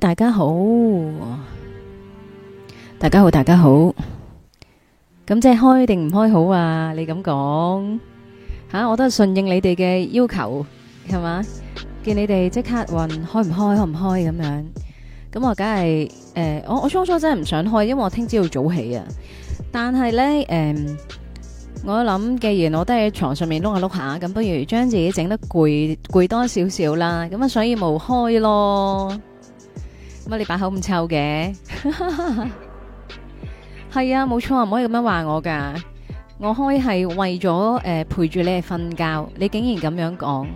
大家好，大家好，大家好。咁即係開定唔開好啊？你咁講吓，我都係順應你哋嘅要求係嘛？見你哋即刻運開唔開，開唔開咁樣。咁我梗係誒，我我初初真係唔想開，因為我聽朝要早起啊。但係咧誒，我諗既然我都喺床上面碌下碌下，咁不如將自己整得攰攰多少少啦。咁啊，所以冇開咯。乜你把口咁臭嘅？係 啊，冇錯，唔可以咁樣話我噶。我開係為咗誒、呃、陪住你瞓覺，你竟然咁樣講。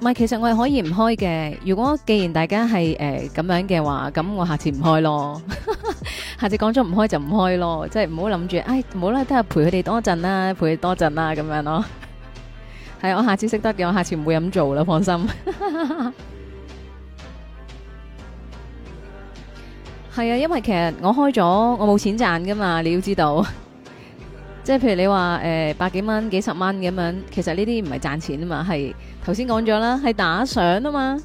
唔係，其實我係可以唔開嘅。如果既然大家係誒咁樣嘅話，咁我下次唔開咯。 下次講咗唔開就唔開咯，即係唔好諗住，哎，好啦，都係陪佢哋多陣啦，陪佢多陣啦，咁樣咯。係，我下次識得嘅，我下次唔會咁做啦，放心。係 啊，因為其實我開咗，我冇錢賺噶嘛，你要知道。即 係譬如你話誒、呃、百幾蚊、幾十蚊咁樣，其實呢啲唔係賺錢啊嘛，係頭先講咗啦，係打賞啊嘛。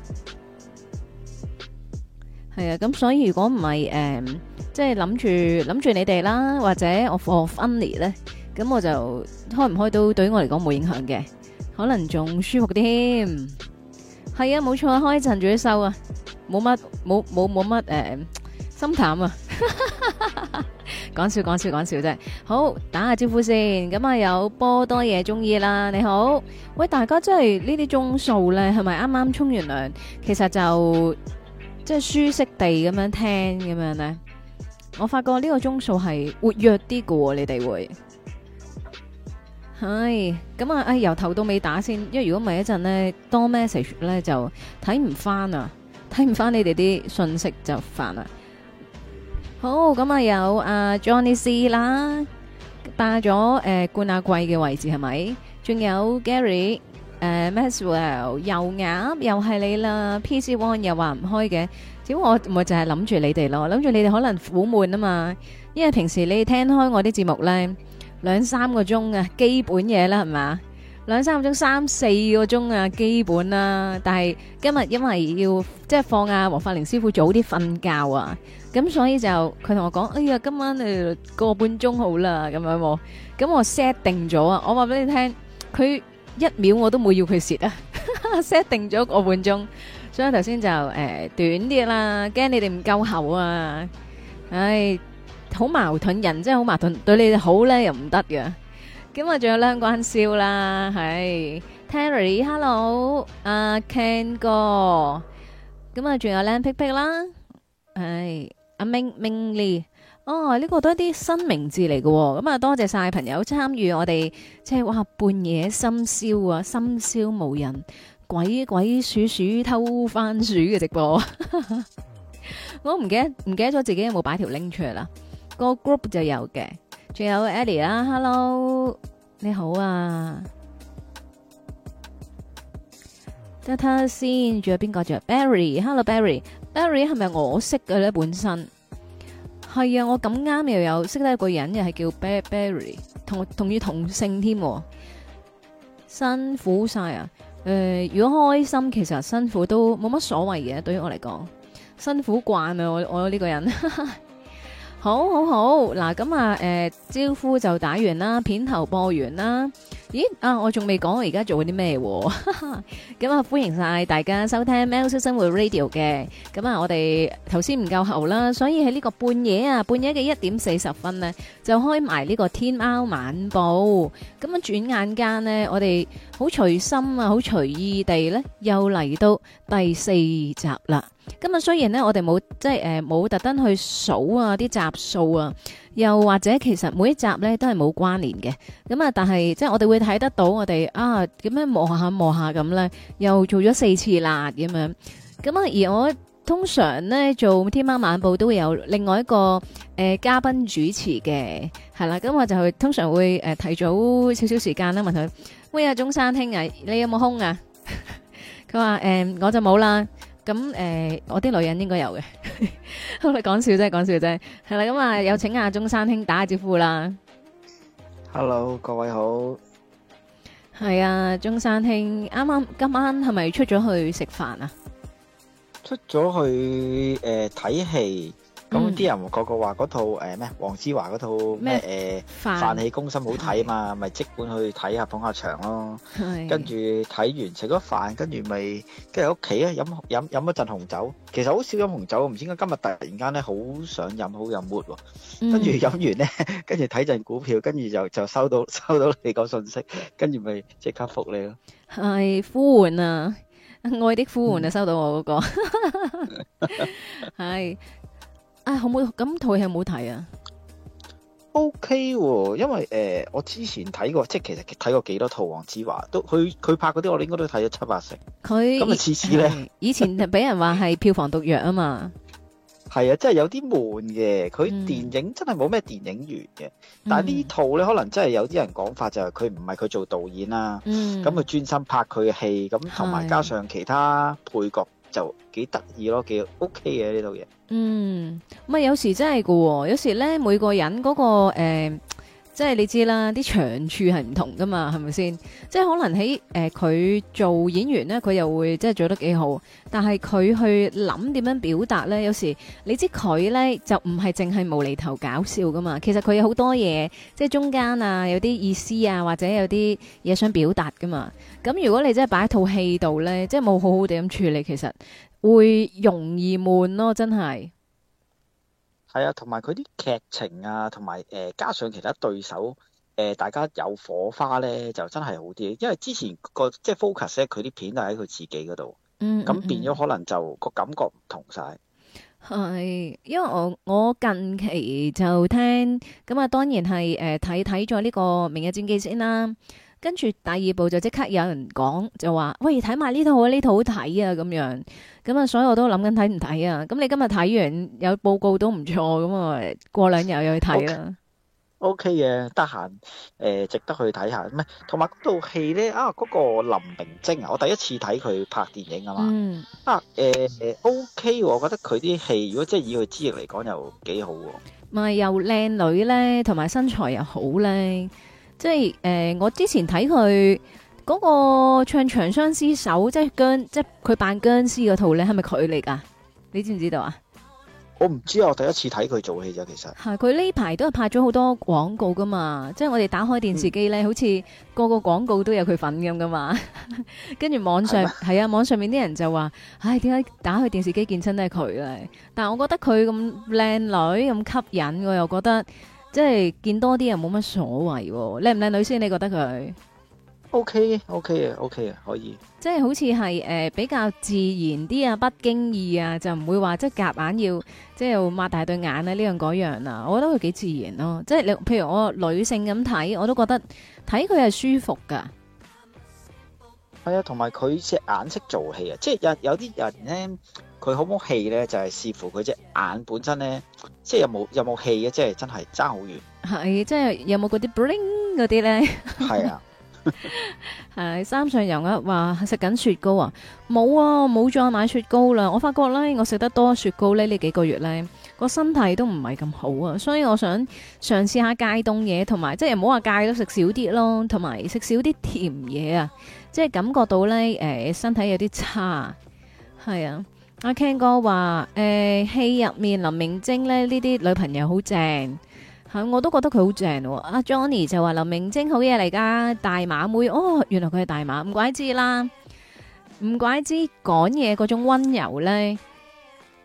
係啊，咁所以如果唔係誒，即係諗住諗住你哋啦，或者我 for funny 咧，咁我就開唔開都對於我嚟講冇影響嘅。可能仲舒服啲添，係啊，冇錯啊，開陣住收啊，冇乜，冇冇冇乜，誒，心、呃、淡啊，講笑講笑講笑啫，好，打下招呼先，咁啊有波多野中山啦，你好，喂，大家真係呢啲鐘數咧，係咪啱啱沖完涼？其實就即係、就是、舒適地咁樣聽咁樣咧，我發覺呢個鐘數係活躍啲嘅，你哋會。係，咁啊，誒，由頭到尾打先，因為如果唔係一陣咧，多 message 咧就睇唔翻啊，睇唔翻你哋啲信息就煩啦。好，咁啊有阿 Johnny C 啦，霸咗誒冠亞季嘅位置係咪？仲有 Gary，誒，Maxwell，又鴨，又係你啦，PC One 又話唔開嘅。只不過我我就係諗住你哋咯，諗住你哋可能苦悶啊嘛，因為平時你哋聽開我啲節目咧。兩三個鐘啊，基本嘢啦，係嘛？兩三個鐘，三四個鐘啊，基本啦。但係今日因為要即係放啊，黃發玲師傅早啲瞓覺啊，咁所以就佢同我講，哎呀，今晚誒個半鐘好啦，咁樣喎。咁我 set 定咗啊，我話俾你聽，佢一秒我都冇要佢蝕啊，set 定咗個半鐘，所以頭先就誒短啲啦，驚你哋唔夠喉啊，唉。好矛盾，人真係好矛盾，對你哋好咧又唔得嘅。咁啊，仲有兩個人笑啦，係 Terry，Hello，阿 Ken 哥，咁啊，仲有咧 Pick Pick 啦，係阿明明利，哦，呢個都係啲新名字嚟嘅。咁啊，多謝晒朋友參與我哋，即係話半夜深宵啊，深宵無人，鬼鬼鼠鼠偷番薯嘅直播。我唔記得唔記得咗自己有冇擺條 link 出嚟啦。個 group 就有嘅。仲有 Eddie 啦，Hello，你好啊，等睇下先，仲有邊個？仲有 Barry，Hello Barry，Barry 係咪我識嘅咧？本身係啊，我咁啱又有識得一個人，又係叫 Barry，同我同住同性添，辛苦晒啊！誒、呃，如果開心，其實辛苦都冇乜所謂嘅，對於我嚟講，辛苦慣啊！我我呢個人。 好好好，嗱咁啊，誒、呃，招呼就打完啦，片頭播完啦。咦啊！我仲未講我而家做緊啲咩喎？咁 啊，歡迎晒大家收聽《喵式生活 Radio》嘅。咁啊，我哋頭先唔夠喉啦，所以喺呢個半夜啊，半夜嘅一點四十分呢，就開埋呢個《天喵晚報》。咁啊，轉眼間呢，我哋好隨心啊，好隨意地呢，又嚟到第四集啦。咁啊，雖然呢，我哋冇即係誒冇特登去數啊啲集數啊。又或者其實每一集咧都係冇關聯嘅，咁啊，但係即係我哋會睇得到我哋啊咁樣磨下磨下咁咧，又做咗四次辣咁樣。咁啊，而我通常咧做《天喵晚報》都會有另外一個誒、呃、嘉賓主持嘅，係啦，咁我就會通常會誒、呃、提早少少時間啦問佢，喂啊中山兄啊，你有冇空啊？佢話，誒我就冇啦。咁誒、呃，我啲女人應該有嘅，我講笑啫，講笑啫，係啦，咁啊，有請阿中山兄打下招呼啦。Hello，各位好。係啊，中山兄，啱啱今晚係咪出咗去食飯啊？出咗去誒、睇、呃、戲。咁啲人個個話嗰套誒咩黃子華嗰套咩誒《飯戲攻心》好睇嘛，咪即管去睇下捧下場咯。跟住睇完食咗飯，跟住咪跟住屋企啊，飲飲飲一陣紅酒。其實好少飲紅酒，唔知點解今日突然間咧好想飲好飲喎。跟住飲完咧，跟住睇陣股票，跟住就就收到收到你個信息，跟住咪即刻覆你咯。係呼喚啊，愛的呼喚啊，收到我嗰個，係。啊、哎，好冇咁套戲冇睇啊？O K，因為誒、呃，我之前睇過，即係其實睇過幾多套《黃子華》，都佢佢拍嗰啲，我應該都睇咗七八成。佢咁啊，次次咧，以前就俾人話係票房毒藥啊嘛。係 啊，真係有啲悶嘅。佢電影真係冇咩電影緣嘅。但係呢套咧，可能真係有啲人講法就係佢唔係佢做導演啦、啊。咁佢專心拍佢嘅戲，咁同埋加上其他配角就。幾得意咯，幾 OK 嘅呢套嘢。嗯，咪有時真係㗎喎，有時咧每個人嗰個誒，即係你知啦，啲長處係唔同㗎嘛，係咪先？即係可能喺誒佢做演員咧，佢又會即係做得幾好，但係佢去諗點樣表達咧，有時你知佢咧就唔係淨係無厘頭搞笑㗎嘛。其實佢有好多嘢，即係中間啊有啲意思啊，或者有啲嘢想表達㗎嘛。咁、嗯、如果你真係擺一套戲度咧，即係冇好好地咁處理，其實～會容易悶咯，真係係啊，同埋佢啲劇情啊，同埋誒加上其他對手誒、呃，大家有火花咧，就真係好啲。因為之前、個即係 focus 佢啲片都喺佢自己嗰度，咁、嗯嗯嗯、變咗可能就個感覺唔同晒。係，因為我我近期就聽咁啊，當然係誒睇睇咗呢個明日戰記先啦。跟住第二部就即刻有人講，就話喂，睇埋呢套啊，呢套好睇啊咁樣，咁啊所以我都諗緊睇唔睇啊？咁你今日睇完有報告都唔錯咁啊，過兩日又去睇啦。O K 嘅，得閒誒值得去睇下，唔係，同埋套部戲咧啊，嗰、嗰個林明晶啊，我第一次睇佢拍電影啊嘛，啊誒 O K，我覺得佢啲戲如果即係以佢資歷嚟講又幾好，唔係又靚女咧，同埋身材又好咧。即係誒、呃，我之前睇佢嗰個唱《長相廝守》，即係僵，即係佢扮僵屍嗰套咧，係咪佢嚟噶？你知唔知，知道啊？我唔知啊，我第一次睇佢做戲啫，其實。係佢呢排都係拍咗好多廣告噶嘛，即係我哋打開電視機咧，嗯、好似個個廣告都有佢份咁噶嘛。跟 住網上係嗎啊，網上面啲人就話：，唉、哎，點解打開電視機見親都係佢咧？但係我覺得佢咁靚女咁吸引，我又覺得。即係見多啲又冇乜所謂喎，靚唔靚女先你覺得佢？O K O K 嘅 O K 嘅可以。即係好似係誒比較自然啲啊，不經意啊，就唔會話即係夾硬要即係擘大對眼啊呢樣嗰樣啊，我覺得佢幾自然咯、哦。即係你譬如我女性咁睇，我都覺得睇佢係舒服噶。係啊，同埋佢隻眼識做戲啊，即係有有啲人咧。佢好唔好氣咧？就係、是、視乎佢隻眼本身咧，即係有冇有冇氣 是啊？即係真係爭好遠係，即係有冇嗰啲 bling 嗰啲咧？係啊，係。三上悠亞話食緊雪糕啊，冇啊，冇再買雪糕啦。我發覺咧，我食得多雪糕咧呢幾個月咧個身體都唔係咁好啊，所以我想嘗試下戒凍嘢，同埋即係唔好話戒都食少啲咯，同埋食少啲甜嘢啊，即係感覺到咧誒、呃、身體有啲差係啊。阿 Ken 哥話，誒、欸，戲入面林明禎咧呢啲女朋友好正，吓、嗯、我都覺得佢好正。阿 Johnny 就話林明禎好嘢嚟噶，大馬妹哦，原來佢係大馬，唔怪之啦，唔怪之講嘢嗰種溫柔咧。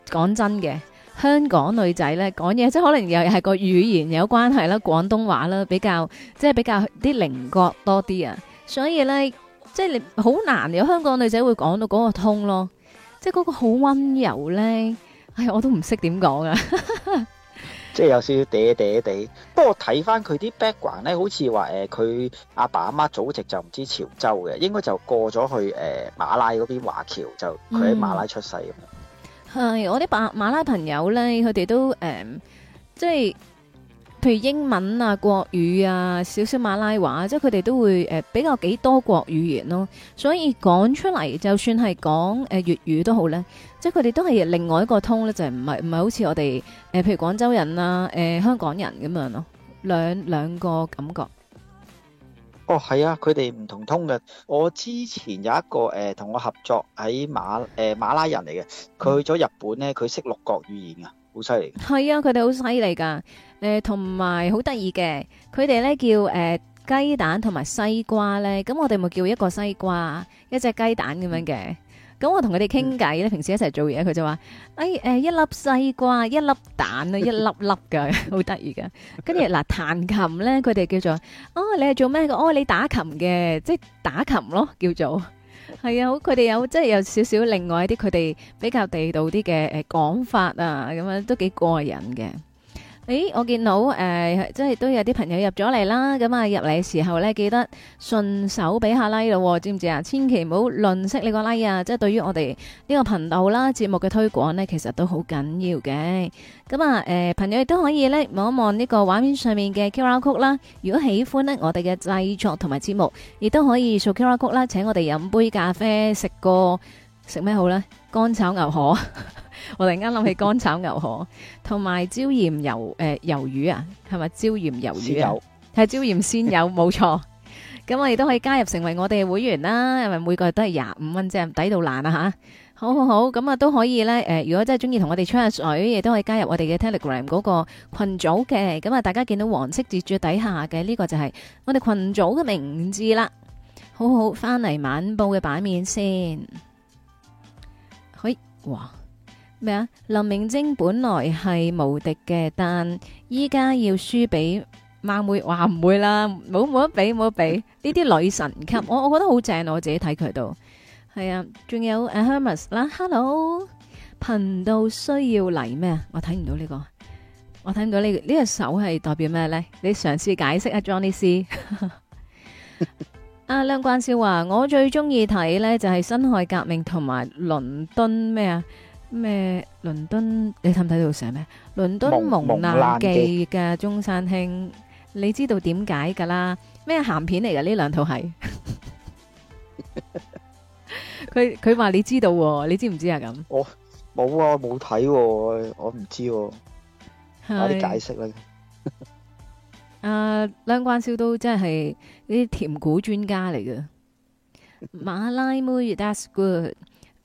講真嘅，香港女仔咧講嘢，即係可能又係個語言有關係啦，廣東話啦，比較即係比較啲靈覺多啲啊，所以咧即係你好難有香港女仔會講到嗰個通咯。即係嗰個好溫柔咧，唉，我都唔識點講啊！ 即係有少少嗲嗲地，不過睇翻佢啲 background 咧，好似話誒，佢阿爸阿媽祖籍就唔知潮州嘅，應該就過咗去誒、呃、馬拉嗰邊華僑，就佢喺馬拉出世咁。係、嗯、我啲馬馬拉朋友咧，佢哋都誒、嗯、即係。譬如英文啊、國語啊、少少馬拉話，即係佢哋都會誒、呃、比較幾多國語言咯。所以講出嚟，就算係講誒粵語都好咧，即係佢哋都係另外一個通咧，就係唔係唔係好似我哋誒、呃，譬如廣州人啊、誒、呃、香港人咁樣咯。兩兩個感覺。哦，係啊，佢哋唔同通嘅。我之前有一個誒同、呃、我合作喺馬誒、呃、馬拉人嚟嘅，佢去咗日本咧，佢識六國語言、嗯、啊，好犀利。係啊，佢哋好犀利㗎。誒，同埋好得意嘅，佢哋咧叫，誒雞蛋同埋西瓜咧，咁我哋咪叫一個西瓜，一隻雞蛋咁樣嘅。咁我同佢哋傾偈咧，平時一齊做嘢，佢就話，誒，誒一粒西瓜，一粒蛋啊，一粒粒噶，好得意噶。跟住嗱彈琴咧，佢哋叫做，哦，你係做咩嘅？哦，你打琴嘅，即係打琴咯，叫做。係啊，好，佢哋有即係有少少另外一啲，佢哋比較地道啲嘅誒講法啊，咁樣都幾過癮嘅。誒、哎，我見到誒、呃，即係都有啲朋友入咗嚟啦，咁啊入嚟時候呢，記得順手俾下拉 i k 咯，知唔知啊？千祈唔好吝嗇你個拉 i 啊！即係對於我哋呢個頻道啦，節目嘅推廣呢，其實都好緊要嘅。咁啊，誒、呃，朋友亦都可以呢望一望呢個畫面上面嘅 QR 曲啦。如果喜歡呢，我哋嘅製作同埋節目，亦都可以掃 QR 曲啦，請我哋飲杯咖啡，食個食咩好呢？乾炒牛河。 我突然間諗起乾炒牛河，同埋椒鹽魷誒魷、呃、魚啊，係咪椒鹽魷魚啊？係酒椒鹽鮮魷，冇錯。咁 我哋都可以加入成為我哋會員啦，因為每個月都係廿五蚊，啫，抵到爛啊吓！好好好，咁啊都可以咧。誒、呃，如果真係中意同我哋吹下水，亦都可以加入我哋嘅 Telegram 嗰個群組嘅。咁啊，大家見到黃色字最底下嘅呢、這個就係我哋群組嘅名字啦。好好,好，翻嚟晚報嘅版面先。可以，哇！咩啊？林明晶本來係無敵嘅，但依家要輸俾孟妹，話唔會啦，冇冇得比冇得比呢啲女神級。我我覺得好正，我自己睇佢到係啊。仲有阿、啊、Hermes 啦、啊、，Hello 頻道需要嚟咩啊？我睇唔到呢、這個，我睇唔到呢、這、呢、個隻手係代表咩咧？你嘗試解釋啊 Johnny C 阿、 啊、梁冠少話，我最中意睇咧就係辛亥革命同埋倫敦咩啊？咩？倫敦，你睇唔睇到寫咩？倫敦蒙難記嘅中山兄，你知道點解㗎啦？咩鹹片嚟㗎？呢兩套係，佢佢話你知道，你知唔知啊？咁我冇啊，我冇睇喎，我唔知喎，快啲解釋啦！阿梁冠超都真係啲甜股專家嚟嘅， 馬拉梅，that's good，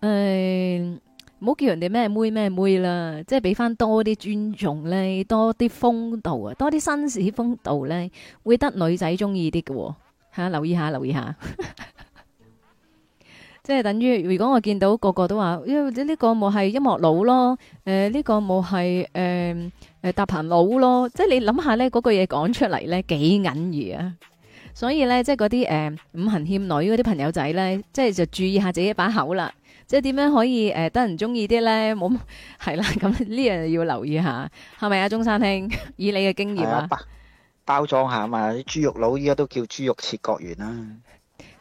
誒。哎唔好叫人哋咩妹咩妹啦，即係俾翻多啲尊重咧，多啲風度啊，多啲紳士風度咧，會得女仔中意啲嘅吓，留意下留意下， 即係等於如果我見到個個都話，因為呢個冇係音樂佬咯，誒、呃、呢、這個冇係誒誒搭棚佬咯，即係你諗下咧嗰句嘢講出嚟咧幾隱喻啊，所以咧即係嗰啲誒五行欠女嗰啲朋友仔咧，即係就注意一下自己把口啦。即係點樣可以誒得人中意啲咧？冇係啦，咁呢樣就要留意下，係咪啊？中山兄，以你嘅經驗啊， 包裝下啊嘛啲豬肉佬，依家都叫豬肉切割員啦，啊，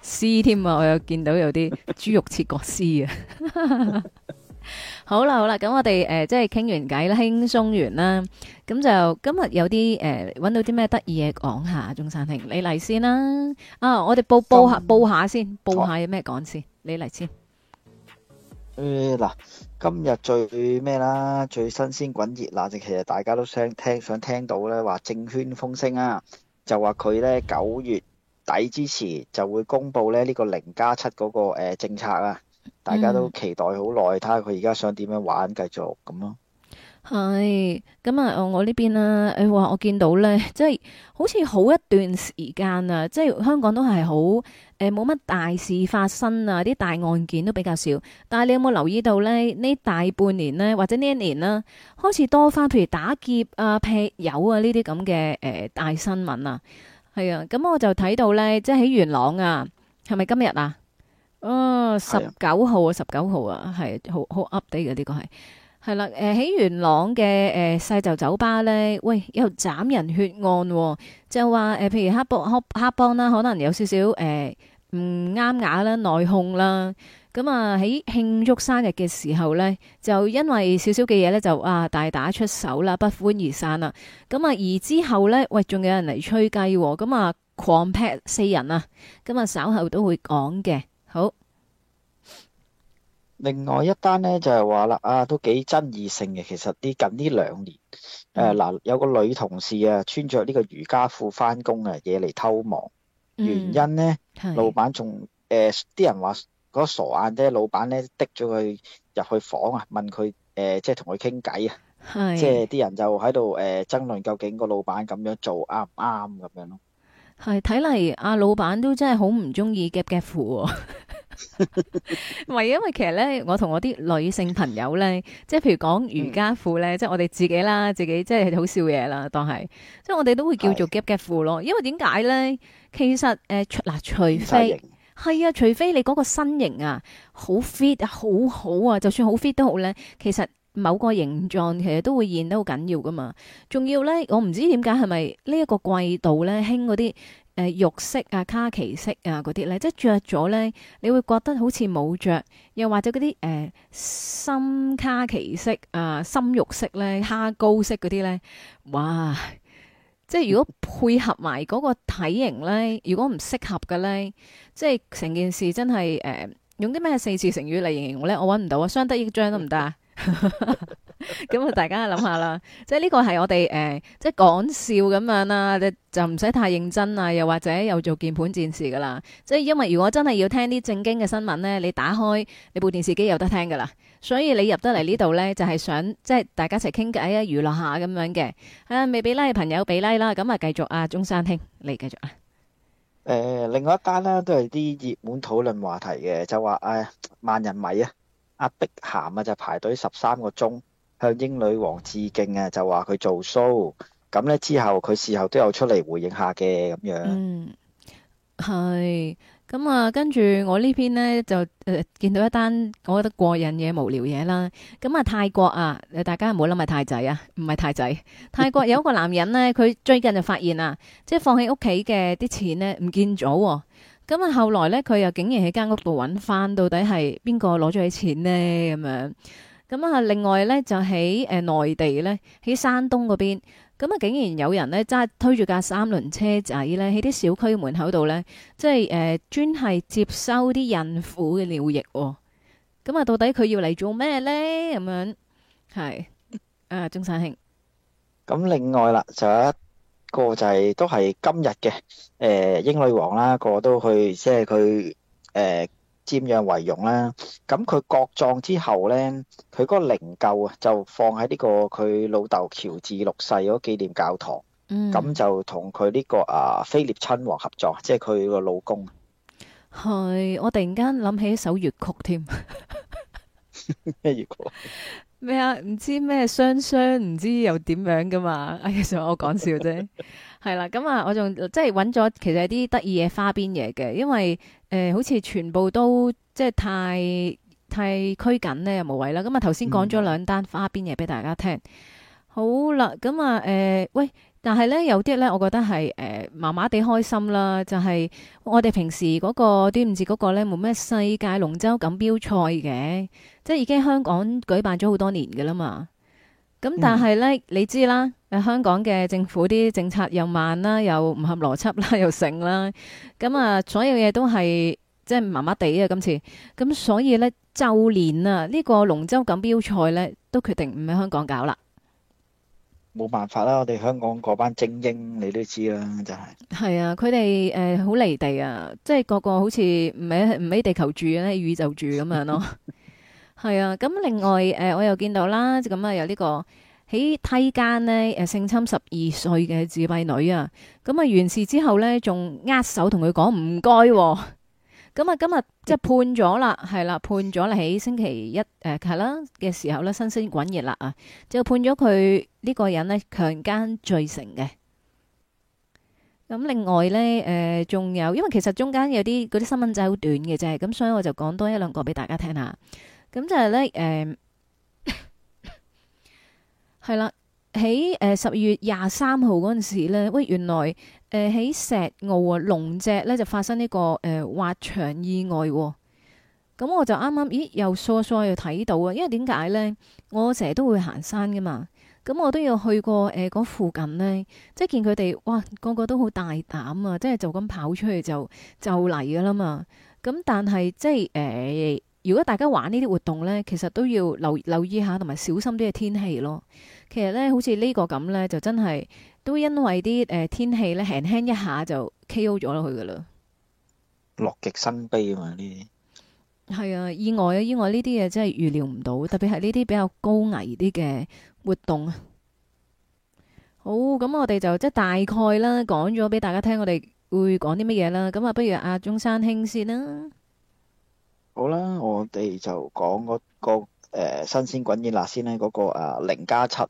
師添啊！我又見到有啲豬肉切割師啊。 好啦，好啦，咁我哋誒、呃、即係傾完偈啦，輕鬆完啦，咁、嗯、就今日有啲誒搵到啲咩得意嘢講下。中山兄，你嚟先啦。啊，我哋報報，報，報，報下，報下，報下先，報下有咩講先？你嚟先。誒，嗱、嗯，今日最咩啦？最新鮮滾熱辣，就其實大家都想聽想聽到咧，話政圈風聲啊，就話佢咧九月底之前就會公布咧呢個零加七嗰個誒、呃、政策啊，大家都期待好耐，睇下佢而家想點樣玩，繼續咁咯。係咁啊！我呢邊啦。誒、哎、話我見到咧，即係好似好一段時間啊，即係香港都係好誒，冇、呃、乜大事發生啊，啲大案件都比較少。但係你有冇留意到咧？呢大半年呢，或者呢一年啦，開始多返，譬如打劫啊、劈友啊呢啲咁嘅誒大新聞啊，係啊。咁我就睇到咧，即係喺元朗啊，係咪今日啊？哦、呃，十九號啊，十九號啊，係好好 update 嘅呢個係。係啦，誒，喺、呃、元朗嘅誒細就酒吧咧，喂，又斬人血案、哦，就話誒、呃，譬如黑幫、黑幫啦，可能有少少誒唔啱雅啦，內訌啦，咁啊喺慶祝生日嘅時候咧，就因為少少嘅嘢，咧，就啊大打出手啦，不歡而散啦，咁、嗯、啊而之後咧，喂，仲有人嚟吹雞、哦，咁、嗯、啊狂劈四人啊，咁、嗯、啊稍後都會講嘅，好。另外一單咧就係話啦，啊都幾爭議性嘅。其實啲近呢兩年，誒嗱有個女同事啊穿着呢個瑜伽褲翻工啊，嘢嚟偷望。原因咧，老闆仲誒啲人話嗰傻眼啫，老闆咧滴咗佢入去房啊，問佢誒即係同佢傾偈啊，即係啲人就喺度誒爭論究竟個老闆咁樣做啱唔啱咁樣咯。係睇嚟阿老闆都真係好唔中意夾夾褲。唔係， 因為其實咧，我同我啲女性朋友咧，即係譬如講瑜伽褲咧，嗯、即係我哋自己啦，自己即係好笑嘢啦，當係，即係我哋都會叫做 gap gap 褲咯。因為點解咧？其實誒，嗱、呃呃，除非係啊，除非你嗰個身形啊好 fit 好好啊，就算好 fit 都好咧。其實某個形狀其實都會現得好緊要噶嘛。仲要咧，我唔知點解係咪呢一個季度咧，興嗰啲。誒肉、呃、色啊、卡其色啊嗰啲咧，即係著咗咧，你會覺得好似冇着。又或者嗰啲誒深卡其色啊、深肉色咧、蝦膏色嗰啲咧，哇！即係如果配合埋嗰個體型咧，如果唔適合嘅咧，即係成件事真係誒、呃、用啲咩四字成語嚟形容咧，我揾唔到啊，相得益彰得唔得啊？ 咁啊， 大家諗下啦，即係呢個係我哋誒、呃，即係講笑咁樣啦，就唔使太認真啊，又或者又做鍵盤戰士噶啦，即係因為如果真係要聽啲正經嘅新聞呢，你打開你部電視機有得聽噶啦，所以你入得嚟呢度呢，就係、是、想即係大家一齊傾偈啊，娛樂下咁樣嘅啊，未俾拉嘅朋友俾拉啦，咁啊繼續啊，中山兄你繼續啦。誒、呃，另外一單呢、啊，都係啲熱門討論話題嘅，就話誒、哎、萬人米啊，阿碧咸啊就是、排隊十三個鐘。向英女王致敬啊！就話佢做 show，咁咧之後佢事後都有出嚟回應下嘅咁樣，嗯。嗯，係，咁啊，跟住我呢邊呢，就誒、呃、見到一單我覺得過癮嘢無聊嘢啦。咁、嗯、啊泰國啊，大家唔好諗係泰仔啊，唔係泰仔。泰國有一個男人呢，佢 最近就發現啊，即係放喺屋企嘅啲錢呢、哦，唔見咗。咁啊後來呢，佢又竟然喺間屋度揾翻，到底係邊個攞咗啲錢呢？咁樣。咁啊，另外咧就喺誒內地咧，喺山東嗰邊，咁啊竟然有人咧真係推住架三輪車仔咧，喺啲小區門口度咧，即係誒專係接收啲孕婦嘅尿液。咁啊，到底佢要嚟做咩咧？咁樣係啊，中山兄。咁另外啦，就有一個就係都係今日嘅誒英女王啦，個個都去，即係佢誒。瞻仰遺容啦，咁佢國葬之後咧，佢嗰個靈柩啊，就放喺呢個佢老豆喬治六世嗰紀念教堂，咁、嗯、就同佢呢個啊菲臘親王合作，即係佢個老公。係，我突然間諗起一首粵曲添。咩粵曲？咩啊？ 唔知咩雙雙，唔知又點樣噶嘛？哎呀，我講笑啫。係啦， 咁啊，我仲即係揾咗，其實有啲得意嘅花邊嘢嘅，因為。誒、呃，好似全部都即係太太拘謹呢，又無謂啦。咁啊，頭先講咗兩單花邊嘢俾大家聽，嗯、好啦。咁啊，誒、呃，喂，但係呢，有啲呢，我覺得係誒麻麻地開心啦。就係、是、我哋平時嗰、那個啲唔知嗰個呢，冇咩世界龍舟錦標賽嘅，即係已經香港舉辦咗好多年噶啦嘛。咁、嗯、但係咧，你知啦，香港嘅政府啲政策又慢啦，又唔合邏輯啦，又成啦，咁啊，所有嘢都係即係麻麻地啊！今次，咁所以咧，就連啊，這個、龍呢個龍舟錦標賽咧，都決定唔喺香港搞啦。冇辦法啦，我哋香港嗰班精英，你都知啦，就係。係啊，佢哋誒好離地啊，即係個個好似唔喺唔喺地球住咧，喺宇宙住咁樣咯。 係啊，咁另外誒，我又見到啦，咁啊有、這個、呢個喺梯間咧誒性侵十二歲嘅自閉女啊，咁啊完事之後呢，仲握手同佢講唔該，咁啊今日即係判咗啦，係啦判咗啦喺星期一誒係啦嘅時候呢，新鮮滾熱辣啊，就判咗佢呢個人呢，強姦罪成嘅。咁另外呢，誒，仲有因為其實中間有啲啲新聞仔好短嘅啫，咁所以我就講多一兩個俾大家聽下。咁、嗯、就係、是、咧，誒、嗯，係 啦，喺誒十二月廿三號嗰陣時咧，喂，原來誒喺、呃、石澳啊龍脊咧就發生呢個誒滑翔意外、哦，咁、嗯、我就啱啱咦又疏疏又睇到啊，因為點解咧？我成日都會行山噶嘛，咁、嗯、我都有去過誒嗰、呃、附近咧，即係見佢哋，哇，個個都好大膽啊，即係就咁跑出去就就嚟噶啦嘛，咁、嗯、但係即係誒。呃如果大家玩呢啲活動呢，其實都要留留意下，同埋小心啲嘅天氣咯。其實呢，好似呢個咁呢，就真係都因為啲誒、呃、天氣呢，輕輕一下就 K.O. 咗落去噶啦。樂極生悲啊嘛！呢啲係啊意外啊意外啊！呢啲嘢真係預料唔到，特別係呢啲比較高危啲嘅活動。好，咁我哋就即係大概啦，講咗俾大家聽，我哋會講啲乜嘢啦。咁啊，不如阿、啊、中山兄先啦。好啦，我哋就講嗰、嗰個、呃、新鮮滾熱辣先咧、嗰個，嗰個啊零加七啊，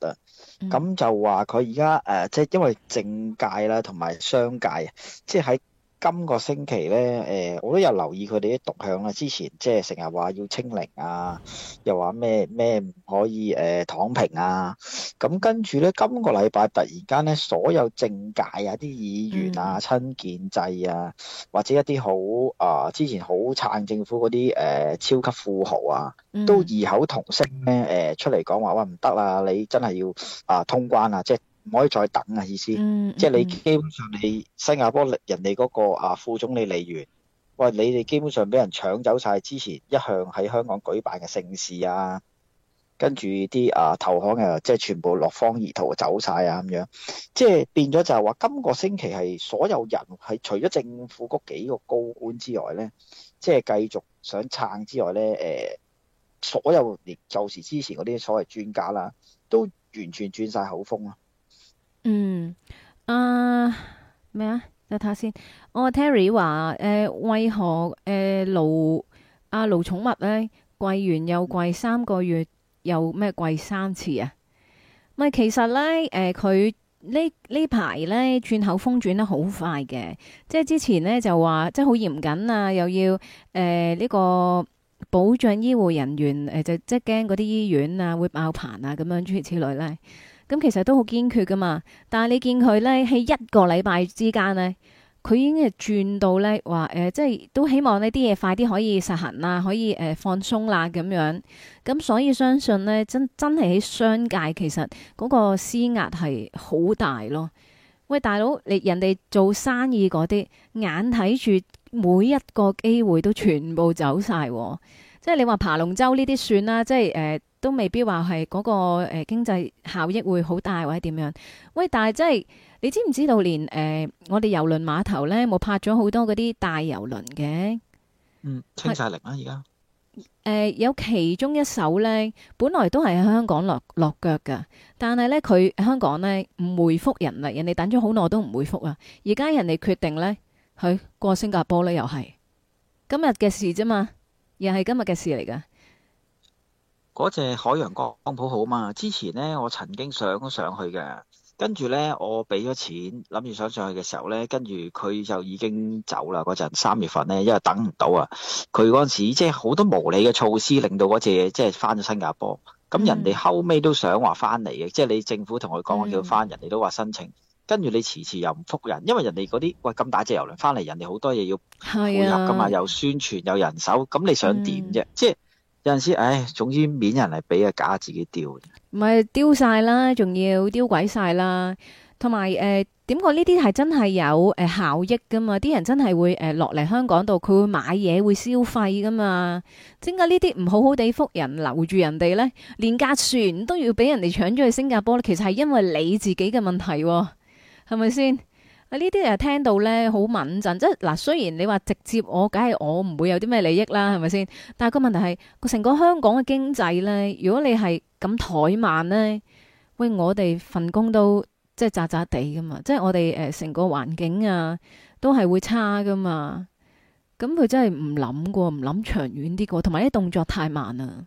咁就話佢而家誒，即係因為政界啦，同埋商界，即係喺。今個星期咧，誒我都有留意佢哋啲動向啦。之前即係成日話要清零啊，又話咩咩唔可以誒、呃、躺平啊。咁跟住咧，今個禮拜突然間咧，所有政界啊、啲議員啊、親建制啊，或者一啲好啊之前好撐政府嗰啲誒超級富豪啊，都異口同聲咧誒、呃、出嚟講話，哇唔得啦！你真係要啊、呃、通關啊，即係。唔可以再等啊！意思，嗯嗯、即係你基本上你新加坡人哋嗰個啊副總理李源，喂，你哋基本上俾人搶走晒之前一向喺香港舉辦嘅盛事啊，跟住啲啊投行啊即係全部落荒而逃走晒啊，咁樣即係變咗就係話今個星期係所有人係除咗政府嗰幾個高官之外咧，即係繼續想撐之外咧，誒，所有連就係之前嗰啲所謂專家啦，都完全轉晒口風啊！嗯，啊咩啊？等下先。我看看、哦、Terry 話，誒、呃，為何誒盧阿盧寵物咧貴完又貴三個月，又咩貴三次啊？咪其實咧，誒、呃，佢呢呢排咧轉口風轉得好快嘅，即係之前咧就話即係好嚴謹啊，又要誒呢、呃這個保障醫護人員誒、呃，就即係驚嗰啲醫院啊會爆棚啊咁樣諸如此類咧。咁其實都好堅決㗎嘛，但係你見佢咧喺一個禮拜之間咧，佢已經係轉到咧話誒，即係都希望呢啲嘢快啲可以實行啦，可以誒、呃、放鬆啦咁樣。咁、嗯、所以相信咧，真真係喺商界其實嗰個施壓係好大咯。喂，大佬，你人哋做生意嗰啲眼睇住每一個機會都全部走曬，即係你話爬龍舟呢啲算啦，即係誒。呃都未必話係嗰個誒、呃、經濟效益會好大或者點樣？喂，但係真係你知唔知道連？連、呃、誒我哋郵輪碼頭呢，冇拍咗好多嗰啲大郵輪嘅，嗯，清晒力啦而家。誒、啊呃，有其中一艘呢，本來都係喺香港落落腳噶，但係呢，佢香港呢，唔回覆人啦，人哋等咗好耐都唔回覆啊，而家人哋決定呢，去過新加坡呢，又係今日嘅事啫嘛，又係今日嘅事嚟噶。嗰隻海洋光譜好嘛？之前咧，我曾經想上，上去嘅，跟住咧，我俾咗錢，諗住上上去嘅時候咧，跟住佢就已經走啦。嗰陣三月份咧，因為等唔到啊，佢嗰陣時即係好多無理嘅措施，令到嗰隻即係翻咗新加坡。咁人哋後尾都想話翻嚟嘅，嗯、即係你政府同佢講叫翻，嗯、人哋都話申請。跟住你遲遲又唔覆人，因為人哋嗰啲喂咁大隻郵輪翻嚟，人哋好多嘢要配合㗎嘛，啊、又宣傳又人手，咁你想點啫？即係、嗯。嗯。有陣時，唉、哎，總之免人嚟俾啊假，自己丟，唔係丟晒啦，仲要丟鬼晒啦，同埋誒，點解呢啲係真係有誒、呃、效益噶嘛？啲人真係會誒落嚟香港度，佢會買嘢，會消費噶嘛？點解呢啲唔好好地覆人，留住人哋咧？連架船都要俾人哋搶咗去新加坡咧？其實係因為你自己嘅問題、哦，係咪先？呢啲又聽到咧，好敏陣，即係嗱，雖然你話直接我，我梗係我唔會有啲咩利益啦，係咪先？但係個問題係個成個香港嘅經濟咧，如果你係咁怠慢咧，喂，我哋份工都即係渣渣地㗎嘛，即係我哋誒成個環境啊，都係會差㗎嘛。咁佢真係唔諗過，唔諗長遠啲過，同埋啲動作太慢啦。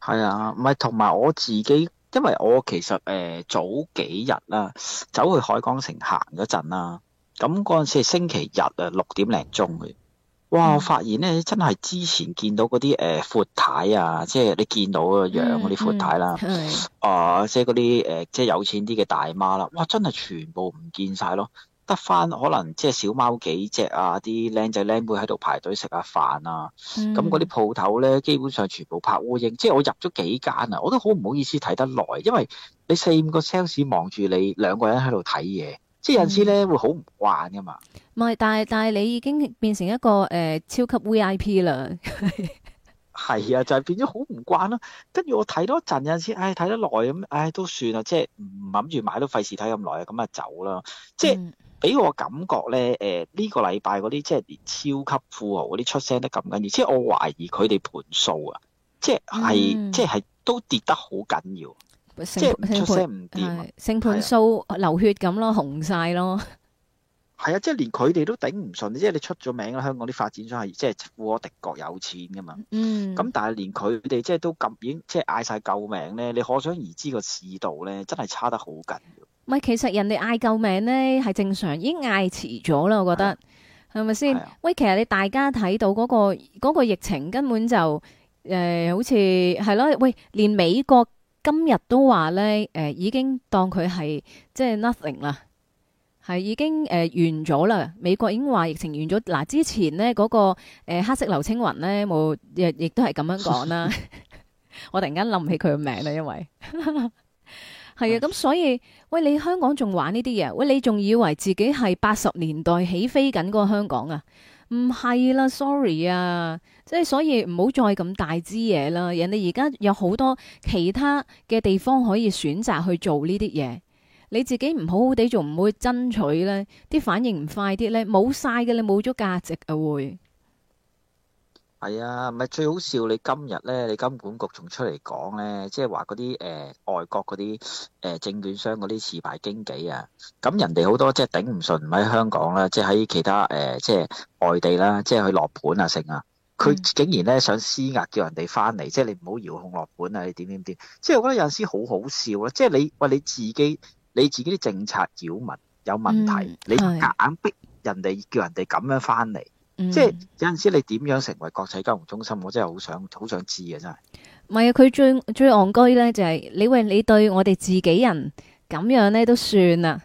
係啊，唔係同埋我自己。因為我其實誒、呃、早幾日啦、啊，走去海港城行嗰陣啦，咁嗰陣時係星期日啊，六點零鐘嘅，哇！我發現咧真係之前見到嗰啲誒闊太啊，即係你見到個樣嗰啲闊太啦，啊，嗯嗯呃、即係嗰啲誒即係有錢啲嘅大媽啦、啊，哇！真係全部唔見晒咯～得翻可能即係小貓幾隻啊，啲靚仔靚妹喺度排隊食下飯啊，咁嗰啲鋪頭咧，基本上全部拍烏蠅，即係我入咗幾間啊，我都好唔好意思睇得耐，因為你四五個 sales 望住你兩個人喺度睇嘢，即係有陣時咧、嗯、會好唔慣噶嘛。唔係，但係但係你已經變成一個誒、欸、超級 VIP 啦，係 啊，就係、是、變咗好唔慣咯。跟住我睇多陣有陣時，唉睇得耐咁，唉都算啦，即係唔諗住買都費事睇咁耐啊，咁啊走啦，即係。嗯俾我感覺咧，誒、呃、呢、這個禮拜嗰啲即係連超級富豪嗰啲出聲得咁緊要，即係我懷疑佢哋盤數啊，即係係、嗯、即係都跌得好緊要，性即係出聲唔掂，升盤數流血咁、啊、咯，紅晒咯，係啊，即係連佢哋都頂唔順，即係你出咗名啦，香港啲發展商係即係富可敵國，有錢噶嘛，嗯，咁但係連佢哋即係都咁已經即係嗌晒救命咧，你可想而知個市道咧真係差得好緊要。唔係，其實人哋嗌救命呢，係正常，已經嗌遲咗啦。我覺得係咪先？喂，其實你大家睇到嗰、個嗰個疫情根本就誒、呃，好似係咯。喂，連美國今日都話呢，誒、呃，已經當佢係即係 nothing 啦，係已經誒、呃、完咗啦。美國已經話疫情完咗。嗱、呃，之前呢嗰、個、呃、黑色劉青雲呢，冇，亦都係咁樣講啦。 我突然間諗唔起佢嘅名啦，因為。 係啊，咁、嗯嗯嗯、所以喂，你香港仲玩呢啲嘢？喂，你仲以為自己係八十年代起飛緊嗰個香港啊？唔係啦，sorry 啊，即係所以唔好再咁大支嘢啦。人哋而家有好多其他嘅地方可以選擇去做呢啲嘢。你自己唔好好地做，仲唔會爭取咧，啲反應唔快啲咧，冇晒嘅，你冇咗價值啊會。係啊，唔係、哎、最好笑，你今日咧，你金管局仲出嚟講咧，即係話嗰啲誒外國嗰啲誒證券商嗰啲持牌經紀啊，咁人哋好多即係頂唔順唔喺香港啦、就是呃，即係喺其他誒即係外地啦，即係去落盤啊成啊，佢竟然咧想施壓叫人哋翻嚟，即、就、係、是、你唔好遙控落盤啊，你點點點，即、就、係、是、我覺得有陣時好好笑啊。即、就、係、是、你喂你自己你自己啲政策擾民有問題，嗯、你硬硬逼人哋叫人哋咁樣翻嚟。嗯、即係有陣時你點樣成為國際金融中心，我真係好想好想知啊！真係，唔係啊，佢最最戇居咧就係你為你對我哋自己人咁樣咧都算啦，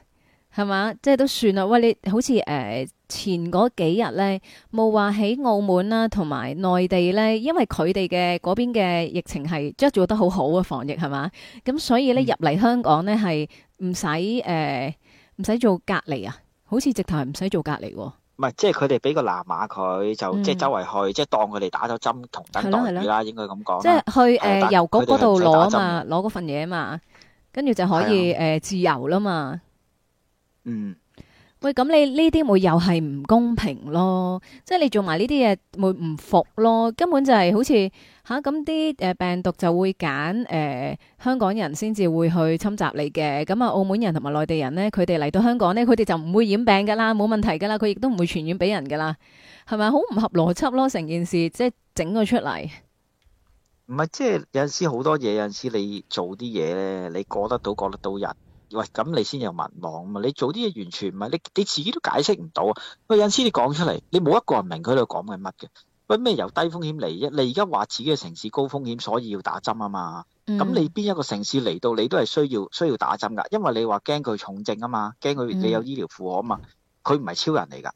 係嘛？即係都算啦。喂，你好似誒、呃、前嗰幾日咧冇話喺澳門啦、啊，同埋內地咧，因為佢哋嘅嗰邊嘅疫情係即係做得好好啊，防疫係嘛？咁所以咧入嚟香港咧係唔使誒唔使做隔離啊，好似直頭係唔使做隔離、啊。唔係，即係佢哋俾個藍碼佢，就、嗯、即係周圍去，即係當佢哋打咗針同等待遇啦，應該咁講。即係去誒郵局嗰度攞嘛，攞嗰份嘢嘛，跟住就可以誒的、呃、自由啦嘛。嗯。喂，咁你呢啲會又係唔公平咯？即係你做埋呢啲嘢會唔服咯？根本就係好似吓咁啲誒病毒就會揀誒、呃、香港人先至會去侵襲你嘅。咁啊澳門人同埋內地人呢，佢哋嚟到香港呢，佢哋就唔會染病噶啦，冇問題噶啦，佢亦都唔會傳染俾人噶啦。係咪好唔合邏輯咯？成件事即係整咗出嚟。唔係，即係有陣時好多嘢，有陣時你做啲嘢呢，你過得到，過得到人。喂，咁你先有民望嘛？你做啲嘢完全唔係，你你自己都解釋唔到啊！喂，有陣時你講出嚟，你冇一個人明佢喺度講緊乜嘅。喂，咩由低風險嚟？啫你而家話自己嘅城市高風險，所以要打針啊嘛。咁你邊一個城市嚟到，你都係需要需要打針噶，因為你話驚佢重症啊嘛，驚佢你有醫療負荷啊嘛。佢唔係超人嚟噶，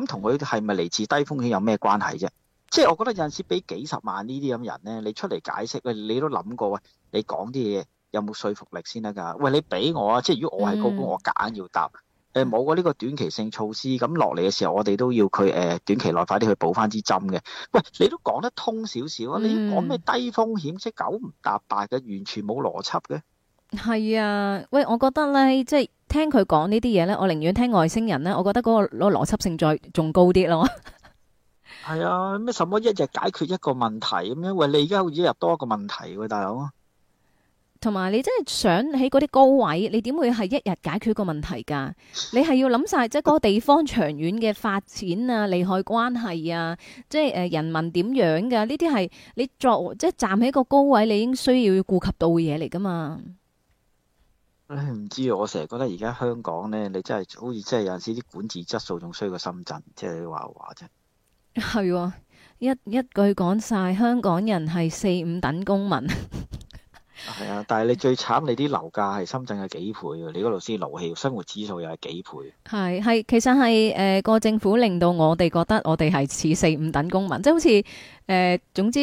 咁同佢係咪嚟自低風險有咩關係啫？即係我覺得有陣時俾幾十萬呢啲咁人咧，你出嚟解釋，你都諗過喂，你講啲嘢，有冇說服力先得㗎？喂，你俾我啊！即係如果我係高官，我夾硬要答。誒，冇啊！呢個短期性措施咁落嚟嘅時候，我哋都要佢誒，短期內快啲去補翻支針嘅。喂，你都講得通少少啊？你要講咩低風險？即係九唔搭八嘅，完全冇邏輯嘅。係啊，喂，我覺得咧，即係聽佢講呢啲嘢咧，我寧願聽外星人咧。我覺得嗰個攞邏輯性再仲高啲咯。係啊，咩什麼一日解決一個問題咁樣？喂，你而家好似入多一個問題喎，大佬。同埋你真係想喺嗰啲高位，你點會係一日解決個問題噶？你係要諗晒即係、個地方長遠嘅發展啊、利害關係啊，即係誒、呃、人民點樣噶？呢啲係你作即係站喺個高位，你應需要顧及到嘅嘢嚟噶嘛？誒，唔知我成日覺得而家香港呢，你真係好似真係有陣時啲管治質素仲衰過深圳，即係你話話啫。係啊，一一句講晒，香港人係四五等公民。 係啊，但係你最慘，你啲樓價係深圳有幾倍，你嗰度先勞氣，生活指數又係幾倍。係係，其實係誒個政府令到我哋覺得我哋係似四五等公民，即係好似誒、呃，總之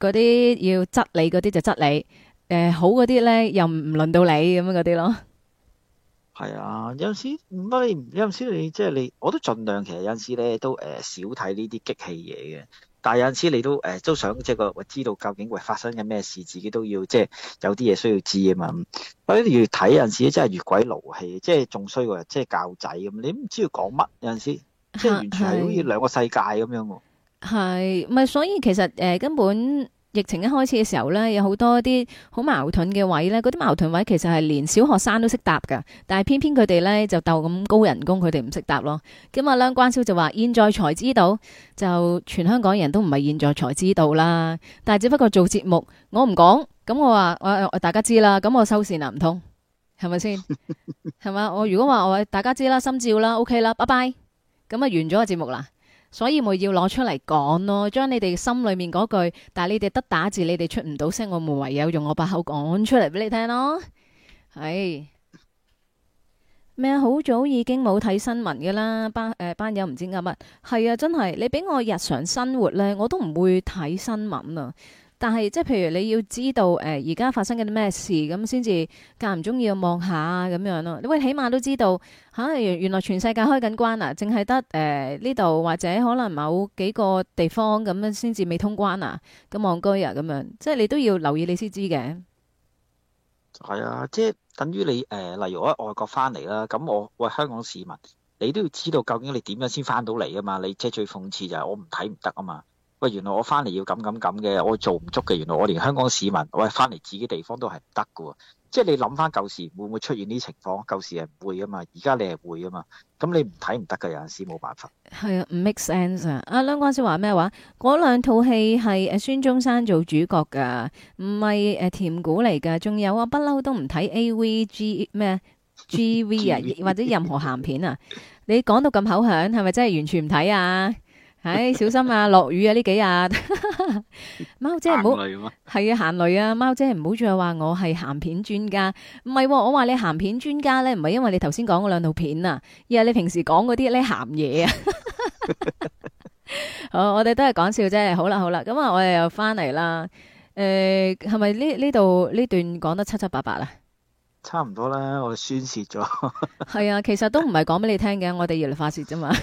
嗰啲要質你嗰啲就質你，誒、呃、好嗰啲咧，又唔唔輪到你咁樣嗰啲咯。係啊，有陣時唔係，有陣時你即係、就是、你，我都盡量其實有陣時咧都誒、呃、少睇呢啲激氣嘢嘅。但有陣時你都誒、欸、都想即、這、係個知道究竟為發生緊咩事，自己都要即係、就是、有啲嘢需要知啊嘛。不如睇有陣時真係越鬼勞氣，即係仲衰過即係教仔咁，你唔知要講乜有陣時，即、就、係、是、完全係好似兩個世界咁樣喎。係咪所以其實誒根本？疫情一開始嘅時候呢，有好多啲好矛盾嘅位呢，嗰啲矛盾位其實係連小學生都識答噶，但係偏偏佢哋呢，就斗咁高人工，佢哋唔識答咯。咁啊，梁關超就話：現在才知道，就全香港人都唔係現在才知道啦。但係只不過做節目，我唔講。咁我話我大家知啦，咁我收綫啦，唔通係咪先？係嘛？ 我如果話我大家知啦，心照啦，OK 啦，拜拜。咁啊，完咗個節目啦。所以咪要攞出嚟講咯，將你哋心裏面嗰句，但係你哋得打字，你哋出唔到聲，我們唯有用我把口講出嚟俾你聽咯。係咩？好 早已經冇睇新聞㗎啦，班誒、呃、班友唔知啱乜？係啊，真係。你俾我日常生活呢，我都唔會睇新聞啊。但係即係譬如你要知道誒而家發生緊啲咩事，咁先至間唔中要望下咁樣咯。你會，起碼都知道吓，原、啊、原來全世界開緊關啊，淨係得誒呢度或者可能某幾個地方咁樣先至未通關啊。咁望居啊咁樣，即係你都要留意你先知嘅。係啊，即係等於你誒、呃，例如我喺外國翻嚟啦，咁我喂，香港市民，你都要知道究竟你點樣先翻到嚟啊嘛？你即係最諷刺就係我唔睇唔得啊嘛。喂，原來我翻嚟要咁咁咁嘅，我做唔足嘅。原來我連香港市民，喂，翻嚟自己地方都係唔得嘅喎。即係你諗翻舊時會唔會出現呢啲情況？舊時係唔會啊嘛，而家你係會啊嘛。咁你唔睇唔得嘅，有陣時冇辦法。係啊，唔 make sense 啊。阿梁哥先話咩話？嗰兩套戲係誒孫中山做主角㗎，唔係誒甜古嚟㗎。仲有 v, G，啊，不嬲都唔睇 AVG 咩 GV 啊，或者任何鹹片啊。你講到咁口響，係咪真係完全唔睇啊？唉、哎，小心啊！落雨啊！呢幾日，貓 姐唔好係啊，行雷啊！貓姐唔好再話我係鹹片專家，唔係、啊、我話你鹹片專家咧，唔係因為你頭先講嗰兩套片啊，而係你平時講嗰啲咧鹹嘢啊。哦， 我哋都係講笑啫。好啦，好啦，咁啊，我哋又翻嚟啦。誒，係咪呢呢度呢段講得七七八八啦？差唔多啦，我宣洩咗。係 啊，其實都唔係講俾你聽嘅，我哋要嚟發洩啫嘛。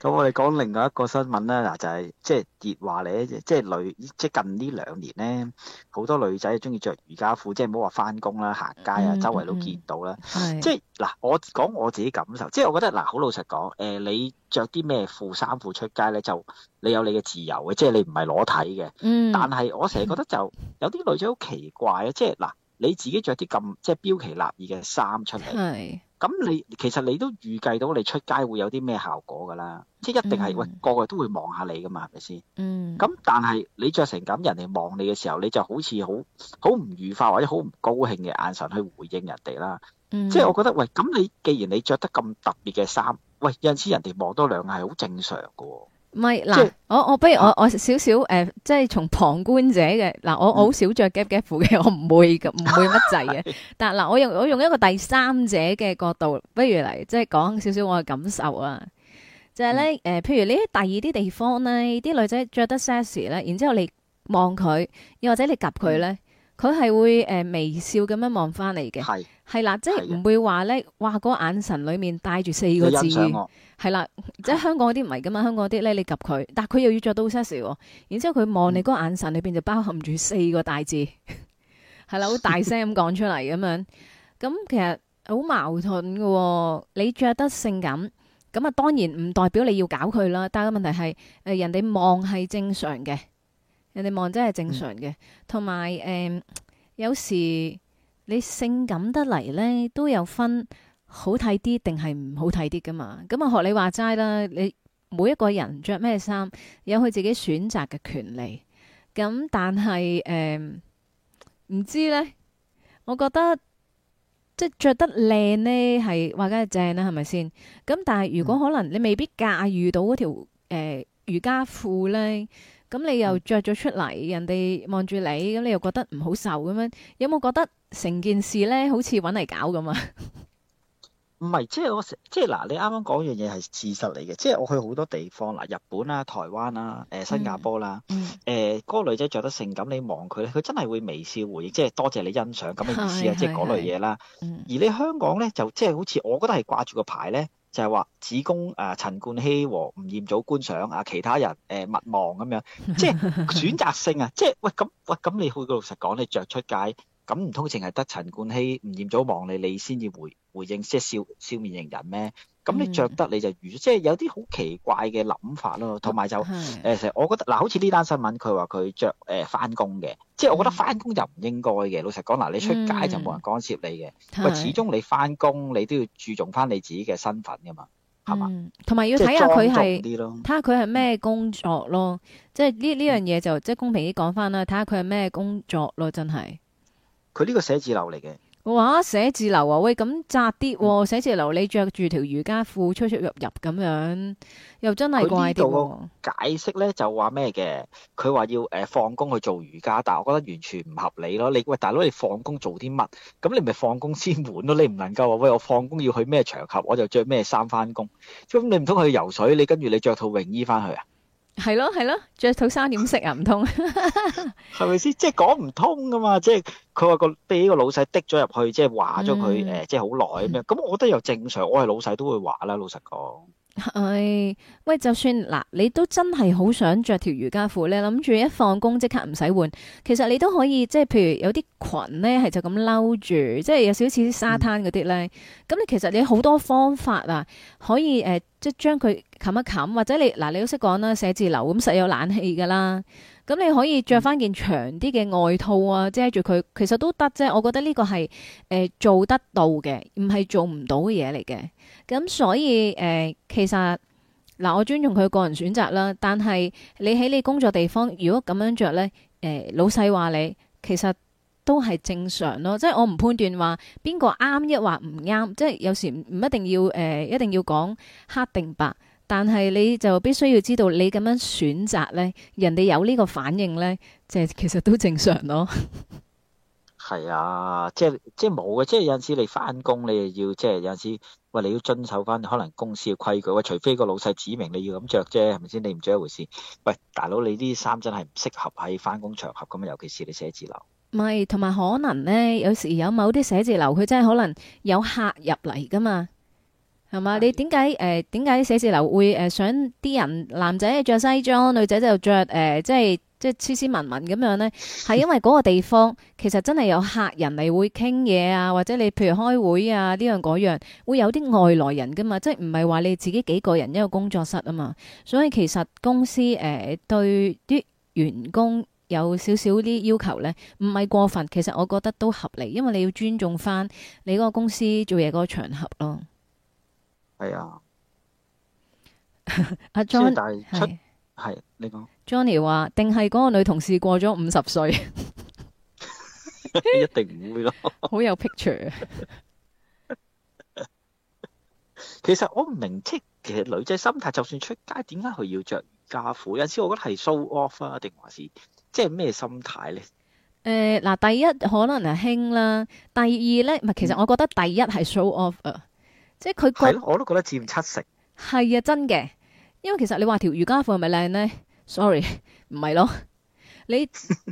咁我哋講另外一個新聞、就是就是就是就是，啦，嗱就係即係熱話你，即係女即係近呢兩年咧，好多女仔啊中意着瑜伽褲，即係唔好話翻工啦、行街啊，周圍都見到啦。嗯嗯、即係嗱，我講我自己感受，即係我覺得嗱，好老實講，誒、呃、你着啲咩褲衫褲出街咧，就你有你嘅自由嘅，即係你唔係裸體嘅。嗯、但係我成日覺得就有啲女仔好奇怪啊，即係嗱。你自己着啲咁即係標奇立異嘅衫出嚟，咁是你其實你都預計到你出街會有啲咩效果噶啦，即係一定係、嗯、喂，個個都會望下你噶嘛，係咪先？咁、嗯、但係你着成咁，人哋望你嘅時候，你就好似好好唔愉快或者好唔高興嘅眼神去回應人哋啦。嗯、即係我覺得喂，咁你既然你着得咁特別嘅衫，喂有陣時人哋望多兩眼係好正常噶、哦。唔係嗱，是我我不如我我少少誒，即係從旁觀者嘅嗱，我好少着 gap gap 褲嘅，我唔會嘅，唔會乜滯嘅。 是但嗱，我用我用一個第三者嘅角度，不如嚟即係講少少我嘅感受啊，就係咧誒，譬如你喺第二啲地方咧，啲女仔着得 sexy 咧，然之後你望佢，又或者你及佢咧，佢係會誒、呃、微笑咁樣望翻你嘅。係啦，即係唔會話咧，哇！嗰眼神裏面帶住四個字，係啦，即係香港嗰啲唔係噶嘛，香港嗰啲咧你及佢，但佢又要着到 sexy 好少少，然之後佢望你嗰眼神裏邊就包含住四個大字，係 啦，好大聲咁講出嚟咁樣，咁 其實好矛盾噶、哦，你着得性感，咁啊當然唔代表你要搞佢啦，但係個問題係誒、呃、人哋望係正常嘅，人哋望真係正常嘅，同埋誒有時。你性感得嚟呢，都有分好睇啲定係唔好睇啲噶嘛？咁啊學你話齋啦，你每一個人着咩衫有佢自己選擇嘅權利。咁但係誒唔知呢，我覺得即係着得靚呢係話梗係正啦，啊，係咪先？咁但係如果可能你未必駕馭到嗰條誒瑜伽褲呢。咁你又着咗出嚟，嗯、人哋望住你，咁你又覺得唔好受咁樣，有冇覺得成件事咧好似搵嚟搞咁啊？唔係，即係我即係嗱，你啱啱講樣嘢係事實嚟嘅，即係我去好多地方，嗱，日本啦、台灣啦、誒、呃、新加坡啦，誒、嗯，嗰、嗯呃嗰個女仔着得性感，你望佢咧，佢真係會微笑回應，即係多謝你欣賞咁嘅意思啊，即係嗰類嘢啦。嗯、而你香港咧，就即係好似我覺得係掛住個牌咧。就係話，只供誒、呃、陳冠希和吳彥祖觀賞啊，其他人誒勿望咁樣，即係 選擇性啊！即係喂咁，喂咁，你去個老實講，你着出街。咁唔通淨係得陳冠希、吳彥祖望你，你先至回回應，即係笑笑面迎人咩？咁你著得你就如，即係有啲好奇怪嘅諗法咯。同埋就誒，其實我覺得嗱，好似呢單新聞，佢話佢著誒翻工嘅，即係我覺得翻工就唔應該嘅。老實講嗱，你出街就冇人干涉你嘅，但係始終你翻工你都要注重翻你自己嘅身份㗎嘛，係嘛？同埋要睇下佢係睇下佢係咩工作咯，即係呢呢樣嘢就即係公平啲講翻啦，睇下佢係咩工作咯，真係。佢呢個寫字樓嚟嘅，哇，寫字樓啊，喂咁窄啲，寫、哦、字樓你着住條瑜伽褲出出入入咁樣，又真係怪啲、哦。佢呢度解釋呢就話咩嘅？佢話要誒、呃、放工去做瑜伽，但係我覺得完全唔合理咯。你喂，大佬你放工做啲乜？咁你咪放工先換咯。你唔能夠話喂我放工要去咩場合，我就着咩衫翻工。咁你唔通去游水，你跟住你着套泳衣翻去啊？係咯係咯，着套衫點食啊？唔通係咪先？即係講唔通㗎嘛！即係佢話個俾呢個老細滴咗入去，即係話咗佢誒，即係好耐咁樣。咁我覺得又正常，我係老細都會話啦，老實講。係，喂，就算嗱，你都真係好想着條瑜伽褲咧，諗住一放工即刻唔使換，其實你都可以即係，譬如有啲裙咧，係就咁嬲住，即係有少少似啲沙灘嗰啲咧。咁、嗯、你其實你好多方法啊，可以誒，即係將佢冚一冚，或者你嗱，你都識講啦，寫字樓咁實有冷氣㗎啦。咁你可以着翻件長啲嘅外套啊，遮住佢，其實都得啫。我覺得呢個係誒、呃、做得到嘅，唔係做唔到嘅嘢嚟嘅。咁所以誒、呃，其實嗱、呃，我尊重佢個人選擇啦。但係你喺你工作地方，如果咁樣着呢，誒、呃、老細話你，其實都係正常咯。即係我唔判斷話邊個啱一話唔啱，即係有時唔一定要誒、呃，一定要講黑定白。但係你就必須要知道，你咁樣選擇呢，人哋有呢個反應呢，即係其實都正常咯。係 啊，即係即係冇嘅，即係有陣時你翻工，你又要即係有陣時，喂，你要遵守翻可能公司嘅規矩，喂，除非個老細指明你要咁着啫，係咪先？你唔着一回事。喂，大佬，你啲衫真係唔適合喺翻工場合咁，尤其是你寫字樓。唔係，同埋可能呢，有時有某啲寫字樓，佢真係可能有客入嚟噶嘛。係嘛？對你點解誒？點解寫字樓會誒想啲人男仔着西裝，女仔就着誒、呃？即係即係斯斯文文咁樣呢？係 因為嗰個地方其實真係有客人嚟會傾嘢啊，或者你譬如開會啊呢樣嗰樣，會有啲外來人噶嘛？即係唔係話你自己幾個人一個工作室啊嘛？所以其實公司誒、呃、對啲員工有少少啲要求呢，唔係過分。其實我覺得都合理，因為你要尊重翻你嗰個公司做嘢嗰個場合咯。係啊，阿、啊、John 係是你講。Johnny 話定係嗰個女同事過咗五十歲， 一定唔會咯。好有 picture。其實我唔明，即其實女仔心態，就算出街，點解佢要着瑜伽褲？有陣時我覺得係 show off 啊，定還是即係咩心態咧？誒、呃，嗱，第一可能係輕啦，第二咧，唔係，其實我覺得第一係 show off 啊。即係佢，係咯，我都覺得佔七成。係啊，真嘅，因為其實你話條瑜伽褲係咪靚呢？Sorry，唔係咯。你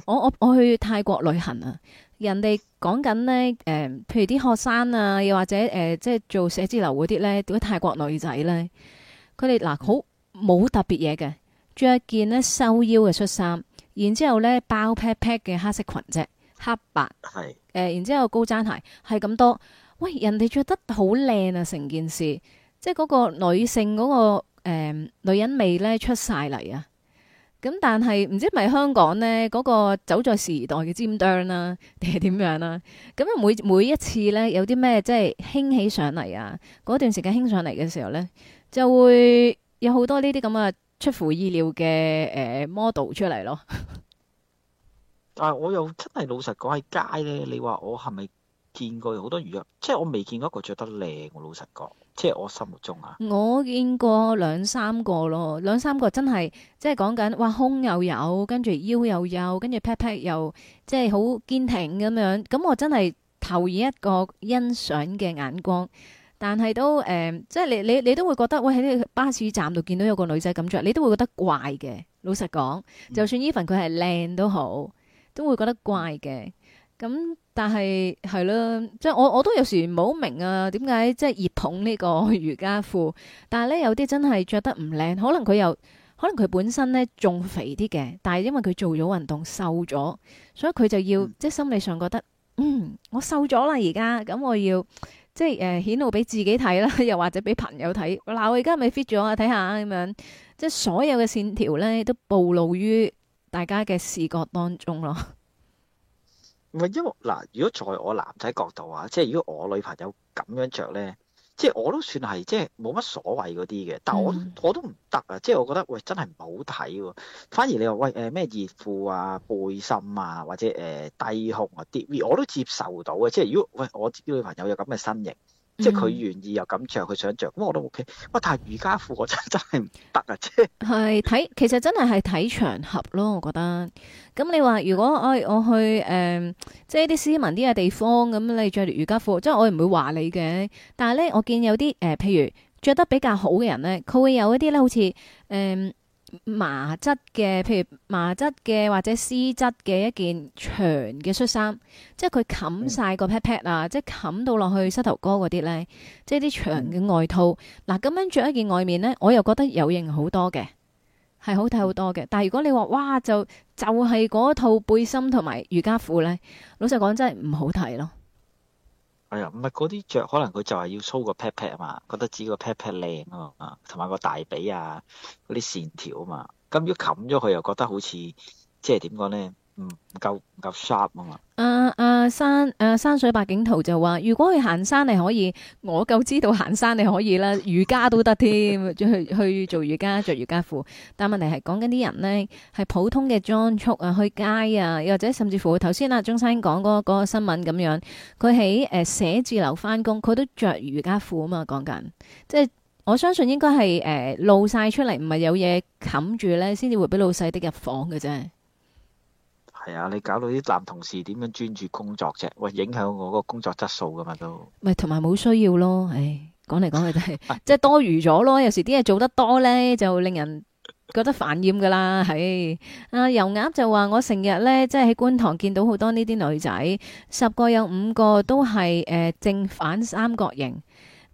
我我我去泰國旅行啊，人哋講緊呢，誒、呃，譬如啲學生啊，又或者誒、呃，即係做寫字樓嗰啲咧，點解泰國女仔呢？佢哋嗱好冇特別嘢嘅，着一件咧收腰嘅恤衫，然之後咧包 pat pat 嘅黑色裙啫，黑白，係是，誒、呃，然之後高踭鞋，係、就、咁、是、多。喂，人哋着得好靚啊！成件事，即係嗰個女性嗰、個誒、呃、女人味咧出晒嚟啊！咁但係唔知咪香港呢嗰、個走在時代嘅尖端啦，定係點樣啦、啊？咁啊每每一次呢有啲咩即係興起上嚟啊，嗰段時間興上嚟嘅時候呢，就會有好多呢啲咁嘅出乎意料嘅誒 model 出嚟咯。但係我又真係老實講喺街呢，你話我係咪？見過好多魚啊，即係我未見過一個着得靚。我老實講，即係我心目中啊，我見過兩三個咯，兩三個真係即係講緊，哇，胸又有，跟住腰又有，跟住 pat pat 又即係好堅挺咁樣。咁我真係投以一個欣賞嘅眼光，但係都誒、嗯，即係你你你都會覺得，喂，喺巴士站度見到有個女仔咁着，你都會覺得怪嘅。老實講，就算依份佢係靚都好，都會覺得怪嘅。咁、嗯、但係係咯，即係我我都有時唔好明啊，點解即係熱捧呢個瑜伽褲？但係咧有啲真係着得唔靚，可能佢又可能佢本身咧仲肥啲嘅，但係因為佢做咗運動瘦咗，所以佢就要、嗯、即係心理上覺得嗯，我瘦咗啦而家，咁我要即係誒顯露俾自己睇啦，又或者俾朋友睇，嗱我而家係咪 fit 咗啊，睇下咁樣，即係所有嘅線條咧都暴露於大家嘅視覺當中咯。因為嗱，如果在我男仔角度啊，即係如果我女朋友咁樣着咧，即係我都算係即係冇乜所謂嗰啲嘅。但係我、嗯、我都唔得啊，即係我覺得喂真係唔好睇喎。反而你話喂誒咩熱褲啊、背心啊或者誒、呃、低胸嗰啲，e, 我都接受到嘅。即係如果喂我啲女朋友有咁嘅身形。嗯、即係佢願意又敢着，佢想着，咁我都 ok。哇！但係瑜伽褲我就真係唔得啊，即 係。係睇，其實真係係睇場合咯，我覺得。咁你話如果，哎，我去，誒、呃，即係一啲斯文啲嘅地方，咁你着條瑜伽褲，即係我唔會話你嘅。但係咧，我見有啲，誒、呃，譬如着得比較好嘅人咧，佢會有一啲咧，好、呃、似，誒。呃麻質嘅，譬如麻質嘅或者絲質嘅一件長嘅恤衫，即係佢冚晒個 pat pat 啊，即係冚到落去膝頭哥嗰啲呢，即係啲長嘅外套。嗱咁、嗯啊、樣着一件外面呢，我又覺得有型好多嘅，係好睇好多嘅。但係如果你話哇，就就係、是、嗰套背心同埋瑜伽褲呢，老實講真係唔好睇咯。哎呀，唔係啲雀可能佢就係要 show 個 pat pat 啊嘛，覺得自己個 pat pat 靚啊，嘛啊，同埋個大髀啊，啲線條啊嘛，咁如果冚咗佢又覺得好似，即係點講咧？唔夠夠 sharp 啊嘛！啊，阿山，阿、uh, 山水百景圖就話，如果去行山係可以，我夠知道行山你可以啦，瑜伽都得添， 去去做瑜伽，着瑜伽褲。但問題係講緊啲人呢係普通嘅裝束啊，去街啊，又或者甚至乎頭、啊、先阿中山講嗰、嗰個、嗰個新聞咁樣，佢喺誒寫字樓翻工，佢都着瑜伽褲啊嘛。講緊，即、就、係、是、我相信應該係誒露晒出嚟，唔係有嘢冚住咧，先至會俾老細啲入房嘅啫。係啊，你搞到啲男同事點樣專注工作啫？喂，影響我個工作質素噶嘛都。唔係同埋冇需要咯，唉，講嚟講去都係，即係多餘咗咯。有時啲嘢做得多咧，就令人覺得煩厭噶啦，唉。阿油鴨就話我成日咧，即係喺觀塘見到好多呢啲女仔，十個有五個都係誒正反三角形。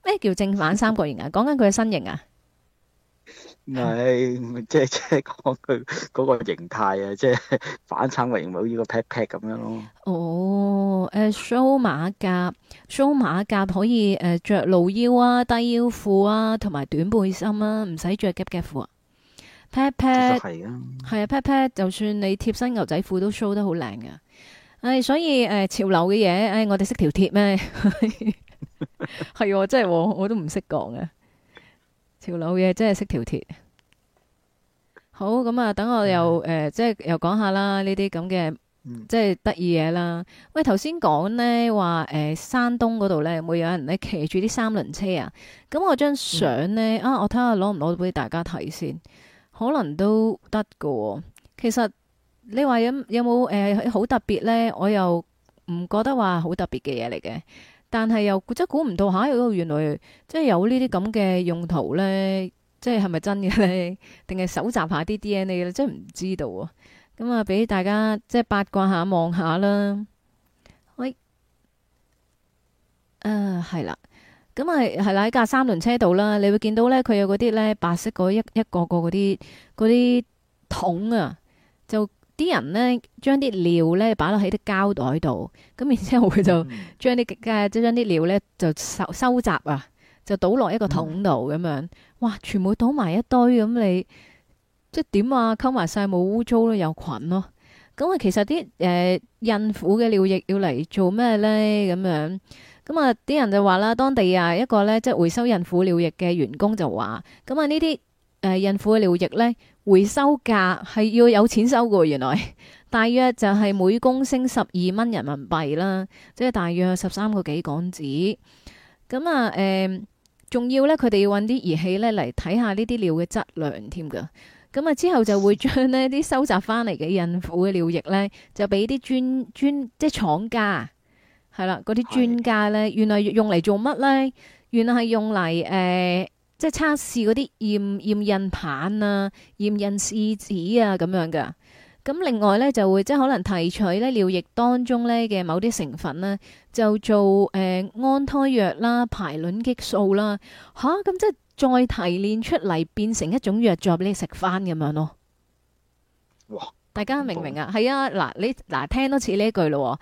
咩叫正反三角形啊？講緊佢嘅身形啊？係，即係即係講佢嗰個形態啊，即係反襯為好似個 pat pat 咁樣咯。哦，誒，show 馬甲，show 馬甲可以誒着露腰啊，低腰褲啊，同埋短背心啊，唔使着夾夾褲啊。pat pat 係啊，係啊，pat pat，就算你貼身牛仔褲都 show 得好靚噶。誒，所以誒，潮流嘅嘢，誒，我哋識條貼咩？係，即係，我都唔識講啊。條路嘢，真係識條鐵，好咁啊！等我又誒、嗯呃，即係又講下啦，呢啲咁嘅即係得意嘢啦。喂，頭先講呢話誒、呃，山東嗰度呢，會有人咧騎住啲三輪車啊。咁我張相呢，嗯、啊，我睇下攞唔攞俾大家睇先，可能都得噶、哦。其實你話有有冇誒好特別呢？我又唔覺得話好特別嘅嘢嚟嘅。但係又真估唔到下嚇、啊，原來即係有呢啲咁嘅用途咧，即係係咪真嘅咧？定係搜集下啲 DNA 咧？真係唔知道啊！咁、嗯哎、啊，俾大家即係八卦下、望下啦。喂，誒係啦，咁啊係啦，喺架三輪車度啦，你會見到咧，佢有嗰啲咧白色嗰一一個個嗰啲嗰啲桶啊，就。啲人呢將啲尿呢擺落喺啲膠袋度，咁然之後佢就將啲嘅即係將啲尿咧就收收集啊，就倒落一個桶度咁樣，哇！全部倒埋一堆咁你，即係點啊？溝埋晒冇污糟咯，有菌咯。咁、嗯、啊，其實啲誒、呃、孕婦嘅尿液要嚟做咩呢？咁樣咁啊，啲、嗯、人就話啦，當地啊一個呢，即係回收孕婦尿液嘅員工就話，咁啊呢啲。誒、呃，孕婦嘅尿液咧，回收價係要有錢收㗎，原來大約就係每公升十二蚊人民幣啦，即係大約十三個幾港紙。咁啊，誒、呃，仲要咧，佢哋要揾啲儀器咧嚟睇下呢啲尿嘅質量添噶。咁啊，之後就會將呢啲收集翻嚟嘅孕婦嘅尿液咧，就俾啲專專即係廠家，係啦，嗰啲專家咧的，原來用嚟做乜咧？原來係用嚟誒。即係測試嗰啲驗驗孕棒啊、驗孕試紙啊咁樣嘅。咁另外呢，就會即係可能提取呢尿液當中呢嘅某啲成分咧，就做誒、呃、安胎藥啦、排卵激素啦吓，咁、嗯、即係再提煉出嚟變成一種藥再俾你食翻咁樣咯。哇！大家明唔明哇啊？係啊，嗱你嗱聽多次呢一句咯，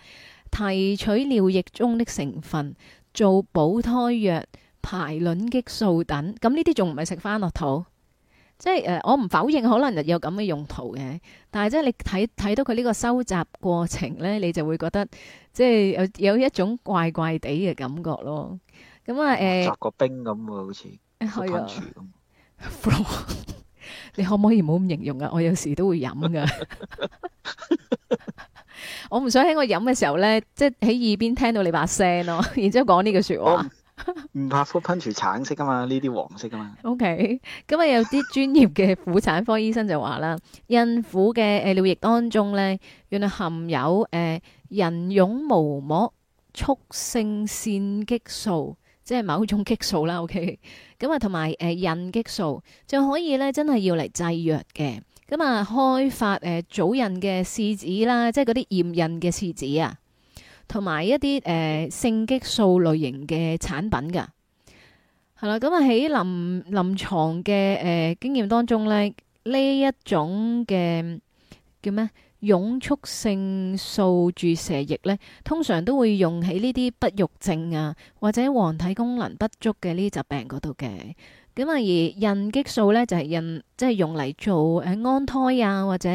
提取尿液中的成分做保胎藥。排卵激素等，咁呢啲仲唔係食翻落肚？即係誒，我唔否認可能有咁嘅用途嘅，但係即係你睇睇到佢呢個收集過程咧，你就會覺得即係有有一種怪怪地嘅感覺咯。咁啊誒，食個冰咁啊，好似係啊，你可唔可以唔好咁形容啊？我有時都會飲噶，我唔想喺我飲嘅時候咧，即係喺耳邊聽到你把聲咯，然之後講呢句說話。唔怕敷噴除橙色啊嘛，呢啲黃色啊嘛。OK，咁啊有啲專業嘅婦產科醫生就話啦， 孕婦嘅誒尿液當中咧，原來含有誒、呃、人絨毛膜促性腺激素，即係某種激素啦。OK，咁啊同埋誒孕激素，就可以咧真係要嚟製藥嘅，咁啊開發誒早孕嘅試紙啦，即係嗰啲驗孕嘅試紙啊。同埋一啲誒、呃、性激素類型嘅產品㗎，係啦，咁啊喺臨臨牀嘅誒經驗當中咧，呢一種嘅叫咩？擁促性素注射液咧，通常都會用喺呢啲不育症啊，或者黃體功能不足嘅呢啲疾病嗰度嘅。咁啊，而孕激素咧就係、是、孕，即、就、係、是、用嚟做誒安胎啊或者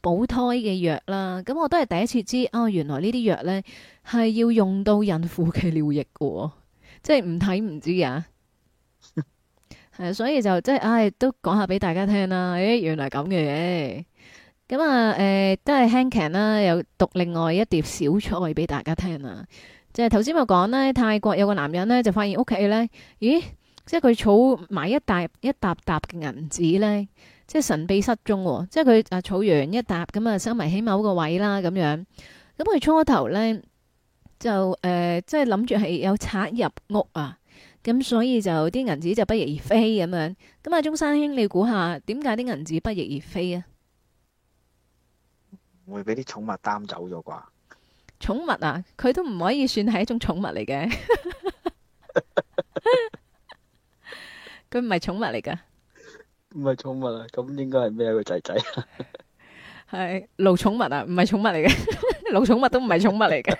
補胎嘅藥啦。咁我都係第一次知，哦，原來呢啲藥咧係要用到孕婦嘅尿液噶、哦，即係唔睇唔知啊。係 啊，所以就即係啊，都講下俾大家聽啦。誒、哎，原來咁嘅嘢。咁啊，誒、呃、都係輕騎啦，又讀另外一碟小菜俾大家聽啦。即係頭先咪講咧，泰國有個男人咧就發現屋企咧，咦？即係佢儲埋一沓一沓沓嘅銀紙呢，即係神秘失蹤，哦。即係佢啊，儲完一沓咁啊，收埋起某個位啦咁樣。咁佢初頭呢，就誒、呃，即係諗住係有賊入屋啊，咁所以就啲銀紙就不翼而飛咁樣。咁啊，中山兄，你估下點解啲銀紙不翼而飛啊？會俾啲寵物擔走咗啩？寵物啊，佢都唔可以算係一種寵物嚟嘅。 佢唔係寵物嚟噶，唔係寵物啊，咁應該係咩？個仔仔啊？係老寵物啊，唔係寵物嚟嘅，老寵物都唔係寵物嚟嘅。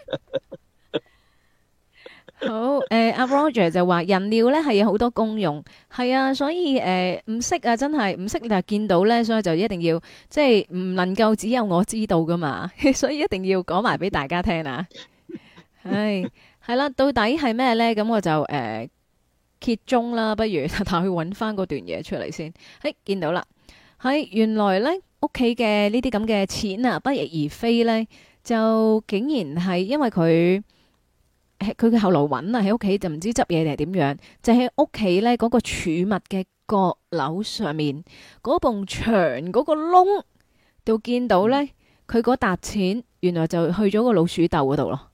好，誒，阿 Roger 就話人尿咧係有好多功用，係啊，所以誒唔識啊，真係唔識，你話見到咧，所以就一定要即係唔能夠只有我知道噶嘛，所以一定要講埋俾大家聽啊。係係啦，到底係咩咧？咁我就誒。揭盅啦，不如去搵翻嗰段嘢出嚟先。嘿、哎，見到啦，喺、哎、原來咧屋企嘅呢啲咁嘅錢啊，不翼而飛咧，就竟然係因為佢，佢、哎、嘅後來搵啊喺屋企就唔知執嘢定係點樣，就喺屋企咧嗰個儲物嘅閣樓上面嗰埲牆嗰個窿，就見到咧佢嗰沓錢，原來就去咗個老鼠竇嗰度咯。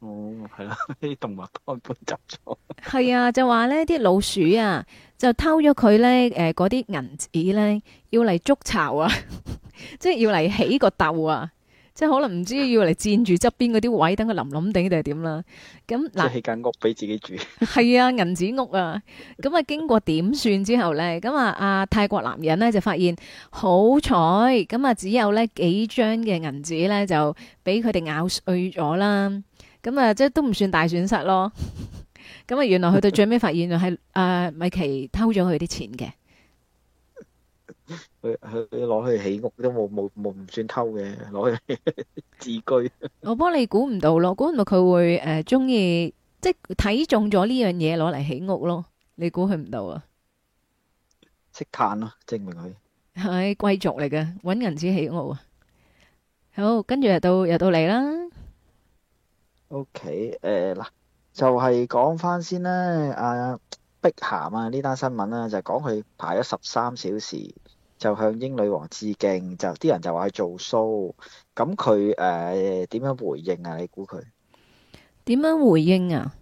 哦，係啦，啲 動物改編錯係啊，就話呢啲老鼠啊，就偷咗佢呢誒，嗰啲銀紙呢，要嚟捉巢啊， 即係要嚟起個竇啊，即係可能唔知要嚟佔住側邊嗰啲位，等佢林林頂定係點啦。咁、嗯、嗱，起間屋俾自己住係 啊，銀紙屋啊。咁啊，經過點算之後呢？咁啊，阿、啊、泰國男人呢就發現好彩，咁啊，只有呢幾張嘅銀紙呢，就俾佢哋咬碎咗啦。咁啊，即係都唔算大損失咯。咁啊，原來佢到最尾發現就係，誒，米奇偷咗佢啲錢嘅。佢佢攞去起屋都冇冇冇唔算偷嘅，攞去自居。我幫你估唔到咯，估唔到佢會誒中意，即係睇中咗呢樣嘢攞嚟起屋咯。你估佢唔到啊？識嘆咯，證明佢係貴族嚟嘅，搵銀紙起屋啊。好，跟住又到又到你啦。O.K. 誒、呃、嗱，就係講翻先啦。阿、啊、碧鹹啊呢單新聞啦、啊，就講佢排咗十三小時就向英女王致敬，就啲人就話佢做 show，咁佢誒點樣回應啊？你估佢點樣回應啊？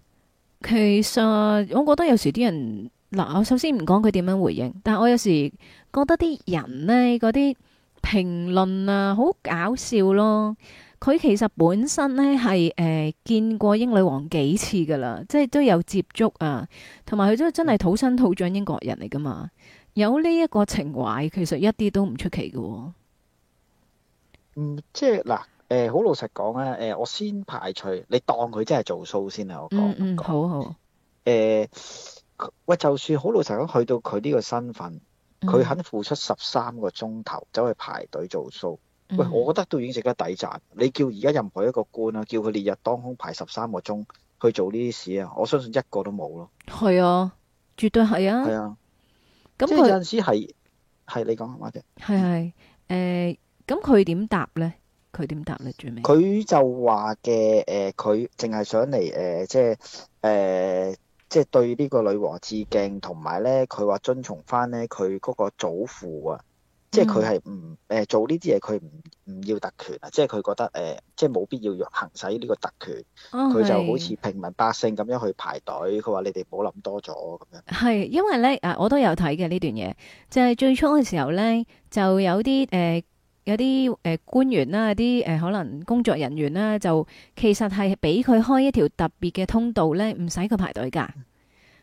其實我覺得有時啲人嗱，我首先唔講佢點樣回應，但我有時覺得啲人呢，嗰啲評論啊，好搞笑咯～佢其實本身咧係誒見過英女王幾次噶啦，即係都有接觸啊，同埋佢都真係土生土長英國人嚟噶嘛，有呢一個情懷，其實一啲都唔出奇嘅、哦。嗯，即係嗱，誒好、呃、老實講咧，誒、呃、我先排除你當佢真係做 show 先啦，我講。嗯，嗯好好。誒、呃，喂，就算好老實講，去到佢呢個身份，佢、嗯、肯付出十三個鐘頭走去排隊做 show。喂，我覺得都已經值得抵讚。你叫而家任何一個官啊，叫佢烈日當空排十三個鐘去做呢啲事啊，我相信一個都冇咯。係啊，絕對係啊。係啊。咁佢即係有陣時係你講係咪先？係係誒，咁佢點答咧？佢點答咧？最尾佢就話嘅誒，佢淨係想嚟誒、呃，即係誒、呃，即係對呢個女王致敬，同埋咧佢話遵從翻咧佢嗰個祖父啊。即係佢係唔誒做呢啲嘢，佢唔唔要特權啊！即係佢覺得誒、呃，即係冇必要行使呢個特權，佢、哦、就好似平民百姓咁樣去排隊。佢話你哋唔好諗多咗咁樣。係因為咧啊，我都有睇嘅呢段嘢，就係、是、最初嘅時候咧，就有啲誒、呃、有啲誒、呃、官員啦，有啲誒可能工作人員啦，就其實係俾佢開一條特別嘅通道咧，唔使佢排隊㗎。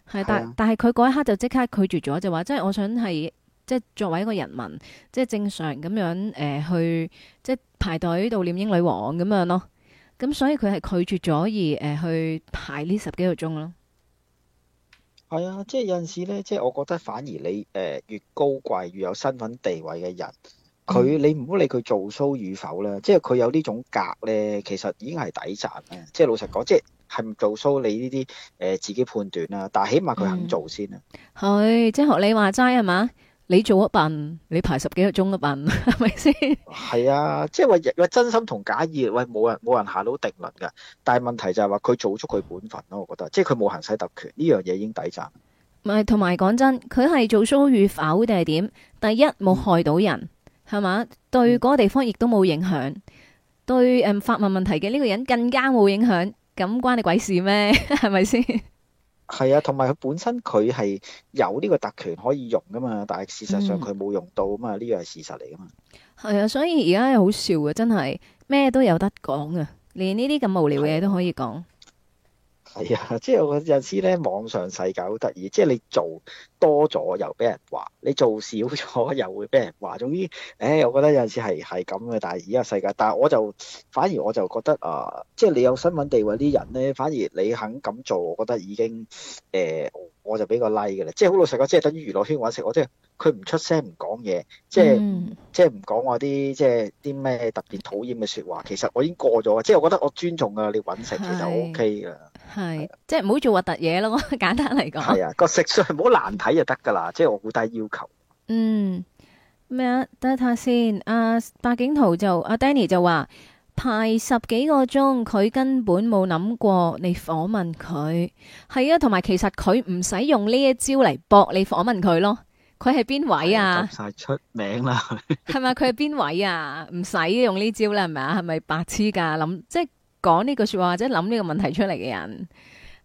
係，的但但係佢嗰一刻就即刻拒絕咗，就話即係我想係。即係作為一個人民，即係正常咁樣誒、呃、去，即係排隊悼念英女王咁樣咯。咁所以佢係拒絕咗而誒去排呢十幾個鐘咯。係、嗯、啊，嗯嗯嗯、即係有陣時咧，即係我覺得反而你誒越高貴、越有身份地位嘅人，佢你唔好理佢做騷與否啦。即係佢有呢種格咧，其實已經係抵讚嘅。即係老實講，即係唔做騷，你呢啲誒自己判斷啦。但係起碼佢肯做先啦。係、嗯嗯，即係學你話齋係嘛？你做一份，你排十幾個鐘一份，係咪先？係啊，即係話，喂，真心同假意，喂，冇人冇人下到定論噶。但係問題就係話，佢做出佢本分咯。我覺得，即係佢冇行使特權呢樣嘢，已經抵責。唔係，同埋講真，佢係做 show 與否定係點？第一冇害到人，係嘛？對嗰個地方亦都冇影響，對誒發問問題嘅呢個人更加冇影響，咁關你鬼事咩？係咪先？係啊，同埋佢本身佢係有呢個特權可以用噶嘛，但係事實上佢冇用到啊嘛，呢個係事實嚟噶嘛。係啊，所以而家係好笑啊，真係咩都有得講啊，連呢啲咁無聊嘅嘢都可以講。係啊，即係我有陣時咧，網上世界好得意。即係你做多咗又俾人話，你做少咗又會俾人話。總之，誒、欸，我覺得有陣時係係咁嘅。但係而家世界，但係我就反而我就覺得啊，即係你有身份地位啲人咧，反而你肯咁做，我覺得已經誒、呃，我就俾個 like 㗎啦。即係好老實講，即係等於娛樂圈揾食，我即係佢唔出聲唔講嘢，即係、嗯、即係唔講我啲即係啲咩特別討厭嘅説話。其實我已經過咗，即係我覺得我尊重啊，你揾食其實 O K 㗎。係，即係唔好做核突嘢咯。簡單嚟講，係啊，個食相唔好難睇就得噶啦。即係我好低要求。嗯，咩啊？等下先。阿、啊、白景圖就阿、啊、Danny 就話排十幾個鐘，佢根本冇諗過你訪問佢。係啊，同埋其實佢唔使用呢一招嚟搏你訪問佢咯。佢係邊位啊？晒、哎、出名啦，係 咪？佢係邊位啊？唔使用呢招啦，係咪啊？係咪白痴噶諗？即係。講呢句說話或者諗呢個問題出嚟嘅人，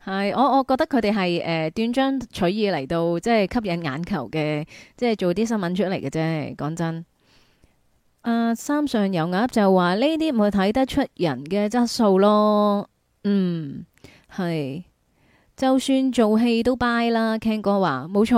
係我我覺得佢哋係誒斷章取義嚟到，即係吸引眼球嘅，即係做啲新聞出嚟嘅啫。講真，誒、啊、三上悠亞就話呢啲唔會睇得出人嘅質素咯。嗯，係，就算做戲都 buy 啦。Ken 哥話冇錯，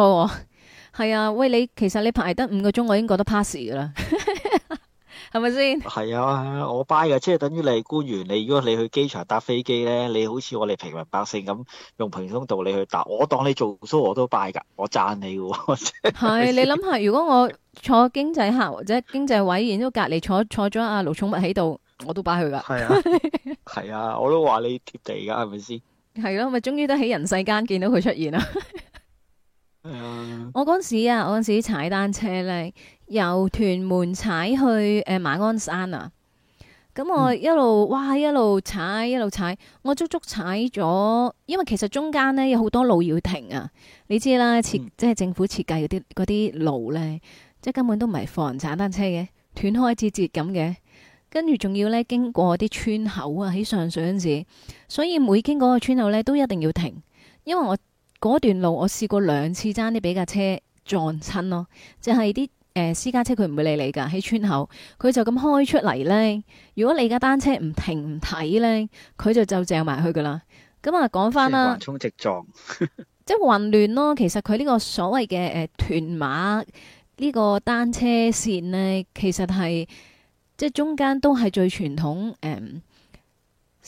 係、哦、 啊。喂，你其實你排得五個鐘，我已經覺得 pass 㗎啦。 係咪先？係啊，啊，我拜噶，即係等於你係官員，你如果你去機場搭飛機咧，你好似我哋平民百姓咁用平胸道理去搭，我當你做 show 我都拜噶，我讚你噶、啊。係 你諗下，如果我坐經濟客或者經濟位，然之後隔籬坐坐咗阿盧寵茂喺度，我都拜佢噶。係啊，係 啊，我都話你貼地噶，係咪先？係咯、啊，咪終於都喺人世間見到佢出現啦。係啊，我嗰時啊，我嗰時踩單車咧。由屯門踩去誒、呃、馬鞍山啊，咁我一路、嗯、哇一路踩一路踩，我足足踩咗，因為其實中間呢有好多路要停啊。你知啦，設即係政府設計嗰啲嗰啲路呢，即係根本都唔係防踩單車嘅斷開節節接節咁嘅，跟住仲要呢經過啲村口啊，喺上水嗰陣時，所以每經過個村口呢，都一定要停，因為我嗰段路我試過兩次爭啲俾架車撞親咯，就係啲。私家車佢唔會理你噶，喺村口佢就咁開出嚟呢。如果你架單車唔停唔睇呢，佢就就撞埋去噶、嗯嗯、啦。咁啊，講翻啦，橫衝直撞， 即係混亂咯。其實佢呢個所謂嘅誒屯馬呢個單車線呢，其實係即係中間都係最傳統誒。嗯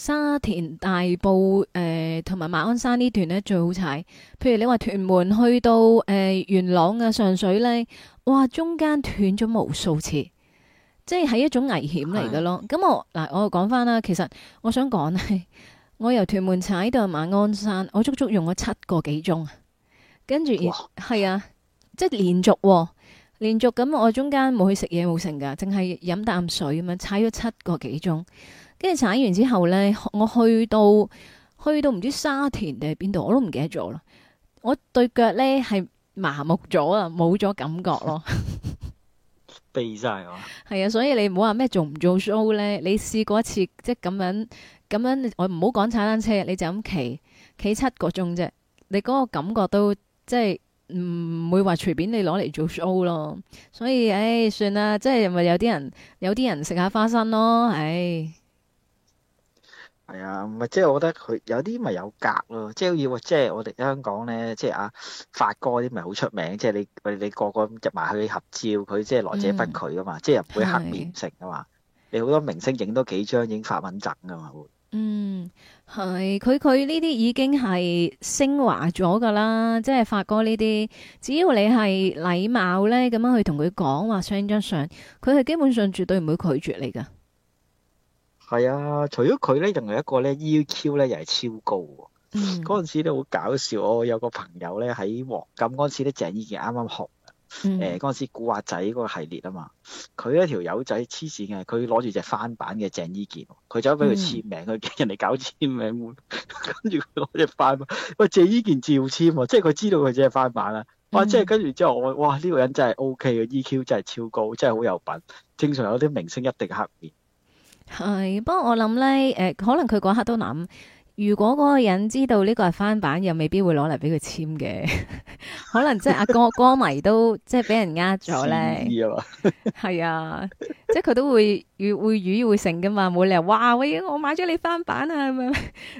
沙田大埔誒同埋馬鞍山段呢段咧最好踩，譬如你話屯門去到誒、呃、元朗嘅上水咧，哇！中間斷咗無數次，即係係一種危險嚟嘅咯。咁、啊、我嗱，我講翻啦，其實我想講咧，我由屯門踩到馬鞍山，我足足用咗七個幾鐘，跟住係哇 啊，即係連續、哦、連續咁，我中間冇去食嘢冇成噶，淨係飲啖水咁樣踩咗七個幾鐘。跟住踩完之後呢，我去到去到唔知沙田定係邊度，我都唔記得咗啦。我對腳呢係麻木咗啊，冇咗感覺咯 jewel zer.，痹晒我。係啊，所以你唔好話咩做唔做 show 呢，你試過一次即係咁樣咁樣，我唔好講踩單車，你就咁企企七個鐘啫。你嗰個感覺都即係唔會話隨便你攞嚟做 show 咯。所以誒、哎，算啦，即係咪有啲人有啲人食下花生咯，唉、哎。係啊，唔係即係我覺得佢有啲咪有格咯，即係要即係我哋香港咧，即係啊發哥啲咪好出名，即係你你個個入埋去合照，佢即係來者不拒㗎嘛，嗯、即係唔會黑面㗎嘛。是你好多明星影多幾張已經發問整㗎嘛會。嗯，係佢佢呢啲已經係升華咗㗎啦，即係發哥呢啲，只要你係禮貌咧咁樣去同佢講話，相張相，佢係基本上絕對唔會拒絕你㗎。係啊，除咗佢咧，仲有一個咧 E.Q. 咧又係超高。嗰陣、嗯、時咧好搞笑，我有個朋友咧喺黃金嗰陣時咧鄭伊健啱啱紅，誒嗰陣時古惑仔嗰個系列啊嘛，佢咧條友仔黐線嘅，佢攞住隻翻版嘅鄭伊健，佢走咗俾佢簽名，佢驚、嗯、人哋搞簽名會， 跟住佢攞隻翻版，喂，鄭伊健照簽喎、啊，即係佢知道佢只係翻版啊。哇！即係跟住之後我，哇呢、呢個人真係 O.K. 嘅、e、E.Q. 真係超高，真係好有品。正常有啲明星一定黑面。係，不過我諗咧，誒、呃，可能佢嗰刻都諗，如果嗰個人知道呢個係翻版，又未必會攞嚟俾佢簽嘅。 可能即係阿哥 歌迷都即係俾人呃咗咧。係 啊， 即係佢都會語會語會成噶嘛，冇理由哇喂，我買咗你翻版啊，係咪？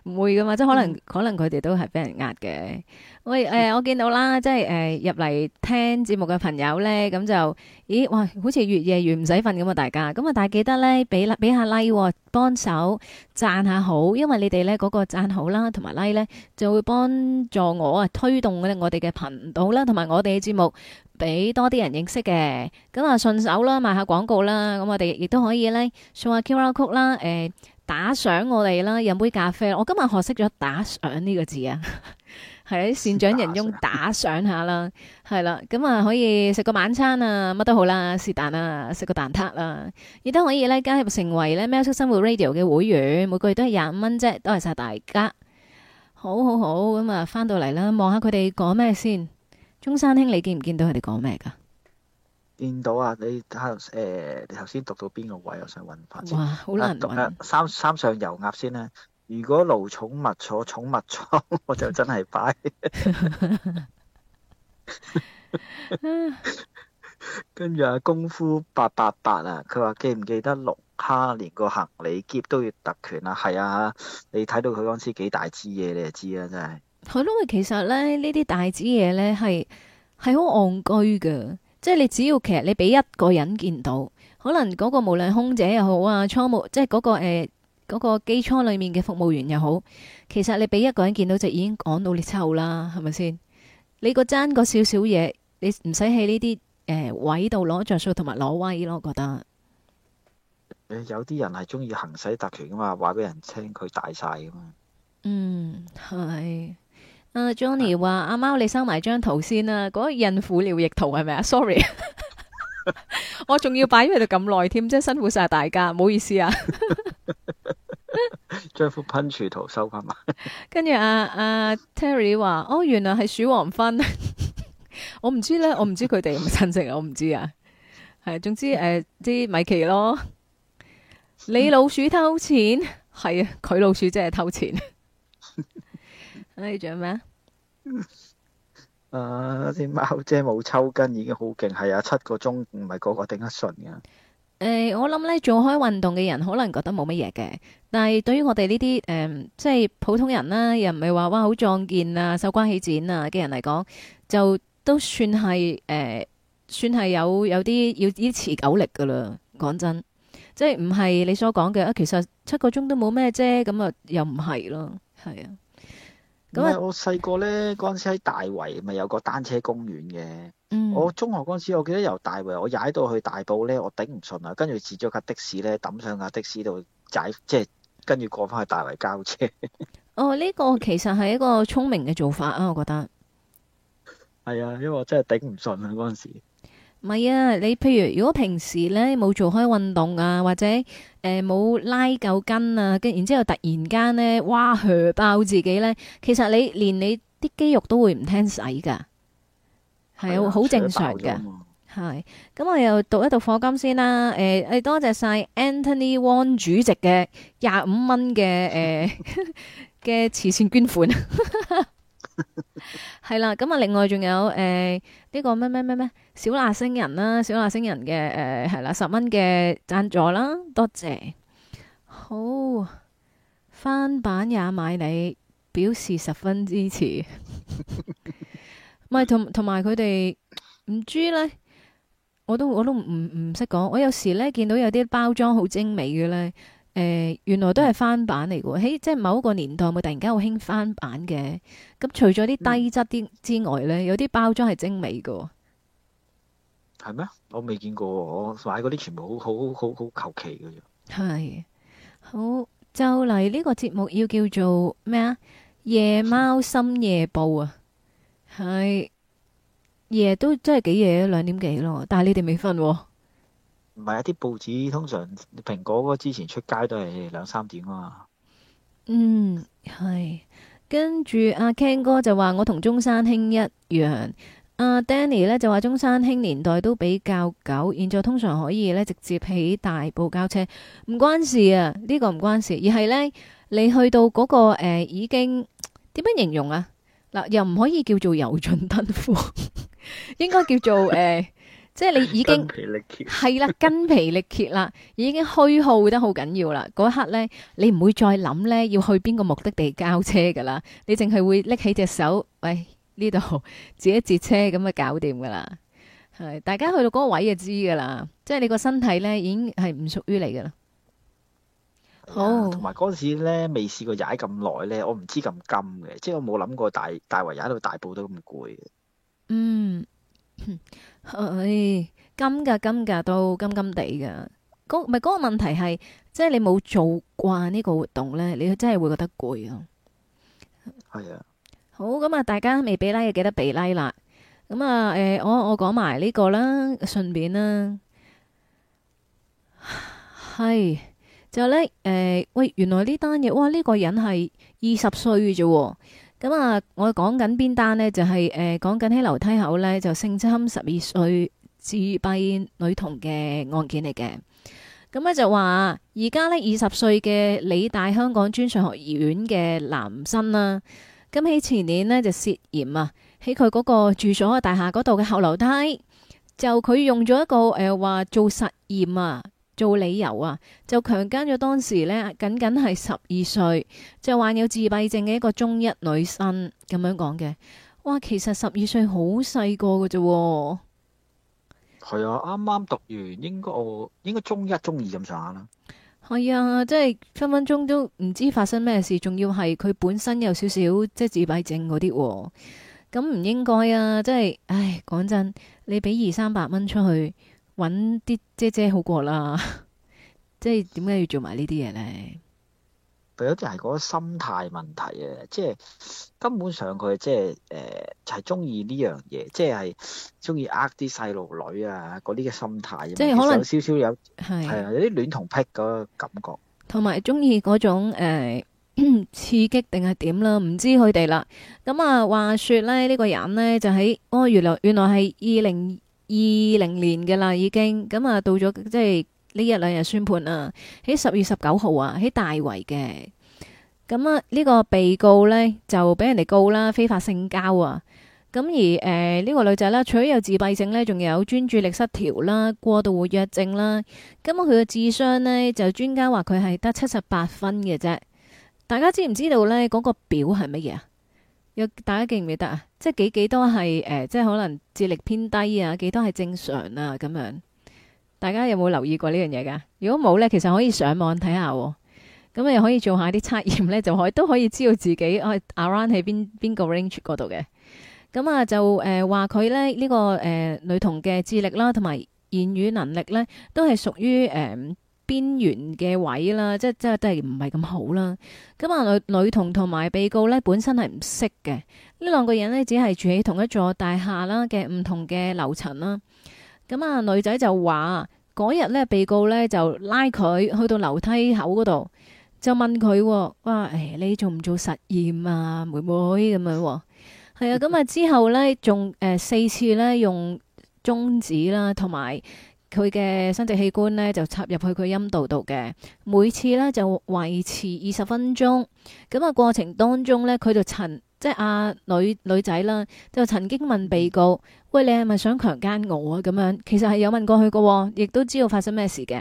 唔 會噶嘛，即係可能 可能佢哋都係俾人呃嘅。喂，誒、呃，我見到啦，即係誒、呃、入嚟聽節目嘅朋友咧，咁就，咦，哇，好似越夜越唔使瞓咁啊！大家，咁啊，大家記得咧，俾俾下 like，幫手讚下好，因為你哋咧嗰個讚好啦，同埋 like 咧，就會幫助我啊推動咧我哋嘅頻道啦，同埋我哋嘅節目俾多啲人認識嘅，咁啊順手啦賣下廣告啦，咁我哋亦都可以咧送下 q r 曲啦，誒、呃、打賞我哋啦，飲杯咖啡，我今日學識咗打賞呢、這個字啊！ 係啲善長人翁打賞下啦，係啦， 咁啊可以食個晚餐啊，乜都好啦，是但啊，食、啊、個蛋撻啦、啊，亦都可以咧加入成為咧喵式生活 Radio 嘅會員，每個月都係廿五蚊啫，多謝晒大家。好好好，咁啊翻到嚟啦，望下佢哋講咩先。中山兄，你見唔見到佢哋講咩噶？見到啊，你睇誒、呃，你頭先讀到邊個位，我想搵翻哇，好難搵、啊。三三上油鴨先啦。如果露寵物坐寵物艙，我就真係擺。跟住阿功夫八八八啊，佢話記唔記得六蝦連個行李夾都要特權啊？係啊，你睇到佢嗰陣時幾大支嘢，你就知啦，真係。係咯， 其實咧，呢啲大支嘢咧係係好戇居嘅，即係你只要其實你俾一個人見到，可能嗰個無論空姐又好啊，倉務即係、那、嗰個、呃嗰個機艙裏面嘅服務員又好，其實你俾一個人見到就已經講到你臭啦，係咪先？你個爭個少少嘢，你唔使喺呢啲誒位度攞着數同埋攞威咯，我覺得。誒有啲人係中意行使特權噶嘛，話俾人聽佢大晒噶嘛。嗯係。阿 Johnny 話：阿貓，你收埋張圖先啦，嗰個孕婦尿液圖係咪啊？Sorry，我仲要擺喺度咁耐添，真係辛苦晒大家，唔好意思啊。將幅噴泉圖收翻埋、 啊。跟、啊、住阿阿 Terry 話：，哦，原來係鼠王芬。 我唔知咧，我唔知佢哋係咪親戚，我唔知啊。係，總之誒，啲、啊、米奇咯。你老鼠偷錢，係啊， 佢老鼠真係偷錢。你仲有咩啊？啊，啲貓姐冇抽筋，已經好勁。係啊，七個鐘唔係個個頂得順嘅。誒、欸，我諗咧，做開運動嘅人可能覺得冇乜嘢嘅，但係對於我哋呢啲誒，即係普通人啦、啊，又唔係話哇好壯健啊、手瓜起 𦟌 啊嘅人嚟講，就都算係誒、呃，算係有有啲要依持久力噶啦。講真，即係唔係你所講嘅啊，其實七個鐘都冇咩啫，咁啊又唔係咯，係啊。咁我細個咧嗰陣時喺大圍咪有個單車公園嘅。嗯、我中學嗰陣時，我記得由大圍我踩到去大埔呢，我頂唔順啊，跟住截咗架的士呢，抌上架的士度踩，即係跟住過翻去大圍交車。 哦，呢、呢個其實係一個聰明嘅做法啊，我覺得。係啊，因為我真係頂唔順啊嗰陣時。唔係啊，你譬如如果平時呢，冇做開運動啊，或者誒冇、呃、拉夠筋啊，跟然之後突然間呢，哇血爆自己呢。其實你連你啲肌肉都會唔聽使㗎。係好、 啊、正常嘅，係咁我又讀一讀課金先啦。誒、嗯嗯嗯，多謝晒 Anthony Wong 主席嘅廿五蚊嘅誒嘅慈善捐款。係 啦、 嗯，咁、嗯、啊，另外仲有誒呢、嗯這個咩咩咩咩小辣星人啦，小辣星人嘅誒係啦十蚊嘅贊助啦，多謝。好翻版也買你，表示十分支持。 唔係同同埋佢哋唔知咧，我都我都唔唔識講。我有時咧見到有啲包裝好精美嘅咧，誒、呃、原來都係翻版嚟嘅喎。喺、欸、即係某一個年代，咪突然間好興翻版嘅。咁除咗啲低質啲之外咧，嗯、有啲包裝係精美嘅。係咩？我未見過，我買嗰啲全部好好好好求其嘅啫。係好，就嚟呢個節目要叫做咩啊？夜貓深夜報啊！係夜都真係幾夜，兩點幾咯。但係你哋未瞓？唔係啊！啲報紙通常蘋果嗰之前出街都係兩三點啊嘛。嗯，係。跟住阿、啊、Ken 哥就話我同中山兄一樣。阿、啊、Danny 呢就話中山兄年代都比較久，現在通常可以呢直接起大部交車，唔關事啊。呢、這個唔關事，而係呢，你去到嗰、那個誒、呃、已經點樣形容啊？嗱，又唔可以叫做油盡燈枯， 應該叫做誒、 呃，即係你已經筋疲力竭係啦，筋 疲力竭啦，已經虛耗得好緊要啦。嗰一刻咧，你唔會再諗咧要去邊個目的地交車噶啦，你淨係會拎起隻手，喂呢度自一截車咁啊，搞掂噶啦。係大家去到嗰個位就知噶啦，即係你個身體咧已經係唔屬於你噶啦。好，同埋嗰陣時咧，未試過踩咁耐咧，我唔知咁金嘅，即係我冇諗過大大圍踩到大埔都咁攰嘅。嗯，唉，金噶金噶都金金地噶。嗰咪嗰個問題係，即係你冇做慣呢個活動咧，你真係會覺得攰啊。係啊。好，咁啊，大家未俾 like 嘅記得俾 like 啦。咁啊，誒，我我講埋呢個啦，順便啦，係。就咧，誒、呃，喂，原來呢單嘢，哇，呢、這個人係二十歲嘅啫，咁、嗯、啊，我講緊邊單呢？就係、是，誒、呃，講緊喺樓梯口呢，就性侵十二歲自閉女童嘅案件嚟嘅，咁、嗯、咧就話，而家呢，二十歲嘅理大香港專上學院嘅男生啦、啊，咁、嗯、喺前年呢，就涉嫌啊，喺佢嗰個住所嘅大廈嗰度嘅後樓梯，就佢用咗一個，誒、呃，話做實驗啊。做理由啊，就強奸咗當時呢，僅僅係十二歲，就患有自閉症嘅一個中一女生咁樣講嘅。哇其實十二歲好細個㗎啫，係啊，啱 啱讀完，應該我應該中一中二咁上下啦。係啊，即係分分鐘都唔知發生咩事，仲要係佢本身有少少即係自閉症嗰啲，咁唔應該啊！即、哎、係，唉，講真，你俾二三百蚊出去。搵啲姐姐好過啦， 即係點解要做埋呢啲嘢咧？佢有啲係嗰心態問題啊，即、就、係、係、根本上佢即係誒，就係中意呢樣嘢，即係中意呃啲細路女啊，嗰啲嘅心態咁可能少少有係係啊，有啲戀童癖嗰感覺，同埋中意嗰種誒、呃、 刺激定係點啦，唔知佢哋啦。咁啊，話說咧呢、呢個人咧就喺，哦，原來原來係二零。二零年嘅啦，已經咁啊、嗯，到咗即係呢一兩日宣判啊，喺十月十九號啊，喺大圍嘅。咁啊，呢個被告呢，就俾人哋告啦，非法性交啊。咁、嗯、而誒呢、呃呢個女仔啦，除咗有自閉症呢，仲有專注力失調啦、過度活躍症啦。咁佢嘅智商呢，就專家話佢係得七十八分嘅啫。大家知唔知道呢？嗰、嗰個表係乜嘢啊？大家記唔記得啊？即係幾幾多係誒、呃，即係可能智力偏低啊，幾多係正常啊咁樣？大家有冇留意過呢樣嘢㗎？如果冇咧，其實可以上網睇下、啊，咁、嗯、啊又可以做一下啲測驗咧，就可以都可以知道自己可以 around 喺邊邊個 range 嗰度嘅。咁、嗯、啊就誒話佢咧呢、呢個誒、呃、女童嘅智力啦，同埋言語能力咧，都係屬於誒。呃邊緣嘅位啦，即係即係都係唔係咁好啦。咁啊女女童同埋被告咧本身係唔識嘅，呢兩個人咧只係住喺同一座大廈啦嘅唔同嘅樓層啦。咁、嗯、啊女仔就話嗰日咧被告咧就拉佢去到樓梯口嗰度，就問佢、哦，哇，誒、哎，你做唔做實驗啊，妹妹咁樣、哦？係、嗯、啊，咁、嗯、啊、 嗯、之後咧仲誒四次咧用中指啦，同埋。佢嘅生殖器官呢，就插入去佢陰道度嘅，每次呢，就維持二十分鐘。咁、嗯、啊，過程當中呢，佢就曾即係阿、啊、女女仔啦，就曾經問被告：喂，你係咪想強奸我啊？咁樣其實係有問過去嘅、哦，亦都知道發生咩事嘅。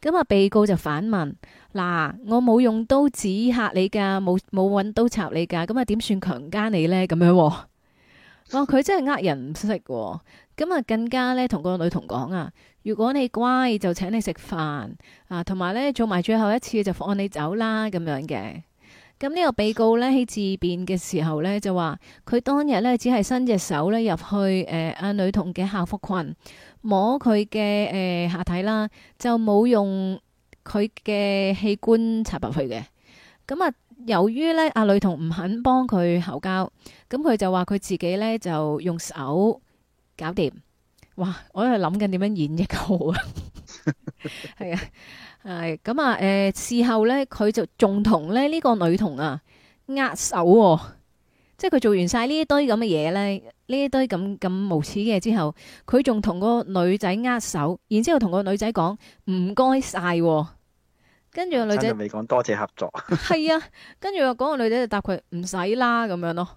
咁、嗯、啊，被告就反問：嗱，我冇用刀指吓你噶，冇冇揾刀插你噶，咁、嗯、啊，點、嗯、算強奸你呢？哦」咁、哦、樣，我佢真係呃人唔識、啊。咁、嗯、啊，更加呢，同個女童講啊。如果你乖，就請你食飯啊，同埋咧做埋最後一次就放你走啦咁樣嘅。咁、嗯、呢、這個被告咧喺自辯嘅時候咧就話，佢當日咧只係伸隻手咧入去誒阿、呃、女童嘅校服裙摸佢嘅誒下體啦，就冇用佢嘅器官插入去嘅。咁、嗯、啊、呃，由於咧阿女童唔肯幫佢口交，咁、嗯、佢就話佢自己咧就用手搞掂。哇！我喺度諗緊點樣演繹好 啊，係啊，係咁啊，誒、嗯，事後咧佢就仲同咧呢個女童啊握手，哦，即係佢做完晒呢一堆咁嘅嘢咧，呢一堆咁咁無恥嘅之後，佢仲同個女仔握手，然之後同個女仔講唔該晒，跟住個女仔未講多謝合作，係 啊，跟住個嗰個女仔就答佢唔使啦咁樣咯，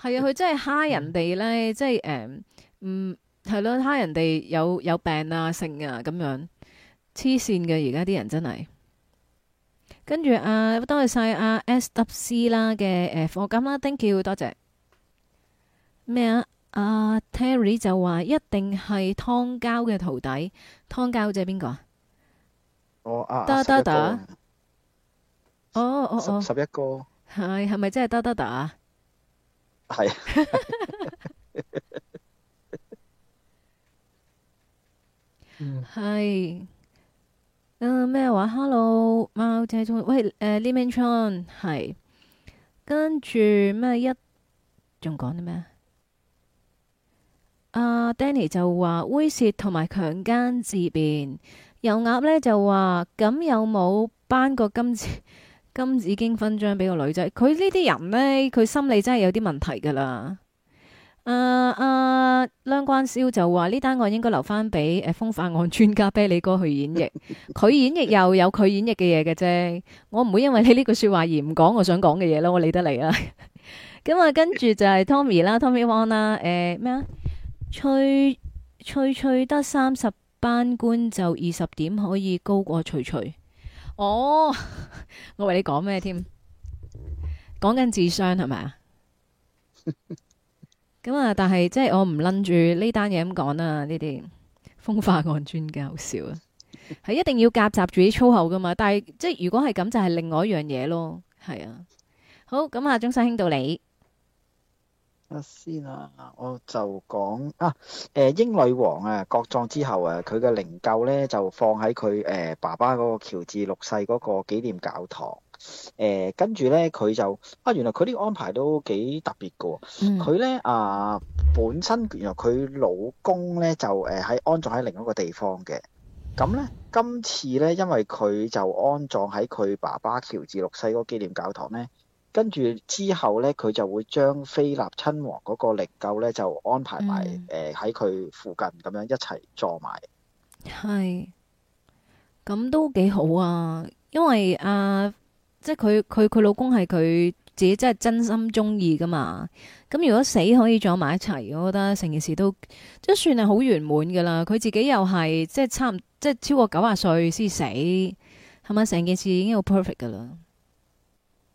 係 啊，佢真係蝦人哋咧，即係誒。嗯嗯，係咯，他人哋有有病啊、性啊咁樣，黐綫嘅而家啲人真係。跟住啊，多謝晒啊 SWC 啦嘅誒，貨金啦，thank you，多謝。咩啊？阿、啊、Terry 就話一定係湯膠嘅徒弟。湯膠即係邊個啊？哦啊，得得得。哦哦哦，十一個。係係咪真係得得得 a d 啊？係、啊。係誒咩話？Hello，貓仔中，喂誒，Liming Chan 係跟住咩一仲講啲咩？阿、呃、Danny 就話猥褻同埋強姦自辯，油鴨呢就話咁有冇頒個金字金紫荊勳章俾個女仔？佢呢啲人呢，佢心理真係有啲問題噶啦。啊，誒，uh, uh, 梁關蕭就話呢單案應該留翻俾誒風化案專家啤梨哥去演繹，佢演繹又有佢演繹嘅嘢嘅啫。我唔會因為你呢句說話而唔講我想講嘅嘢咯，我理得你啊。咁 啊、嗯，跟住就係 Tommy 啦，Tommy One 啦，誒咩啊？崔崔得三十班官就二十點可以高過崔崔。哦， 我為你講咩添？講緊智商係咪啊？是 咁啊！但係即係我唔擸住呢單嘢咁講啦，呢啲風化案專家好笑啊，係一定要夾雜住啲粗口噶嘛。但係即係如果係咁，就係另外一樣嘢咯。係啊，好咁啊，中山兄到你。先啊，我就講啊，誒英女王啊，國葬之後啊，佢嘅靈柩咧就放喺佢誒爸爸嗰個喬治六世嗰個紀念教堂。誒、呃，跟住呢，佢就啊，原來佢呢啲安排都幾特別噶。佢、嗯、呢啊、呃，本身原來佢老公呢就誒喺、呃、安葬喺另一個地方嘅。咁呢，今次呢，因為佢就安葬喺佢爸爸喬治六世嗰個紀念教堂呢。跟住之後呢，佢就會將菲臘親王嗰個靈柩呢就安排埋誒喺佢附近咁樣一齊坐埋。係，咁都幾好啊，因為啊。即係佢佢佢老公係佢自己真係真心鍾意噶嘛，咁如果死可以撞埋一齊，我覺得成件事都即係算係好圓滿噶啦。佢自己又係即係差唔即係超過九十歲先死，係咪成件事已經好 perfect 噶啦？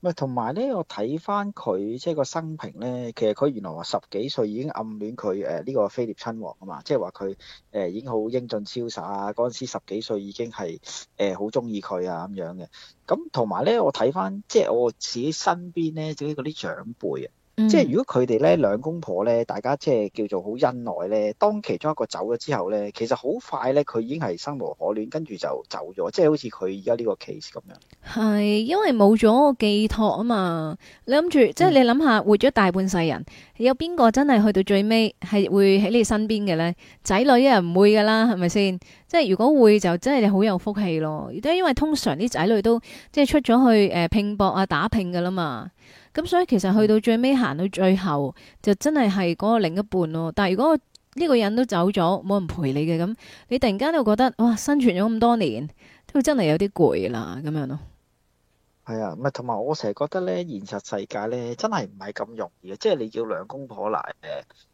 咪同埋咧，我睇翻佢即係個生平咧，其實佢原來話十幾歲已經暗戀佢誒呢個菲臘親王啊嘛，即係話佢誒已經好英俊瀟灑啊，嗰陣時十幾歲已經係誒好中意佢啊咁樣嘅。咁同埋咧，我睇翻即係我自己身邊咧，自己嗰啲長輩啊。即係如果佢哋咧兩公婆咧，大家即係叫做好恩愛咧。當其中一個走咗之後咧，其實好快咧，佢已經係生無可戀，跟住就走咗。即係好似佢而家呢個 case 咁樣。係因為冇咗寄託啊嘛！你諗住即係你諗下，活咗大半世人，嗯、有邊個真係去到最尾係會喺你身邊嘅咧？仔女啊唔會噶啦，係咪先？即係如果會就真係你好有福氣咯。而家因為通常啲仔女都即係出咗去誒拼搏啊打拼噶啦嘛。咁所以其實去到最尾行到最後，就真係係嗰個另一半咯。但係如果呢個人都走咗，冇人陪你嘅咁，你突然間都覺得哇，生存咗咁多年，都真係有啲攰啦咁樣咯。係啊，唔係同埋我成日覺得呢現實世界呢，真係唔係咁容易嘅，即係你叫兩公婆嗱，誒，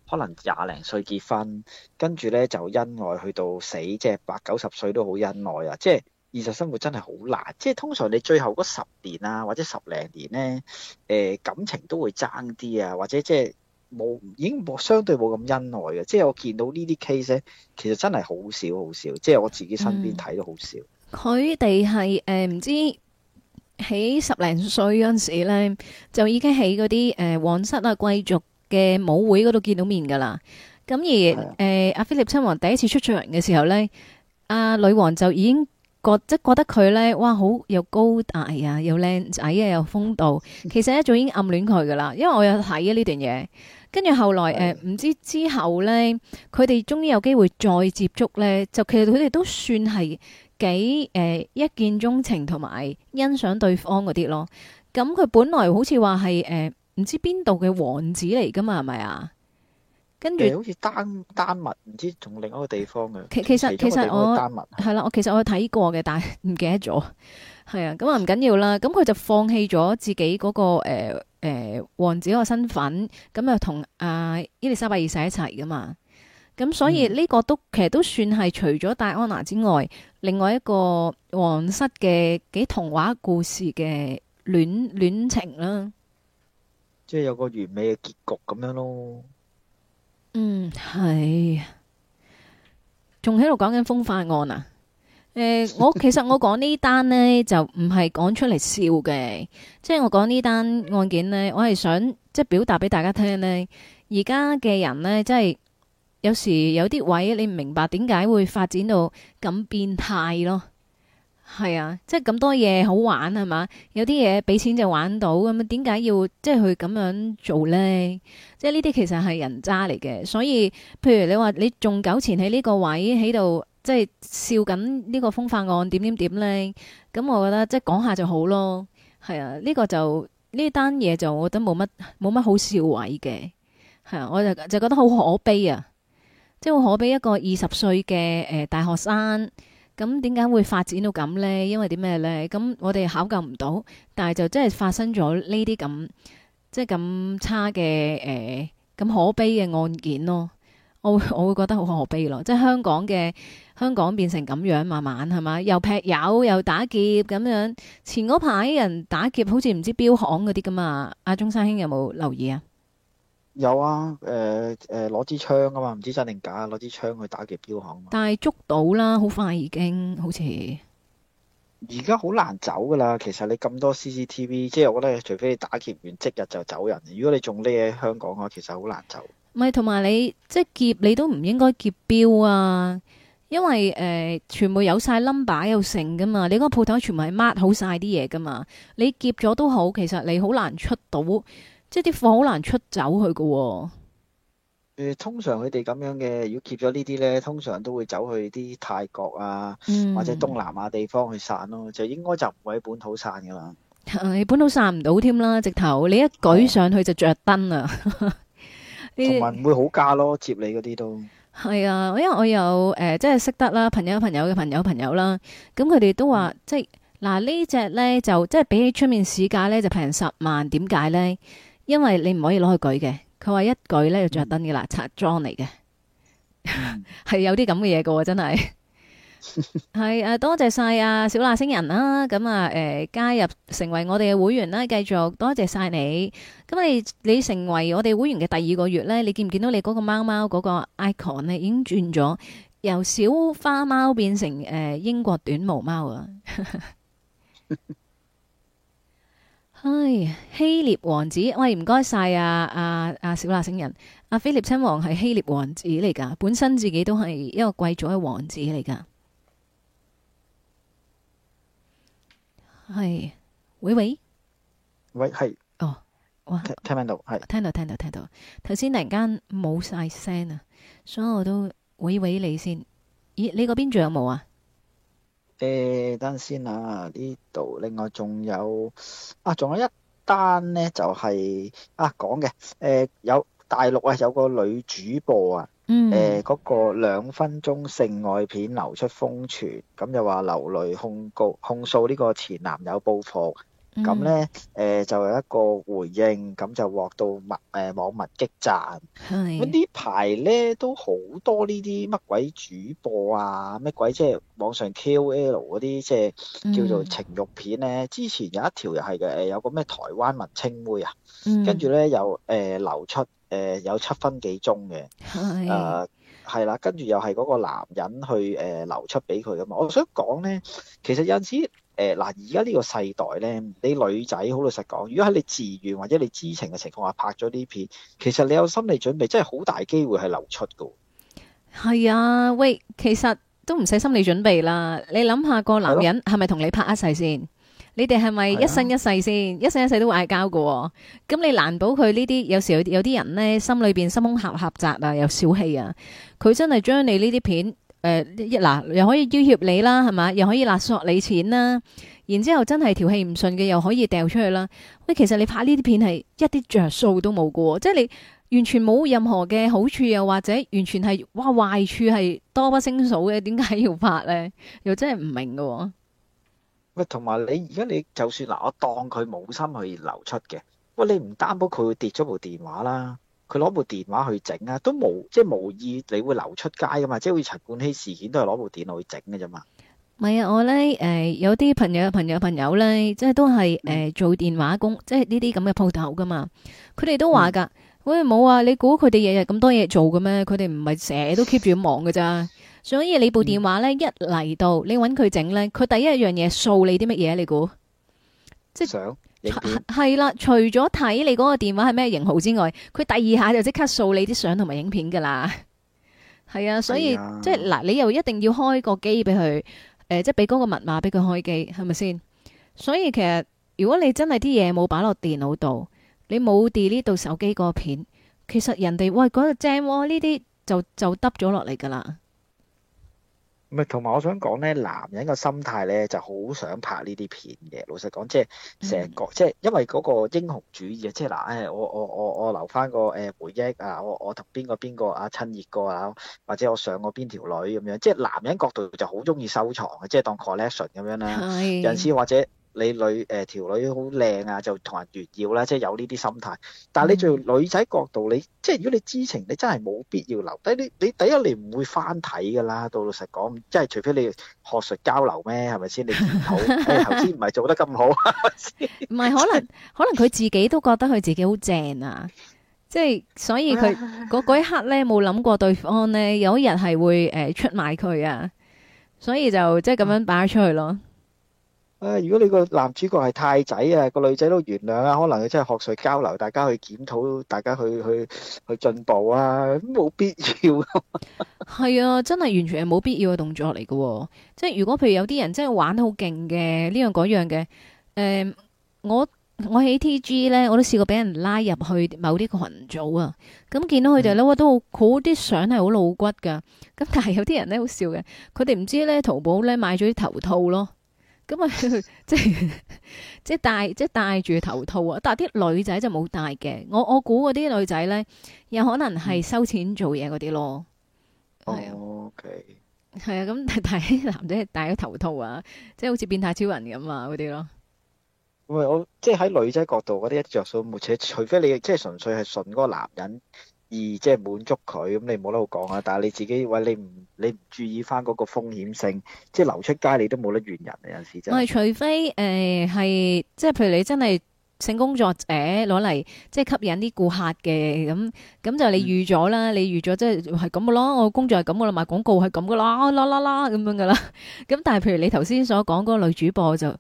可能廿零歲結婚，跟住呢就恩愛去到死，即係八九十歲都好恩愛啊，即係。現實生活真係好難，即係通常你最後嗰十年啊，或者十零年咧，誒感情都會爭啲啊，或者即係冇已經冇相對冇咁恩愛嘅。即係我見到呢啲 case 咧，其實真係好少好少。即係我自己身邊睇都好少。佢哋係誒唔知喺十零歲嗰陣時咧，就已經喺嗰啲誒皇室啊貴族嘅舞會嗰度見到面噶啦。咁而誒阿菲力親王第一次出場嘅時候咧，阿女王就已經。覺即係覺得佢咧，哇，好又高大啊，又靚仔啊，又風度。其實咧，早已經暗戀佢噶啦。因為我有睇呢段嘢，跟住後來誒，唔、呃、知之後咧，佢哋終於有機會再接觸咧，就其實佢哋都算係幾誒、呃、一見鍾情，同埋欣賞對方嗰啲咯。咁佢本來好似話係誒唔知邊度嘅王子嚟噶嘛，係咪啊？跟住好似丹丹麥，唔知從另一個地方嘅。其其實其實我丹麥係啦，我其實我有睇過嘅，但係唔記得咗。係啊，咁啊唔緊要啦。咁佢就放棄咗自己嗰個誒誒王子嗰個身份，咁啊同阿伊麗莎白二世一齊噶嘛。咁所以呢個都其實都算係除咗戴安娜之外，另外一個皇室嘅幾童話故事嘅戀戀情啦。即係有個完美嘅結局咁樣咯。嗯係，仲喺度講緊風化案啊？誒、欸，我其實我講呢單咧就唔係講出嚟笑嘅，即係我講呢單案件咧，我係想即係表達俾大家聽咧，而家嘅人咧，即係有時有啲位你唔明白點解會發展到咁變態咯。係啊，即係咁多嘢好玩係嘛，有啲嘢俾錢就玩到，咁點解要即係去咁樣做呢？即係呢啲其實係人渣嚟嘅，所以譬如你話你仲糾纏喺呢個位喺度，即係笑緊呢個風化案點點點呢？咁我覺得即係講下就好咯。係啊，呢個就呢單嘢就我覺得冇乜冇乜好笑位嘅，係啊，我就就覺得好可悲啊，即係好可悲一個二十歲嘅誒大學生。咁點解會發展到咁呢？因為啲咩呢？咁、嗯、我哋考究唔到，但係就真係發生咗呢啲咁即係咁差嘅誒咁可悲嘅案件咯。我會我會覺得好可悲咯。即係香港嘅香港變成咁樣，慢慢係嘛？又劈友又打劫咁樣。前嗰排人打劫，好似唔知錶行嗰啲噶嘛？阿、啊、中山兄有冇留意啊？有啊，誒、呃、誒，攞支槍啊嘛，唔知真定假，攞支槍去打劫標行嘛。但係捉到啦，好快已經，好似而家好難走噶啦。其實你咁多 CCTV，即係我覺得除非你打劫完即日就走人。如果你仲匿喺香港嘅話，其實好難走。唔係，同埋你即係劫，你都唔應該劫標啊，因為誒、呃，全部有晒 number 又剩噶嘛，你嗰個鋪頭全部係 mark 好晒啲嘢噶嘛，你劫咗都好，其實你好難出到。即係啲貨好難出走去噶。誒，通常佢哋咁樣嘅，如果 keep 咗呢啲呢，通常都會走去啲泰國啊，或者東南亞地方去散咯，就應該就唔會喺本土散噶啦。你本土散唔到添啦，直頭你一舉上去就着燈啊！同埋唔會好價咯，接你嗰啲都係啊，因為我有誒，即係識得啦，朋友朋友嘅朋友朋友啦，咁佢哋都話即係嗱呢隻呢，就即係比起出面市價呢，就平十萬，點解呢？因為你唔可以攞去舉嘅，佢話一舉呢就、嗯、着燈嘅啦，拆裝嚟嘅，係 有啲咁嘅嘢嘅喎，真係。係 誒、 啊，多謝晒阿、啊、小辣星人啦、啊，咁啊誒加入成為我哋嘅會員啦、啊，繼續多謝晒你。咁你你成為我哋會員嘅第二個月呢，你見唔見到你嗰個貓貓嗰個 icon 呢？已經轉咗，由小花貓變成誒、呃、英國短毛貓啊！ 唉、哎，希臘王子，喂，唔該晒啊，阿、啊、阿、啊、小辣星人，阿菲臘親王係希臘王子嚟噶，本身自己都係一個貴族嘅王子嚟噶。係，喂喂，喂係，喂哦，哇，聽聽到，係，聽到聽到聽到，頭先突然間冇晒聲啊，所以我都喂喂你先，咦，你嗰邊仲有冇啊？誒、呃，等陣先啊，呢度另外仲有啊，仲有一單呢，就係、是、啊講嘅，誒、呃、有大陸啊有個女主播啊，誒、呃、嗰、那個兩分鐘性愛片流出瘋傳，咁就話流淚控告控訴呢個前男友報復。咁咧，誒、嗯呃、就有一個回應，咁就獲到麥誒網民激讚。咁的呢排咧都好多呢啲乜鬼主播啊，乜鬼即係網上 KOL 嗰啲即係、就是、叫做情慾片咧。之前有一條又係嘅，誒有個咩台灣文青妹啊，跟住咧又誒流出誒、呃、有七分幾鐘嘅，係的，誒係啦、呃，跟住又係嗰個男人去誒、呃、流出俾佢咁嘛。我想講咧，其實有陣時。誒嗱，而家呢個世代呢，你女仔好老實講，如果喺你自願或者你知情嘅情況下拍咗呢片，其實你有心理準備，真係好大機會係流出噶。係啊，喂，其實都唔使心理準備啦。你諗下個男人係咪同你拍一世先？啊、你哋係咪一生一世先？啊、一生一世都會嗌交噶。咁你難保佢呢啲，有時有啲人呢，心裏邊心胸狹狹窄啊，又小氣啊，佢真係將你呢啲片。誒，一嗱，呃、又可以要挾你啦，係嘛？又可以勒索你錢啦，然之後真係條氣唔順嘅，又可以掉出去啦。喂，其實你拍呢啲片係一啲着數都冇噶，即係你完全冇任何嘅好處又，又或者完全係哇壞處係多不勝數嘅，點解要拍呢？又真係唔明噶，啊。喂，同埋你而家你就算嗱，我當佢冇心去流出嘅，喂，你唔擔保佢會跌咗部電話啦。佢攞部電話去整啊，都冇，即係無意你會流出街噶嘛？即係好似陳冠希事件都係攞部電腦去整嘅啫嘛。唔係啊，我咧誒、呃、有啲朋友、嘅朋友、朋友咧，即係都係誒、呃、做電話工，即係呢啲咁嘅鋪頭噶嘛。佢哋都話噶，嗯、喂冇啊！你估佢哋日日咁多嘢做嘅咩？佢哋唔係成日都 keep 住忙嘅咋。所以你部電話咧、嗯、一嚟到，你揾佢整咧，佢第一樣嘢掃你啲乜嘢？你估即係？想係啦，除咗睇你嗰個電話係咩型號之外，佢第二下就即刻掃你啲相同埋影片噶啦。係 啊，所以是、啊、即係嗱，你又一定要開個機俾佢，誒、呃，即係俾嗰個密碼俾佢開機，係咪先？所以其實如果你真係啲嘢冇擺落電腦度，你冇 delete 到手機個片，其實人哋喂嗰、那個正呢、哦、啲就就耷咗落嚟噶啦。咪同埋我想講咧，男人個心態咧就好想拍呢啲片嘅。老實講，即係成個、嗯、即係因為嗰個英雄主義啊，即係嗱，誒、哎、我我我我留翻個誒回憶啊，我我同邊個邊個啊親熱過啊，或者我上過邊條女咁樣，即係男人角度就好中意收藏嘅，即係當 collection 咁樣啦，有陣時是或者。你女誒條女好靚啊，就同人炫耀啦，即係有呢啲心態。但係你做女仔角度，你即係如果你知情，你真係冇必要留低。第一你你第一年唔會翻睇㗎啦。到老實講，即係除非你學術交流咩，係咪先？你唔好，你頭先唔係做得咁好。唔係可能，可能佢自己都覺得佢自己好正啊！即係所以佢嗰嗰一刻咧，冇諗過對方咧有一日係會誒出賣佢啊！所以就即係咁樣擺出去咯。啊、哎！如果你個男主角係太仔啊，個女仔都原諒啊。可能你真係學術交流，大家去檢討，大家去去去進步啊，冇必要咯。係啊，真係完全係冇必要嘅動作嚟嘅，哦。即係如果譬如有啲人真係玩得好勁嘅呢樣嗰樣嘅，誒、嗯，我我喺 T G 咧，我都試過俾人拉入去某啲群組啊。咁、嗯、見到佢哋咧，都好啲相係好露骨噶。咁但係有啲人咧好笑嘅，佢哋唔知咧淘寶咧買咗啲頭套咯。咁啊， 即係即係戴即係戴住頭套啊！但係啲女仔就冇戴嘅。我我估嗰啲女仔咧，有可能係收錢做嘢嗰啲咯。係、嗯、啊，係 Okay. 啊，咁但係男仔係戴咗頭套啊，即係好似變態超人咁啊，嗰啲咯。喂，我即係喺女仔角度，嗰啲一着數，冇扯。除非你即係純粹係信嗰個男人。而即係滿足佢，咁你冇得講啊！但係你自己，喂，你唔你唔注意翻嗰個風險性，即係流出街你都冇得怨人，有陣時就。咁係除非誒係、呃，即係譬如你真係性工作者攞嚟，即係吸引啲顧客嘅咁，咁就你預咗啦，嗯、你預咗即係係咁嘅咯。我工作係咁嘅啦，賣廣告係咁嘅啦，啦啦啦咁樣嘅啦。咁 但係譬如你頭先所講嗰個女主播就，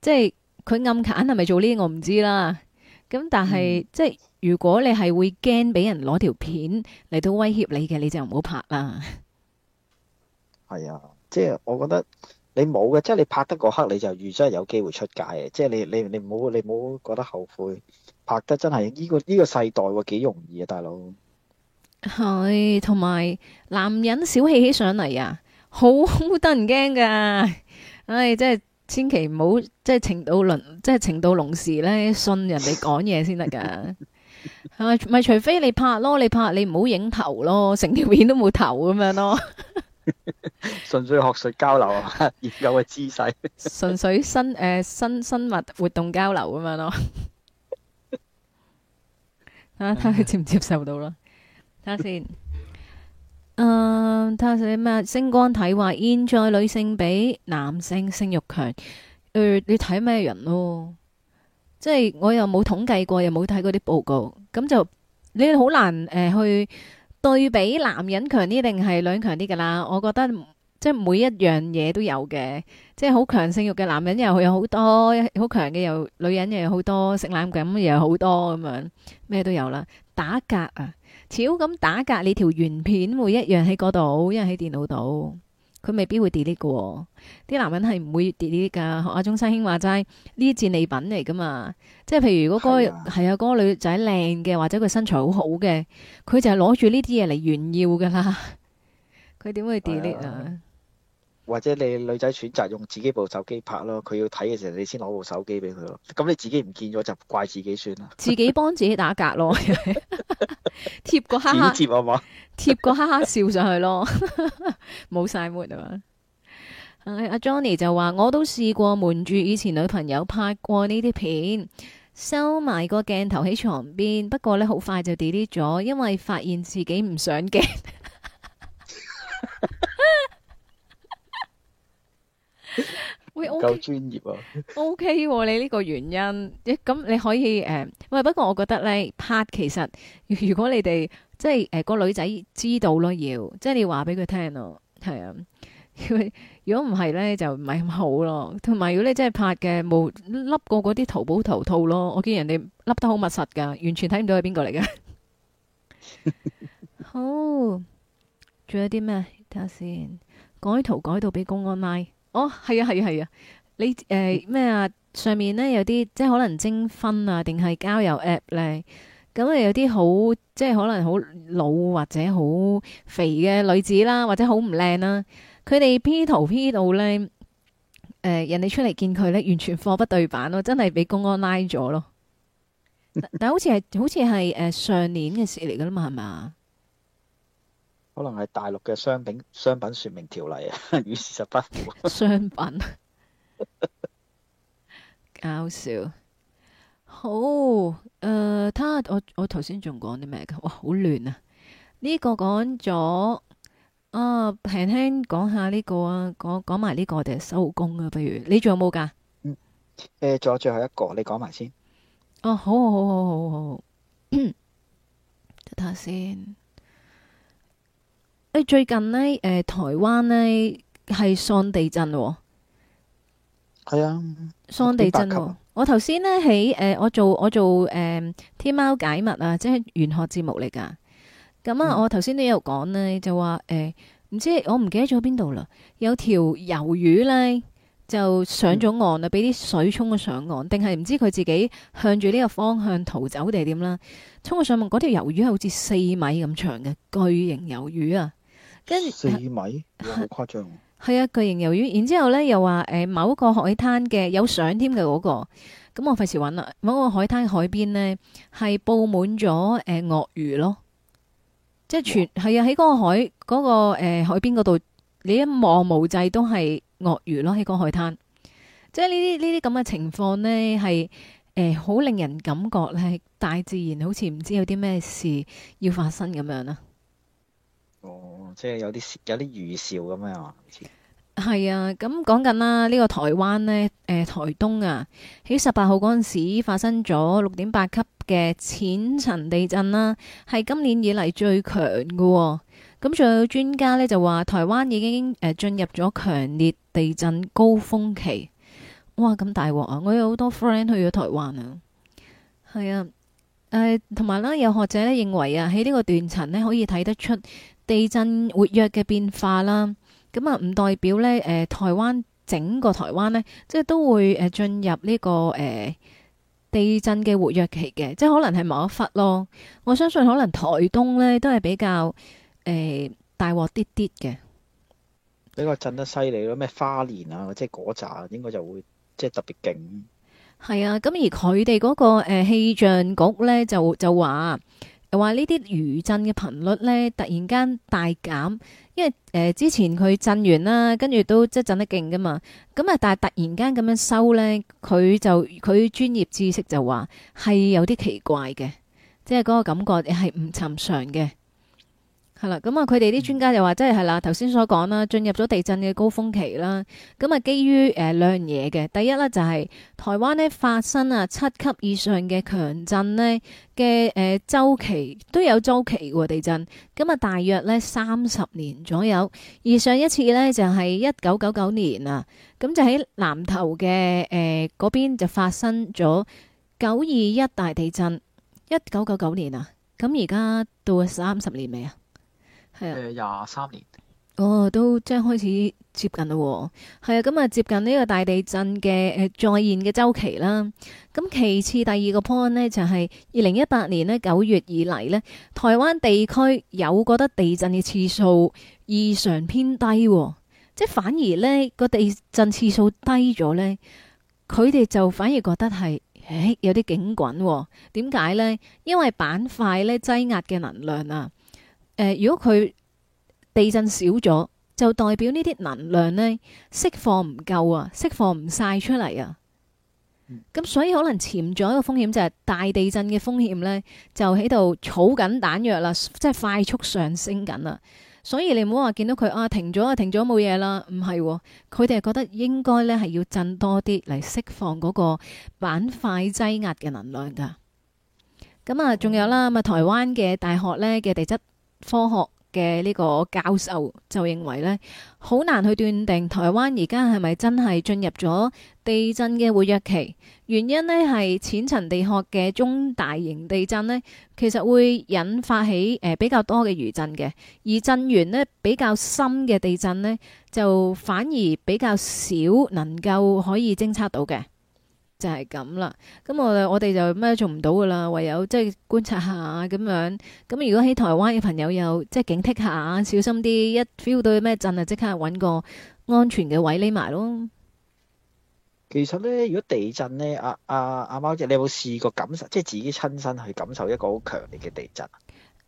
即係佢暗砍係咪做呢啲我唔知啦。咁但係、嗯、即係。如果你係會驚俾人攞條片嚟到威脅你嘅，你就唔好拍啦。係啊，即係我覺得你冇嘅，即係你拍得嗰刻你就預真係有機會出街嘅，即係你你你唔好你唔好覺得後悔，拍得真係呢個呢個世代幾容易啊，大佬係同埋男人小氣起上嚟啊，好得人驚噶。唉、哎，即係千祈唔好即係情到輪即係情到濃時咧，信人哋講嘢先得噶。 係咪咪？除非你拍咯，你拍你唔好影頭咯，成條片都冇頭咁樣咯。純 粹學術交流啊，研究嘅姿勢。純 粹新誒、呃、新生物活動交流咁樣咯。睇下佢接唔接受到啦。睇下先。嗯，睇下先咩？星光體話，現在女性比男性性慾強。誒、呃，你睇咩人咯？即係我又冇統計過，又冇睇過啲報告，咁就你好難誒、呃、去對比男人強啲定係女人強啲㗎啦。我覺得即係每一樣嘢都有嘅，即係好強性慾嘅男人又有好多好強嘅，又女人又有好多食冷感又好多咁樣咩都有啦。打格啊，巧咁打格，你條原片會一樣喺嗰度，一樣喺電腦度。佢未必會 delete 嘅、哦，啲男人係唔會 delete 噶。學阿中山兄話齋，呢啲戰利品嚟噶嘛，即係譬如嗰、那個係是啊，嗰個女仔靚嘅，或者佢身材好好嘅，佢就係攞住呢啲嘢嚟炫耀噶啦，佢 點會 delete 啊？哎哎。或者你女仔選擇用自己部手機拍咯，佢要睇嘅時候你先攞部手機俾佢咯。咁你自己唔見咗就怪自己算啦。自己幫自己打格咯，係咪 貼個哈哈？接貼個哈哈笑，笑上去咯，冇 晒門吧 啊！阿 Johnny 就話：我都試過瞞住以前女朋友拍過呢啲片，收埋個鏡頭喺床邊。不過咧，好快就 delete 咗，因為發現自己唔上鏡。 喂，夠專業啊 okay. Okay、哦。O K，你呢個原因，咁、嗯、你可以誒、呃、喂。不過我覺得咧，拍其實，如果你哋即係誒、呃、個女仔知道咯，要即係你話俾佢聽咯，係啊。如果唔係咧，就唔係咁好咯。同埋如果你真係拍嘅，冇笠過嗰啲淘寶頭套咯，我見人哋笠得好密實噶，完全睇唔到係邊個嚟噶。 好，仲有啲咩睇下先？改圖改到俾公安拉。哦，係啊，係啊，係啊，你誒咩、呃、啊？上面咧有啲即係可能徵婚啊，定係交友 app 咧、啊，咁啊有啲好即係可能好老或者好肥嘅女子啦，或者好唔靚啦，佢哋 P 圖 P 到咧，誒、呃、人哋出嚟見佢咧，完全貨不對版、啊、咯，真係俾公安拉咗咯。但係好似係好似係誒上年嘅事嚟噶啦嘛，係咪啊？可能係大陸嘅商品商品說明條例啊，與事實不符。商品， 搞笑。好誒，睇、呃、下我我頭先仲講啲咩嘅？哇，好亂啊！呢、這個講咗啊，平輕，輕講下呢個啊，講講埋呢、這個我哋收工啊。不如你仲有冇噶？嗯，誒、呃，仲有最後一個，你講埋先。哦，好好好好好好，好，得睇 先。誒，最近呢，誒、呃，台灣呢係喪地震、哦，係啊，喪地震、哦。 我頭先呢，喺誒、呃，我做我做誒、呃、天喵解密啊，即係玄學節目嚟噶。咁啊，我頭先都有講呢，就話誒，唔、呃、知我唔記得咗邊度啦。有條魷魚呢，就上咗岸啦，俾啲水沖咗上岸，定係唔知佢自己向住呢個方向逃走定係點啦？沖咗上岸嗰條魷魚係好似四米咁長嘅巨型魷魚啊！四米，好冇誇張？係 啊，巨型魷魚。然之後咧，又話誒、呃，某個海灘嘅有相添嘅嗰個，咁我費事搵啦。某個海灘海邊咧，係布滿咗誒、呃、鱷魚咯，即係全係啊！喺嗰個海嗰、嗰個誒、呃、海邊嗰度，你一望無際都係鱷魚咯。喺嗰個海灘，即係呢啲呢啲咁嘅情況咧，係誒好令人感覺咧，大自然好似唔知有啲咩事要發生咁樣啦。即係有啲有啲預兆咁樣啊，係啊。咁講緊啦，呢個台灣呢，誒、呃、台東啊，喺十八號嗰陣時發生咗六點八級嘅淺層地震啦、啊，係今年以嚟最強嘅、哦。咁仲有專家呢，就話，台灣已經誒進入咗強烈地震高峰期。哇！咁大鑊啊！我有好多 friend 去咗台灣啊，係啊，誒同埋啦，有學者呢認為啊，喺呢個斷層呢，可以睇得出。地震活躍嘅變化啦，咁啊唔代表咧，誒、呃、台灣整個台灣咧，即係都會誒進入呢、這個誒、呃、地震嘅活躍期嘅，即係可能係某一忽咯。我相信可能台東咧都係比較誒大鑊啲啲嘅，比、呃、較震得犀利咯。咩花蓮啊，即係嗰扎應該就會即係特別勁。係啊，咁而佢哋嗰個誒、呃、氣象局咧就就話。又話呢啲餘震嘅頻率咧，突然間大減，因為誒、呃、之前佢震完啦，跟住都即係震得勁㗎嘛，咁啊但係突然間咁樣收咧，佢就佢專業知識就話係有啲奇怪嘅，即係嗰個感覺係唔尋常嘅。係啦，咁啊，佢哋啲專家就話，即係係啦，頭先所講啦，進入咗地震嘅高峰期啦。咁啊，基於誒、呃、兩樣嘢嘅，第一咧就係、是、台灣咧發生啊七級以上嘅強震呢嘅誒週期都有周期喎，地震，咁啊，大約咧三十年左右。而上一次咧就係一九九九年啊，咁就喺南投嘅誒嗰邊就發生咗九二一大地震，一九九九年啊，咁而家到三十年未啊？係誒，廿三年哦，都即係開始接近咯，哦，係啊，咁、嗯、啊接近呢個大地震嘅誒、呃、再現嘅周期啦。咁、嗯、其次第二個 point 呢就係二零一八年呢九月以嚟呢，台灣地區有覺得地震嘅次數異常偏低，哦，即係反而呢個地震次數低咗呢，佢哋就反而覺得係誒、欸、有啲警棍，點解呢？因為板塊呢擠壓嘅能量啊。誒，如果佢地震少咗，就代表呢啲能量呢釋放唔夠啊，釋放唔晒出嚟啊。咁、嗯嗯、所以可能潛在一個風險就係大地震嘅風險呢，就喺度儲緊彈藥啦，即係快速上升緊啦。所以你唔好話見到佢啊停咗啊停咗冇嘢啦，唔係，佢哋係覺得應該呢係要震多啲嚟釋放嗰個板塊擠壓嘅能量噶。咁啊，仲有啦，咁啊台灣嘅大學呢嘅地質。科學嘅呢個教授就認為呢，好難去斷定台灣而家係咪真係進入咗地震嘅活躍期。原因呢係淺層地殼嘅中大型地震呢，其實會引發起誒、呃、比較多嘅餘震嘅，而震源呢，比較深嘅地震呢，就反而比較少能夠可以偵測到嘅。就係咁啦，咁我我哋就咩做唔到噶啦，唯有即係觀察下咁樣。咁如果喺台灣嘅朋友又即係、就是、警惕下，小心啲，一 feel 到咩震啊，即刻揾個安全嘅位匿埋咯。其實呢，如果地震呢，阿阿阿貓姐，你有冇試過感受，即係自己親身去感受一個好強烈嘅地震？誒、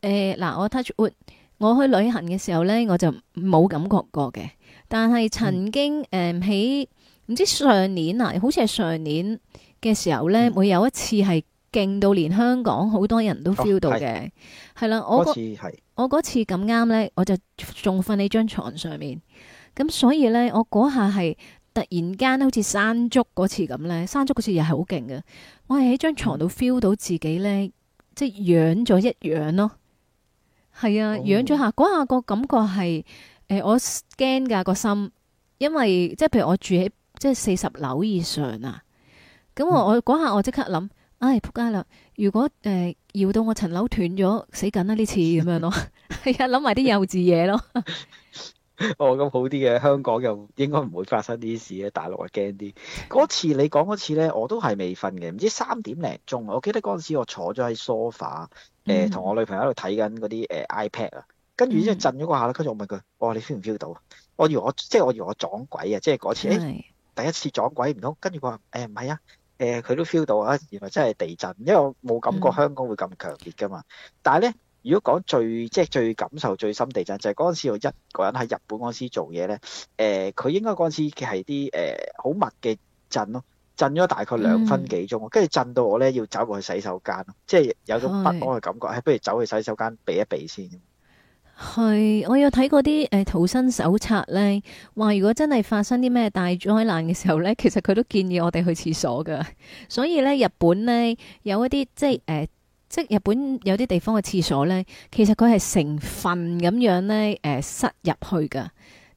嗯，嗱、嗯，我 touch wood，我去旅行嘅時候呢，我就冇感覺過嘅。但係曾經誒喺。唔知上年啊，好似係上年嘅時候呢，會有、嗯、一次係勁到連香港好多人都 feel 到嘅，係、哦、啦，我嗰次咁啱呢，我就仲瞓喺張床上面，咁所以呢，我嗰下係突然間好似山竹嗰次咁呢。山竹嗰次又係好勁嘅，我係喺張床度 feel 到自己呢，即係養咗一樣咯，係啊，養咗、哦、下，嗰下個感覺係，誒、欸，我驚噶個心，因為即係譬如我住喺。即係四十樓以上啊！咁我我嗰下我即刻諗，唉，仆街啦！如果誒搖、呃、到我層樓斷咗，死緊啦呢次咁樣咯，係啊諗埋啲幼稚嘢咯。 哦，咁好啲嘅，香港又應該唔會發生啲事嘅。大陸啊驚啲嗰次你講嗰次咧，我都係未瞓嘅，唔知三點零鐘。我記得嗰陣時我坐咗喺 sofa，誒同我女朋友喺度睇緊嗰啲誒 iPad 啊，呃、houses，跟住之後震咗嗰下啦。跟住我問佢、哦就是哦，我話你 feel 唔 feel 到啊？就是、我以為我即係我以為我撞鬼啊！即係嗰次 第一次撞鬼唔通，跟住佢話：誒唔係啊，誒、欸、佢都 feel 到啊，原來真係地震，因為我冇感覺香港會咁強烈㗎嘛。嗯、但係咧，如果講最即係、就是、最感受最深地震，就係嗰陣時我一個人喺日本嗰陣時做嘢咧。誒、欸，佢應該嗰陣時係啲誒好密嘅震咯，震咗大概兩分幾鐘，跟住、嗯、震到我咧要走過去洗手間咯，即、就、係、是、有種不安嘅感覺，誒的、哎、不如走去洗手間避一避先。係，我有睇過啲誒逃生手冊呢，話如果真係發生啲咩大災難嘅時候呢，其實佢都建議我哋去廁所噶。 所以呢，日本呢有一啲即係誒，即係、呃、日本有啲地方嘅廁所呢，其實佢係成份咁樣呢誒、呃、塞入去噶。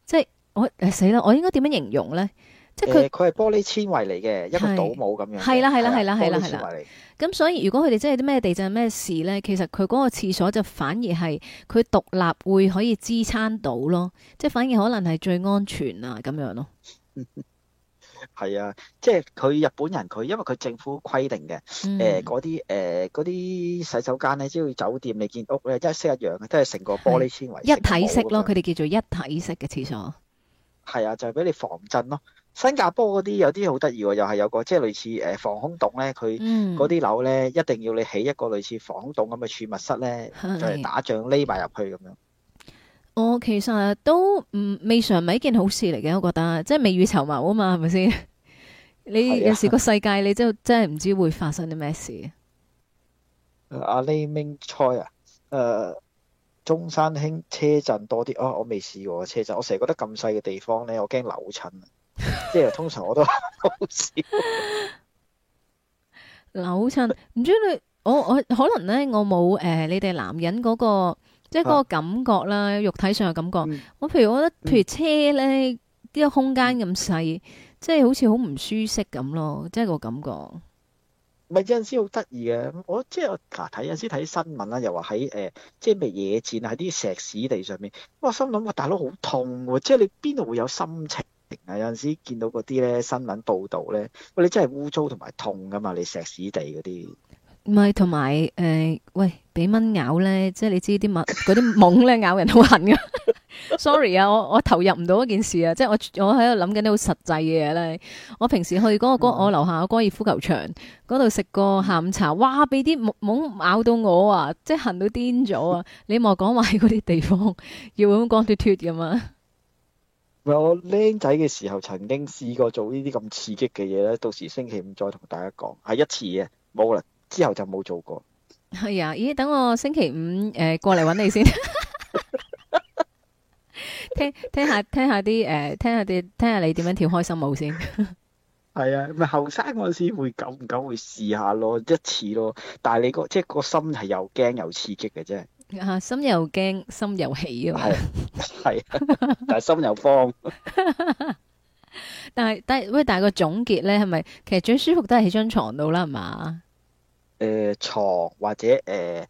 即係我誒死啦！我應該點樣形容呢？即係佢佢係玻璃纖維嚟嘅一個倒模咁樣，係啦，係啦，係啦，係啦，係啦。咁所以如果佢哋真係啲咩地震咩事咧，其實佢嗰個廁所就反而係佢獨立會可以支撐到咯，即係反而可能係最安全啊咁樣咯。係啊，即係佢日本人佢因為佢政府規定嘅，誒嗰啲誒啲洗手間咧，只要酒店、你建屋咧，一式一樣嘅都係成個玻璃纖維一體式咯，佢哋叫做一體式嘅廁所。係啊，就係俾你防震咯。新加坡嗰啲有啲好得意，又係有個即係類似誒、呃、防空洞咧。佢嗰啲樓咧一定要你起一個類似防空洞咁嘅儲物室咧，就嚟、嗯、打仗匿埋入去咁樣。我、哦、其實都唔未嘗唔係一件好事嚟嘅，我覺得即係未雨綢繆啊嘛，係咪先？ 你有時個世界、啊、你就真係唔知會發生啲咩事啊？阿李明菜啊，誒中山兄車震多啲啊！我未試過車震，我成日覺得咁細嘅地方咧，我驚扭親即係 通常我都好笑， 扭。嗱，好襯唔知你我我可能咧，我冇誒、呃，你哋男人嗰、那個即係嗰個感覺啦，啊、肉體上嘅感覺。嗯、我譬如我覺得，譬如車咧，啲、這個空間咁細，即、就、係、是、好似好唔舒適咁咯，即、就、係、是、個感覺。咪、嗯、有陣時好得意嘅，我即係嗱睇有陣時睇新聞啦，又話喺誒即係咩野戰喺啲石屎地上面，我心諗話大佬好痛，即係你邊度會有心情？有陣時見到嗰啲咧新聞報道咧，喂，你真係污糟同埋痛噶嘛？你石屎地嗰啲，唔係同埋誒喂，俾蚊咬咧，即係你知啲蚊嗰啲蠓咧咬人好痕噶。 Sorry 啊，我我投入唔到一件事啊，即係我我喺度諗緊啲好實際嘅嘢咧。我平時去嗰、嗰個、嗯、我樓下個高爾夫球場嗰度食個下午茶，哇俾啲蠓咬到我啊，即係痕到癲咗啊！ 你莫講埋嗰啲地方，要咁光脫脫噶嘛？我僆仔嘅時候曾經試過做呢啲咁刺激嘅嘢咧，到時星期五再同大家講，係一次嘅冇啦，之後就冇做過。係啊，咦？等我星期五誒、呃、過嚟搵你先， 聽聽下聽下啲誒、呃、聽下啲聽下你點樣跳開心舞先。係 啊，咪後生嗰陣時會久唔久會試下咯，一次咯。但係你個即係個心係又驚又刺激嘅啫。啊！心又驚，心又喜啊！係係，但係心又慌。但係但係喂，但係大個總結咧，係咪其實最舒服都係喺張床度啦？係嘛？誒、呃，床或者誒誒、呃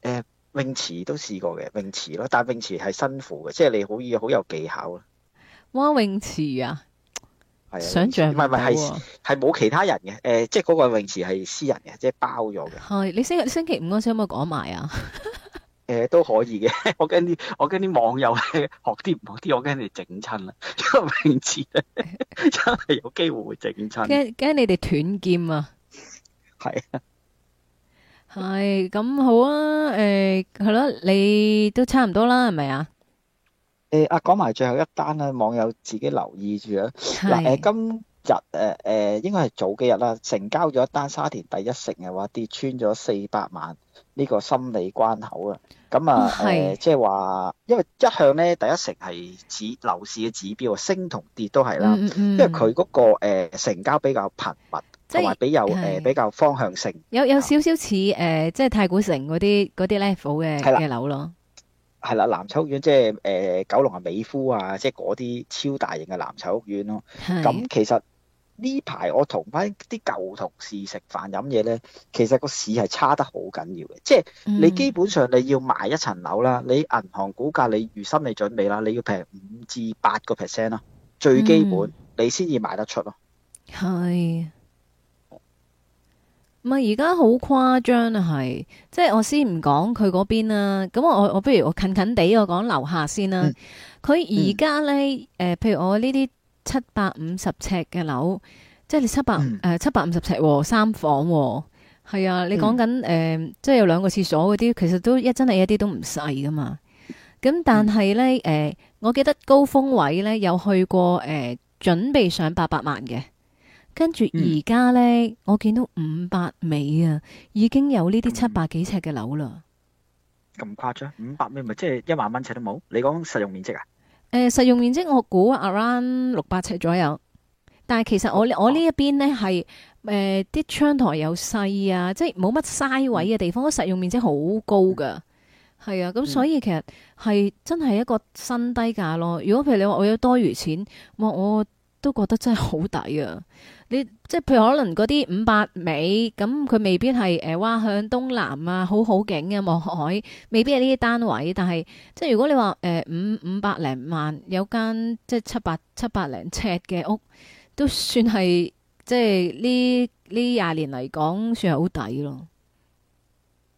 呃、泳池都試過嘅泳池咯，但係泳池係辛苦嘅，即係你可以好有技巧咯。哇！泳池啊， 嗯、想象唔係唔係係冇其他人嘅誒，即係嗰個泳池係私人嘅，即係包咗嘅。係你星星期五嗰次有冇講埋啊？誒都可以嘅，我驚啲我驚啲網友咧學啲唔好啲，我驚你整親啦，因為名字咧真係有機會會整親。驚驚你哋斷劍啊！係啊係咁好啊！誒係咯，你都差唔多啦，係咪啊？誒啊，講埋最後一單啦，網友自己留意住啦。嗱，誒今日誒誒，應該係早幾日啦，成交咗一單沙田第一城嘅話，跌穿咗四百萬。呢個心理關口啊，咁啊，誒、哦，即係話，因為一向咧，第一城係指樓市嘅指標，升同跌都係啦，嗯嗯因為佢嗰、嗰個、呃、成交比較頻密，同埋即比有誒是、呃、比較方向性，有有少少似誒、呃，即係太古城嗰啲啲 level 嘅嘅啦樓咯，係啦，藍籌屋苑即係誒、呃，九龍啊美孚啊，即係嗰啲超大型嘅藍籌屋苑咯，咁是其實。呢排我同翻啲舊同事食飯飲嘢呢，其實個市係差得好緊要嘅，即係你基本上你要買一層樓啦，嗯、你銀行估價你預心理準備啦，你要平五至八個 percent 啦，最基本你先至賣得出咯。係、嗯，唔係而家好誇張啊？係，即係我先唔講佢嗰邊啦，咁我我不如我近近地我講樓下先啦。佢而家呢、嗯呃，譬如我呢啲。七百五十尺嘅樓，即係你七百誒七百五十尺，三房係啊，啊！你講緊誒，即係有兩個廁所嗰啲，其實都一真係一啲都唔細噶嘛。咁但係呢，誒、嗯呃，我記得高峰位呢，有去過誒、呃，準備上八百萬嘅，跟住而家呢，嗯、我見到五百尾啊，已經有呢啲七百幾尺嘅樓啦。咁誇張？五百米咪即係一萬蚊尺都冇？你講實用面積啊？誒、呃，實用面積我估 around 六百尺左右，但係其實我我呢一邊呢係誒啲窗台有細啊，即係冇乜嘥位嘅地方，個實用面積好高㗎，係啊，咁所以其實係真係一個新低價咯。如果譬如你話我有多餘錢，我我都覺得真係好抵啊。你即係譬如可能嗰啲五百米咁，佢、嗯、未必係誒，哇、呃、向東南啊，好好景嘅、啊、望海，未必係呢啲單位。但係即係如果你話誒五五百零萬有間即係七百七百零尺嘅屋，都算係即係呢呢廿年嚟講，算係好抵咯。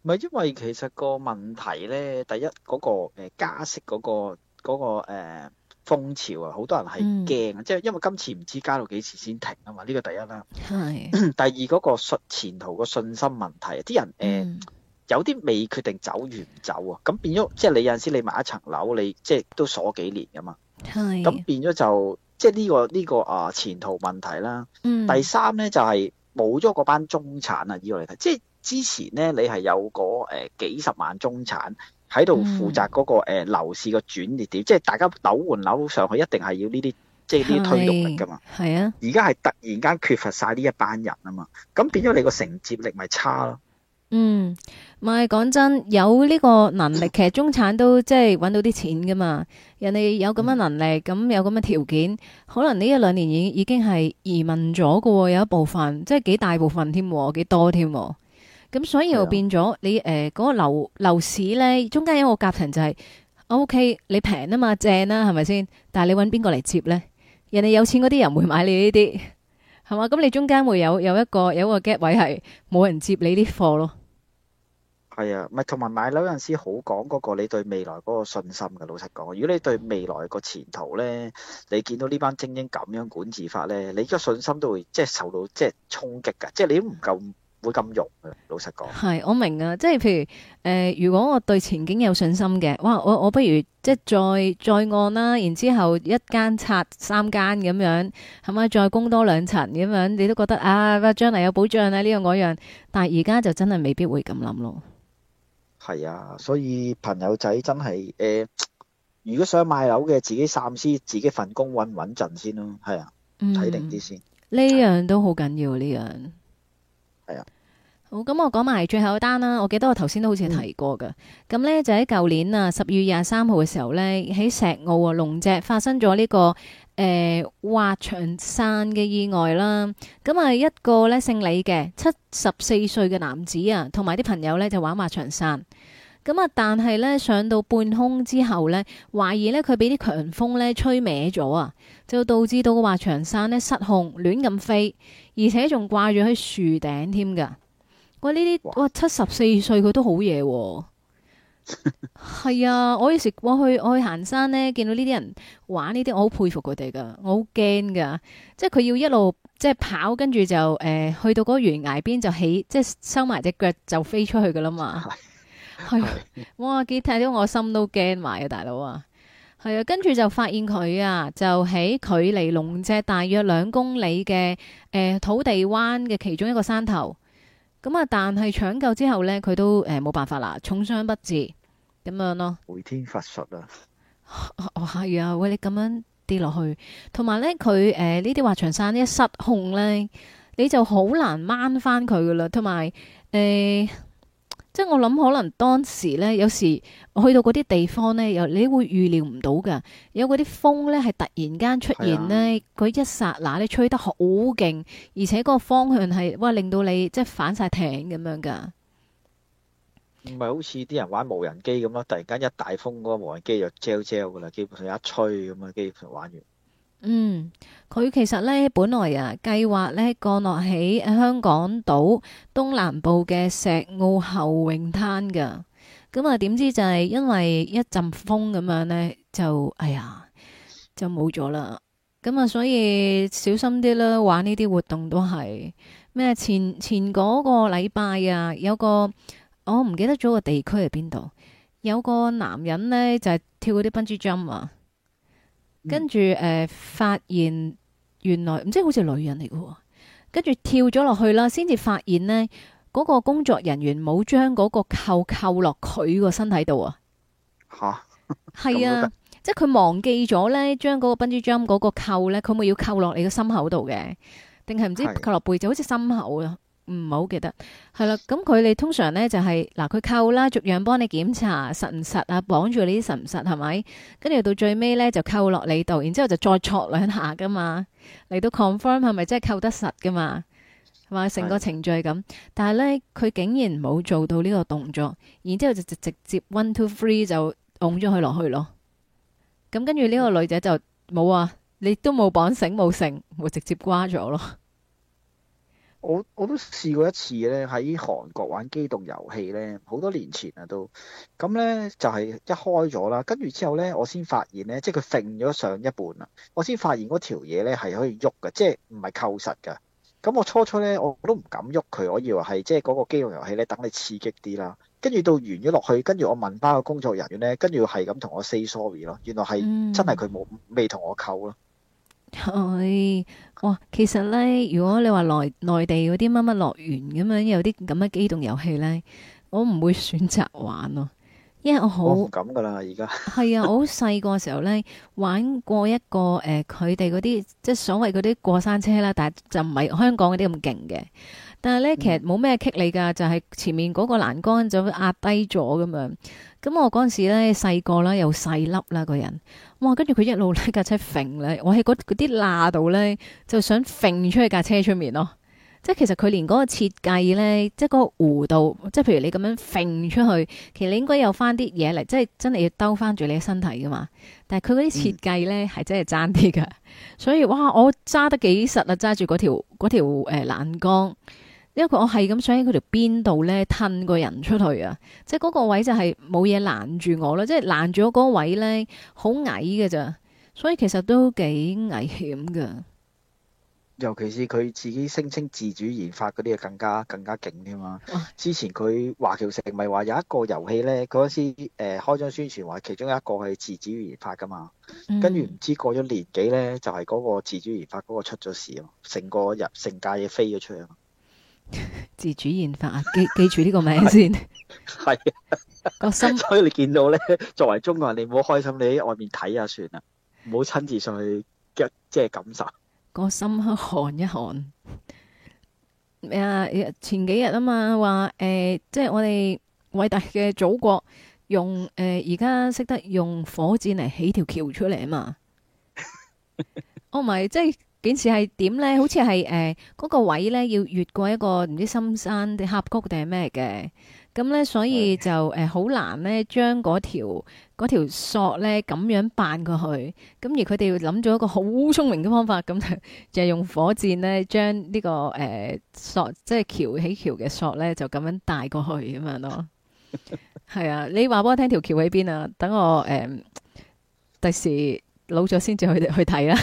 唔係因為其實個問題咧，第一嗰、嗰個誒加息嗰、嗰個、嗰個誒。呃風潮啊，好多人係驚啊，即係、嗯、因為今次唔知加到幾時先停啊嘛，呢、這個第一啦。係是。第二嗰、那個信前途個信心問題，啲人誒、嗯、有啲未決定走完唔走啊，咁變咗即係你有陣時你買一層樓，你即係都鎖幾年㗎嘛。係是。咁變咗就即係呢、這個呢、這個啊前途問題啦。嗯、第三咧就係冇咗嗰班中產啊，以我嚟睇，即係之前咧你係有嗰誒幾十萬中產。喺度負責嗰個誒樓市個轉移點，嗯、即係大家樓換樓上去一定係要呢啲，即係啲推動力噶嘛。係啊，而家係突然間缺乏晒呢一班人啊嘛，咁變咗你個承接力咪差咯。嗯，咪講真，有呢個能力，其實中產都即係搵到啲錢噶嘛。人哋有咁嘅能力，咁、嗯、有咁嘅條件，可能呢一兩年已已經係移民咗噶，有一部分，即係幾大部分添，幾多添。咁所以又變咗你誒嗰、啊呃那個樓，樓市呢，中間有個夾層就係 OK，你平啊嘛，正啦，係咪先？但係你揾邊個嚟接呢？人哋有錢嗰啲人唔會買你呢啲，係嘛？咁你中間會有有一個有一個 gap 位係冇人接你啲貨咯。係啊，咪同埋買樓嗰陣時好講嗰個你對未來嗰個信心㗎。老實講，如果你對未來個前途呢，你見到呢班精英咁樣管治法呢，你個信心都會即係受到即係衝擊㗎，即係你都唔夠。會咁肉，老實講係我明啊，即係譬如誒、呃，如果我對前景有信心嘅，哇，我我不如即係再再按啦，然之後一間拆三間咁樣，係咪再供多兩層咁樣？你都覺得啊，將嚟有保障啊，呢樣嗰樣，但係而家就真係未必會咁諗咯。係啊，所以朋友仔真係誒、呃，如果想買樓嘅，自己三思，自己份工穩唔穩陣先咯。係啊，睇定啲先。嗯，呢樣都好緊要，呢樣。嗯、好咁，我講埋最後一單啦。我記得我頭先都好似提過噶，咁、嗯、呢就喺舊年啊十二月廿三號嘅時候呢，喺石澳啊龍脊發生咗呢、這個誒、呃、滑翔傘嘅意外啦。咁啊，一個呢姓李嘅七十四歲嘅男子啊，同埋啲朋友呢就玩滑翔傘，咁啊，但係呢上到半空之後呢，懷疑呢佢俾啲強風呢吹歪咗啊，就導致到個滑翔傘呢失控亂咁飛。而且仲掛住喺樹頂添噶，我哇呢啲哇七十四歲佢都好嘢喎，係 啊，我以前我去我去行山咧，見到呢啲人玩呢啲，我好佩服佢哋噶，我好驚噶，即係佢要一路即係跑，跟住就誒、呃、去到嗰懸崖邊就起，即係收埋隻腳就飛出去噶啦嘛，係、 哎、哇幾睇到我心都驚埋啊，大佬啊！係啊，跟住就發現佢啊，就喺距離龍脊大約兩公里嘅誒、呃、土地灣嘅其中一個山頭，咁啊，但係搶救之後呢，佢都誒冇、呃、辦法啦，重傷不治咁樣咯。回天乏術啊！係啊、哦，喂，你咁樣跌落去，同埋呢，佢誒呢啲滑翔傘一失控呢，你就好難掹翻佢噶啦，同埋誒。呃即係我諗，可能當時咧，有時我去到嗰啲地方咧，又你會預料唔到噶。有嗰啲風咧，係突然間出現咧，嗰一剎那咧，吹得好勁，而且嗰個方向係哇，令到你即係反晒艇咁樣噶。唔係好似啲人玩無人機咁咯，突然間一大風，嗰個無人機就掉掉噶啦，基本上一吹咁啊，基本上玩完。嗯，佢其實呢，本來啊計劃呢，降落喺香港島東南部嘅石澳後泳灘噶，咁啊點知就係因為一陣風咁樣呢，就哎呀就冇咗啦，咁、嗯、啊、嗯、所以小心啲啦，玩呢啲活動都係咩？前前嗰個禮拜啊，有個我唔記得咗個地區係邊度，有個男人呢，就係、是、跳嗰啲 bungee jump 啊。跟住誒發現原來唔知好似女人嚟嘅喎，跟住跳咗落去啦，先至發現呢嗰、嗰個工作人員冇將嗰個扣扣落佢個身體度哈 啊！嚇， 係啊，即係佢忘記咗咧，將嗰個 Bungee Jump 嗰個扣呢，佢咪要扣落你個心口度嘅，定係唔知是扣落背就好似心口啊？唔好、嗯、記得，係、嗯、啦，咁佢哋通常呢就係、是、嗱，佢扣啦，逐樣幫你檢查實唔實啊，綁住你啲實唔實係咪？跟住到最尾呢，就扣落你度，然之後就再戳兩下噶嘛，嚟到 confirm 係咪真係扣得實噶嘛？係嘛，成個程序咁，的但係呢，佢竟然冇做到呢個動作，然之後就直接 one two three 就拱咗佢落去咯。咁跟住呢個女仔就冇啊，你都冇綁繩冇繩，我直接瓜咗咯。我我都試過一次咧，喺韓國玩機動遊戲咧，好多年前啦都。咁咧就係、係、一開咗啦，跟住之後咧，我先發現咧，即係佢揈咗上一半啦，我先發現嗰條嘢咧係可以喐嘅，即係唔係扣實㗎。咁我初初咧我都唔敢喐佢，我以為係即係嗰個機動遊戲咧等你刺激啲啦。跟住到完咗落去，跟住我問翻個工作人員咧，跟住係咁同我 say sorry 咯。原來係真係佢冇未同我扣咯。嗯係哇，其實咧，如果你話內內地嗰啲乜乜樂園咁樣有啲咁嘅機動遊戲咧，我唔會選擇玩咯，啊，因為我好唔敢噶啦而家。係、哦、啊， 我好細個時候咧，玩過一個誒，佢哋嗰啲即係所謂嗰啲過山車啦，但係就唔係香港嗰啲咁勁嘅。但係咧，其實冇咩棘你噶，嗯、就係前面嗰個欄杆就壓低咗咁樣。咁我嗰陣時咧細個啦，又細粒啦個人。哇！跟住佢一路咧架車揈咧，嗯、我喺嗰啲罅度咧就想揈出去架車出面咯。即係其實佢連嗰個設計咧，即係嗰個弧度，即係譬如你咁樣揈出去，其實你應該有翻啲嘢嚟，即係真係要兜翻住你嘅身體噶嘛。但係佢嗰啲設計咧係真係爭啲噶。所以哇，我揸得幾實啊，揸住嗰條嗰條誒欄杆。因為佢，我係咁想喺佢條邊度咧，吞個人出去啊，即係嗰個位就係冇嘢攔住我啦。即係攔住咗嗰個位咧，好矮嘅咋。所以其實都幾危險噶。尤其是佢自己聲稱自主研發嗰啲嘢，更加更加勁添嘛。啊、之前佢華僑城咪話有一個遊戲咧，佢嗰時誒、呃、開張宣傳話，其中有一個係自主研發噶嘛。嗯、跟住唔知過咗年幾咧，就係、是、嗰個自主研發嗰個出咗事啊，成個入成架嘢飛咗出去。啊。自主研發啊，記記住呢個名先。係啊，個心。 所以你見到咧，作為中國人，你唔好開心，你喺外面睇下算啦，唔好親自上去一即係感受。個 心寒一寒。咩啊， 前幾日啊嘛，話誒、呃，即係我哋偉大嘅祖國用，用誒而家識得用火箭嚟起條橋出嚟啊嘛。哦，唔係，即係。件事係點呢？好似係誒嗰個位呢，要越過一個唔知深山啲峽谷定係咩嘅，咁呢，所以就誒好、呃、難呢，將嗰條條索呢咁樣扮過去，咁而佢哋要諗咗一個好聰明嘅方法，咁 就係用火箭呢，將呢、呢個誒、呃、索即係橋起橋嘅索呢——就咁樣帶過去咁樣咯。係、呃、 啊，你話俾我聽條橋喺邊啊？等我誒第時老咗先至去去睇啦。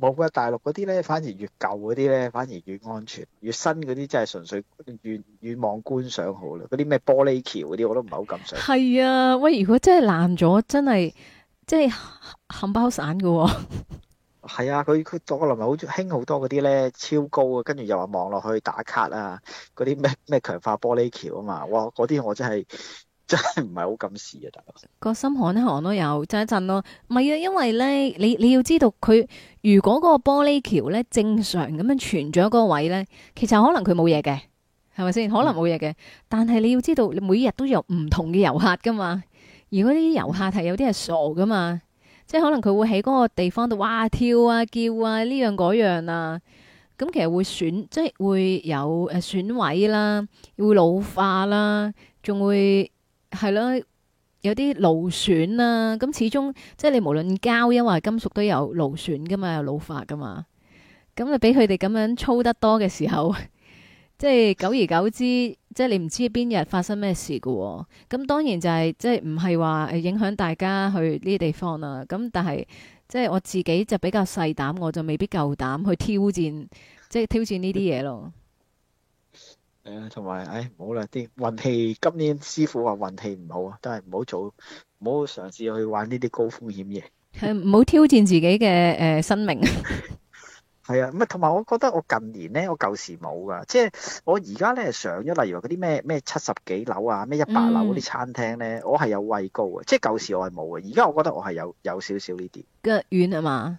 冇啊！大陸嗰啲咧，反而越舊嗰啲咧，反而越安全；越新嗰啲真係純粹遠遠望觀賞好啦。嗰啲咩玻璃橋嗰啲，我都唔係好敢上。係啊，喂！如果真係爛咗，真係即係冚包散㗎喎。係 啊，佢佢近年咪好中興好多嗰啲咧超高啊，跟住又話望落去打卡啊，嗰啲咩咩強化玻璃橋啊嘛，哇！嗰啲我真係～真係唔係好敢試啊！大家個心寒一寒都有震一震咯，唔係啊，因為咧，你你要知道佢如果嗰個玻璃橋咧正常咁樣存咗一個位咧，其實可能佢冇嘢嘅，係咪先？可能冇嘢嘅，嗯、但係你要知道，你每日都有唔同嘅遊客噶嘛。如果啲遊客係有啲係傻噶嘛，即係可能佢會喺嗰個地方度哇跳啊叫啊呢樣嗰樣啊，咁其實會損，即係會有誒損毀啦，會老化啦，仲會。係咯，有啲勞損啦，咁始終即係你無論膠因或金屬都有勞損噶嘛，有老化噶嘛，咁咪俾佢哋咁樣操得多嘅時候，即係久而久之，即係你唔知邊日發生咩事噶。咁 unto 當然就係即係唔係話影響大家去呢啲地方啦。咁但係即係我自己就比較細膽，我就未必夠膽去挑戰，即係挑戰呢啲嘢咯。誒，同埋，誒，唔好啦，啲運氣，今年師傅話運氣唔好啊，都係唔好做，唔好嘗試去玩呢啲高風險嘢，係唔好挑戰自己嘅、誒、呃、生命。係 啊，咁啊，同埋我覺得我近年咧，我舊時冇噶，即、就、係、是、我而家咧上咗，例如話嗰啲咩咩七十幾樓啊，咩一百樓嗰啲餐廳咧，嗯、我係有畏高啊。即係舊時我係冇啊。而家我覺得我係有有少少呢啲腳軟啊嘛？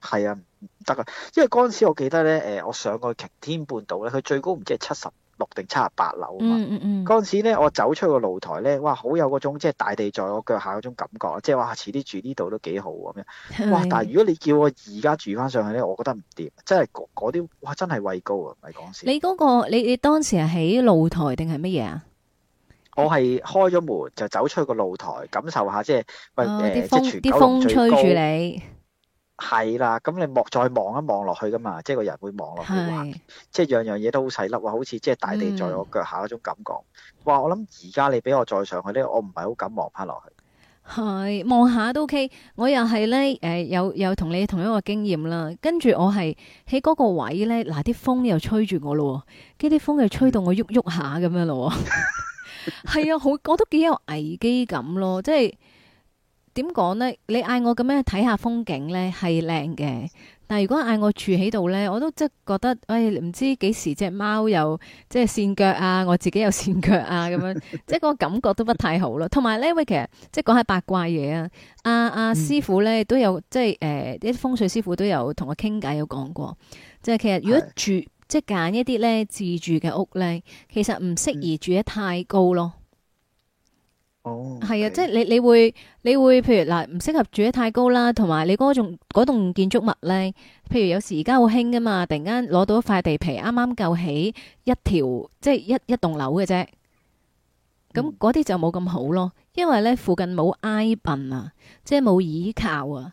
係啊，得啊，因為嗰陣時我記得咧，誒，我上過擎天半島咧，佢最高唔知係七十。六定七十八樓啊！嗰陣、嗯嗯、時咧，我走出個露台咧，哇，好有嗰種即係大地在我腳下嗰種感覺啊！即係哇，遲啲住呢度都幾好咁樣。哇！但係如果你叫我而家住翻上去咧，我覺得唔掂，真係嗰啲哇，真係畏高啊！唔係講笑，你嗰個你你當時係喺露台定係乜嘢啊？我係開咗門就走出個露台，感受下即係喂誒，即係、哦呃、全啲風吹住你。係啦，咁、啊、你望再望一望落去噶嘛，即係個人會望落去，是即係樣樣嘢都好細粒啊，好似即係大地在我腳下嗰種感覺。嗯、哇，我諗而家你俾我再上去咧，我唔係好敢望翻落去。係望下都 OK，我又係咧，誒、呃，有有同你同一個經驗啦。跟住我係喺嗰個位咧，嗱、呃、啲風又吹住我咯，跟啲風又吹到我喐喐 下咁樣咯。係 啊，好，我都幾有危機感咯，即係。點講呢？你嗌我咁樣睇下風景呢，係靚嘅。但係如果嗌我住喺度呢，我都即係覺得，誒、哎，唔知幾時隻貓又即係跣腳啊，我自己又跣腳啊，咁樣，即係個感覺都不太好咯。同埋 呢，喂，其實即係講下八卦嘢啊。阿、啊、阿師傅呢都有即係誒，啲、呃、風水師傅都有同我傾偈有講過，即係其實如果住的即係揀一啲呢自住嘅屋呢，其實唔適宜住得太高咯。 哦，係、okay。啊，即係你你會你會，譬如嗱，唔、啊、適合住得太高啦，同埋你嗰種棟建築物咧，譬如有時而家好興噶嘛，突然間攞到一塊地皮，啱啱夠起一條即係一一棟樓嘅啫，咁嗰啲就冇咁好咯，因為咧附近冇挨憑啊，即係冇倚靠啊，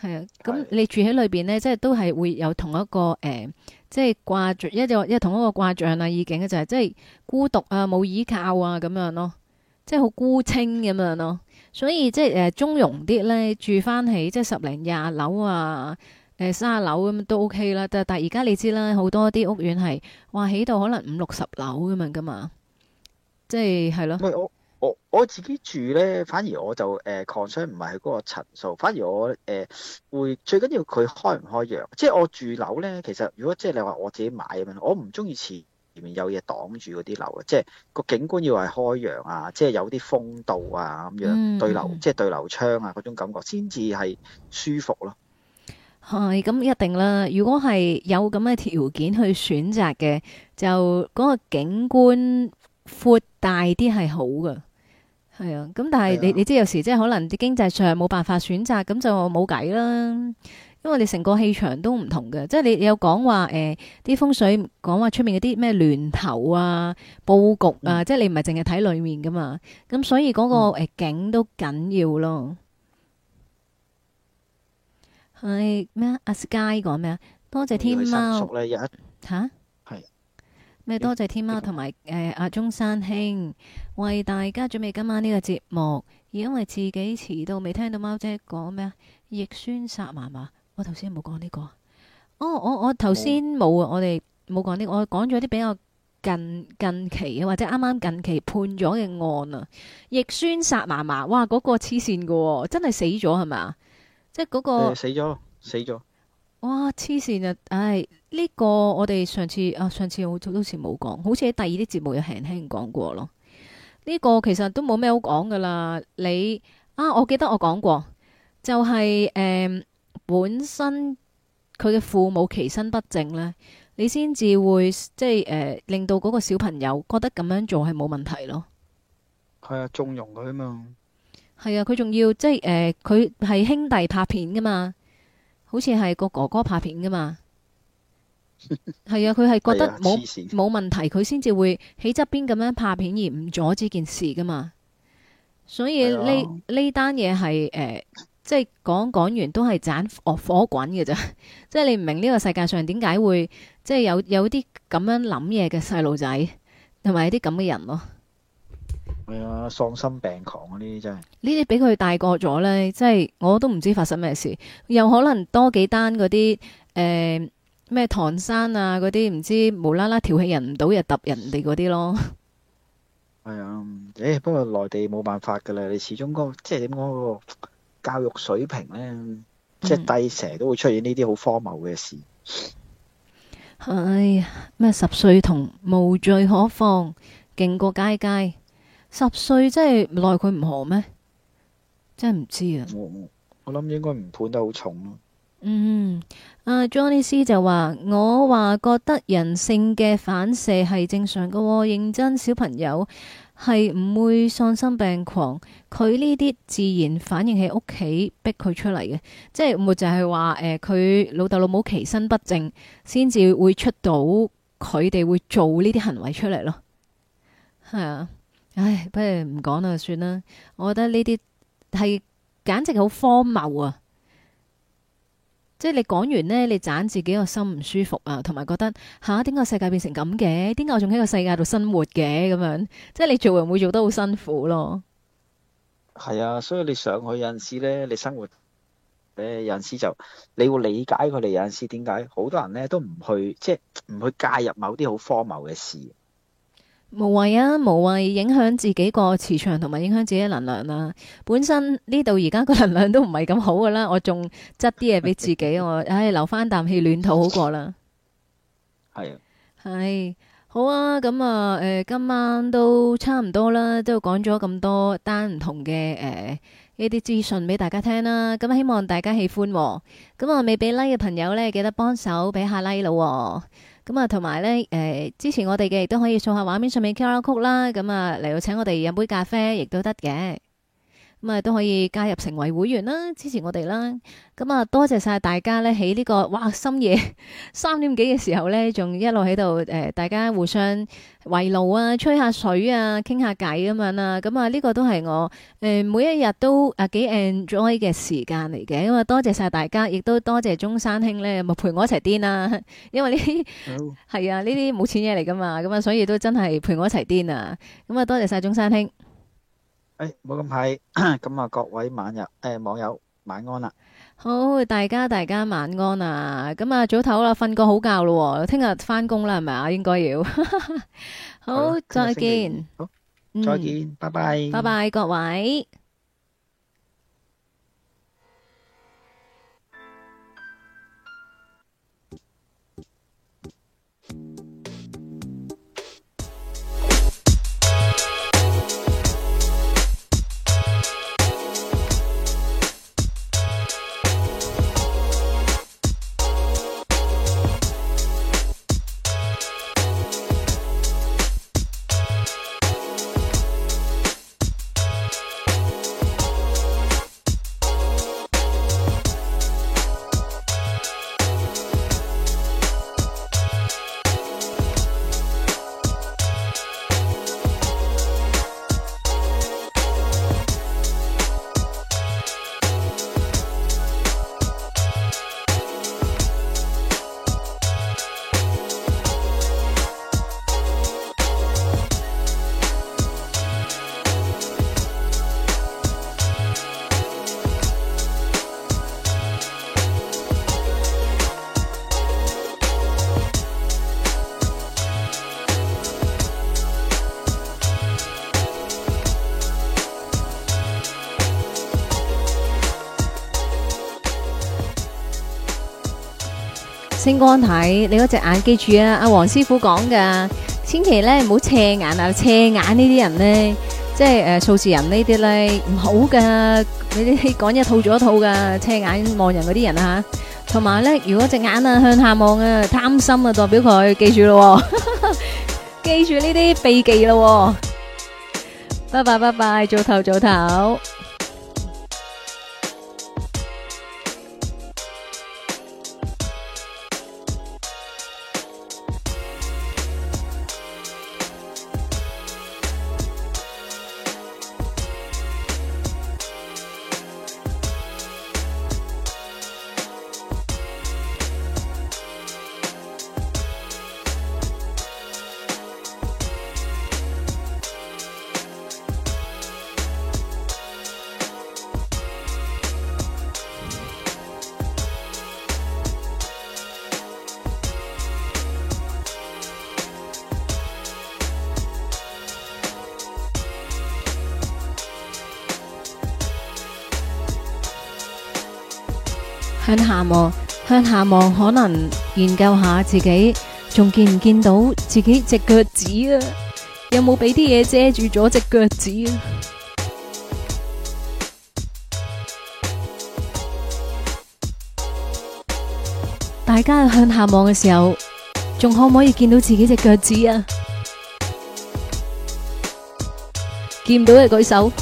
係啊，咁你住喺裏邊咧，即係都係會有同一個誒，即、呃、係、就是、掛住一一同一個卦象啊意境嘅就係即係孤獨啊，冇倚靠啊，咁樣咯。即係好孤清咁樣咯，所以即係誒、呃、中庸啲咧住翻起，即係十零廿樓啊，誒、呃、卅樓咁都 OK 啦。但係而家你知啦，好多啲屋苑係話起到可能五六十樓咁樣噶嘛，即係係咯。唔，我我我自己住咧，反而我就誒 concern 唔係嗰個層數，反而我誒、呃、會最緊要佢開唔開揚。即係我住樓咧，其實如果即係你話我自己買咁樣，我唔中意遲。前面有嘢擋住嗰啲樓，即係個景觀要係開揚啊，即係有啲風度啊咁樣、嗯、對流，即係對流窗啊嗰種感覺先至係舒服咯、啊。係咁一定啦。如果係有咁嘅條件去選擇嘅，就嗰個景觀闊大啲係好㗎。係啊，咁但係你、啊、你知有時即係可能啲經濟上冇辦法選擇，咁就冇計啦。因為你成個氣場都唔同嘅，即係你有講話誒，啲、呃、風水講話出面嗰啲咩巒頭啊、布局啊，嗯、即係你唔係淨係睇裏面噶嘛，咁所以嗰、嗰個誒、嗯呃、景都緊要咯。係咩啊？阿 Sky 講咩啊？多謝天喵吓，係咩？啊、是多謝天喵同埋誒阿中山兄為大家準備今晚呢個節目，而因為自己遲到未聽到貓姐講咩，逆酸殺麻麻。我頭先有冇講呢個哦，我我頭先冇啊。我哋冇講呢個，我講咗啲比較近近期嘅，或者啱啱近期判咗嘅案啊。逆孫殺嫲嫲，哇，嗰、那個黐線嘅，真係死咗係咪？即係、那、嗰個死咗、呃，死咗哇，黐線啊！唉、哎、呢、這個我哋上次啊，上次好似冇講，好似喺第二啲節目有輕輕講過咯。呢、這個其實都冇咩好講噶啦。你啊，我記得我講過就係、是、誒。嗯本身佢嘅父母其身不正呢，你先至會即係誒、呃，令到嗰個小朋友覺得咁樣做係冇問題咯。係啊，縱容佢啊嘛。係啊，佢仲要即係誒，佢、呃、係兄弟拍片噶嘛，好似係個哥哥拍片噶嘛。係 啊，佢係覺得冇冇、啊、問題，佢先至會喺側邊咁樣拍片而唔阻止件事噶嘛。所以呢呢單嘢係誒。即係講講完都係盞惡火滾嘅咋。即係 你唔明呢個世界上點解會即係、就是、有有啲咁樣諗嘢嘅細路仔，同埋啲咁嘅人咯。係啊、哎，喪心病狂啊！呢啲真係呢啲俾佢大個咗呢，即、就、係、是、我都唔知發生咩事，又可能多幾單嗰啲誒咩唐山啊嗰啲，唔知無啦啦調戲人唔到又揼人哋嗰啲咯。係啊、哎，誒、哎，不過內地冇辦法噶啦，你始終都即係點講個。教育水平呢，即係低，成日都會出現呢啲好荒謬嘅事。嗯、哎咩十歲同無罪可放，勁過街街，十歲真係奈佢唔何咩？真係唔知、嗯、啊！我我諗應該唔判得好重咯嗯，阿 Johnny Sir 就話，我話覺得人性嘅反射係正常嘅、哦，認真小朋友。係唔會喪心病狂，佢呢啲自然反應喺屋企逼佢出嚟嘅，即係唔會就係話誒佢老豆老母其身不正，先至會出到佢哋會做呢啲行為出嚟咯。係啊，唉，不如唔講啦，算啦。我覺得呢啲係簡直好荒謬啊！即係你講完呢，你斬自己個心唔舒服啊，同埋覺得嚇點解世界變成咁嘅？點解我仲喺個世界度生活嘅咁樣？即係你做人會做得好辛苦咯。係啊，所以你上去有陣時呢，你生活誒有陣時就你會理解佢哋有陣時點解好多人呢都唔去，即係唔去介入某啲好荒謬嘅事。無謂啊，無謂影響自己個磁場同埋影響自己嘅能量啦、啊。本身呢度而家個能量都唔係咁好噶啦，我仲執啲嘢俾自己 我，唉，留翻啖氣暖肚好過啦。係啊， 係好啊，咁、嗯、啊，誒、嗯，今晚都差唔多啦，都講咗咁多單唔同嘅誒一啲資訊俾大家聽啦。咁、嗯、希望大家喜歡、哦，咁啊未俾 like 嘅朋友呢，記得幫手俾下 like 咯、哦。咁啊，同埋咧，誒、呃，支持我哋嘅亦都可以掃下畫面上面 QR Code 啦，咁、嗯、啊，嚟到請我哋飲杯咖啡，亦都得嘅。咁啊都可以加入成為會員啦，支持我哋啦。咁、嗯、啊多謝晒大家咧、這個，喺呢個哇深夜 三點幾嘅時候咧，仲一路喺度誒，大家互相慰勞啊，吹下水啊，傾下偈咁樣啦。咁啊呢個都係我誒、呃、每一日都啊幾 enjoy 嘅時間嚟嘅。咁、嗯、啊多謝晒大家，亦都多謝中山兄咧，咪陪我一齊癲啊！因為呢啲係啊呢啲冇錢嘢嚟噶嘛。咁、嗯、啊所以都真係陪我一齊癲啊。咁、嗯、啊多謝晒中山兄。誒，冇咁快，咁啊各位晚日誒網友晚安啦。好，大家大家晚安啊。咁啊早唞啦，瞓個好覺啦，聽日翻工啦係咪啊？應該要。好，再見。好，再見，拜拜，拜拜，各位。星光睇你嗰隻眼記住啊，阿黃師傅講噶，千祈咧唔好斜眼啊，斜眼呢啲人咧，即係誒數字人呢啲咧唔好噶，你哋講一套做一套噶，斜眼望人嗰啲人啊吓，同埋咧如果隻眼啊向下望啊貪心啊代表佢記住咯，記住呢啲秘技咯，拜拜拜拜，早唞早唞。望向下望，可能研究下自己，仲見唔見到自己隻腳趾啊？有冇俾啲嘢遮住咗隻腳趾啊？大家向下望嘅時候，仲可唔可以見到自己隻腳趾啊？見到嘅舉手。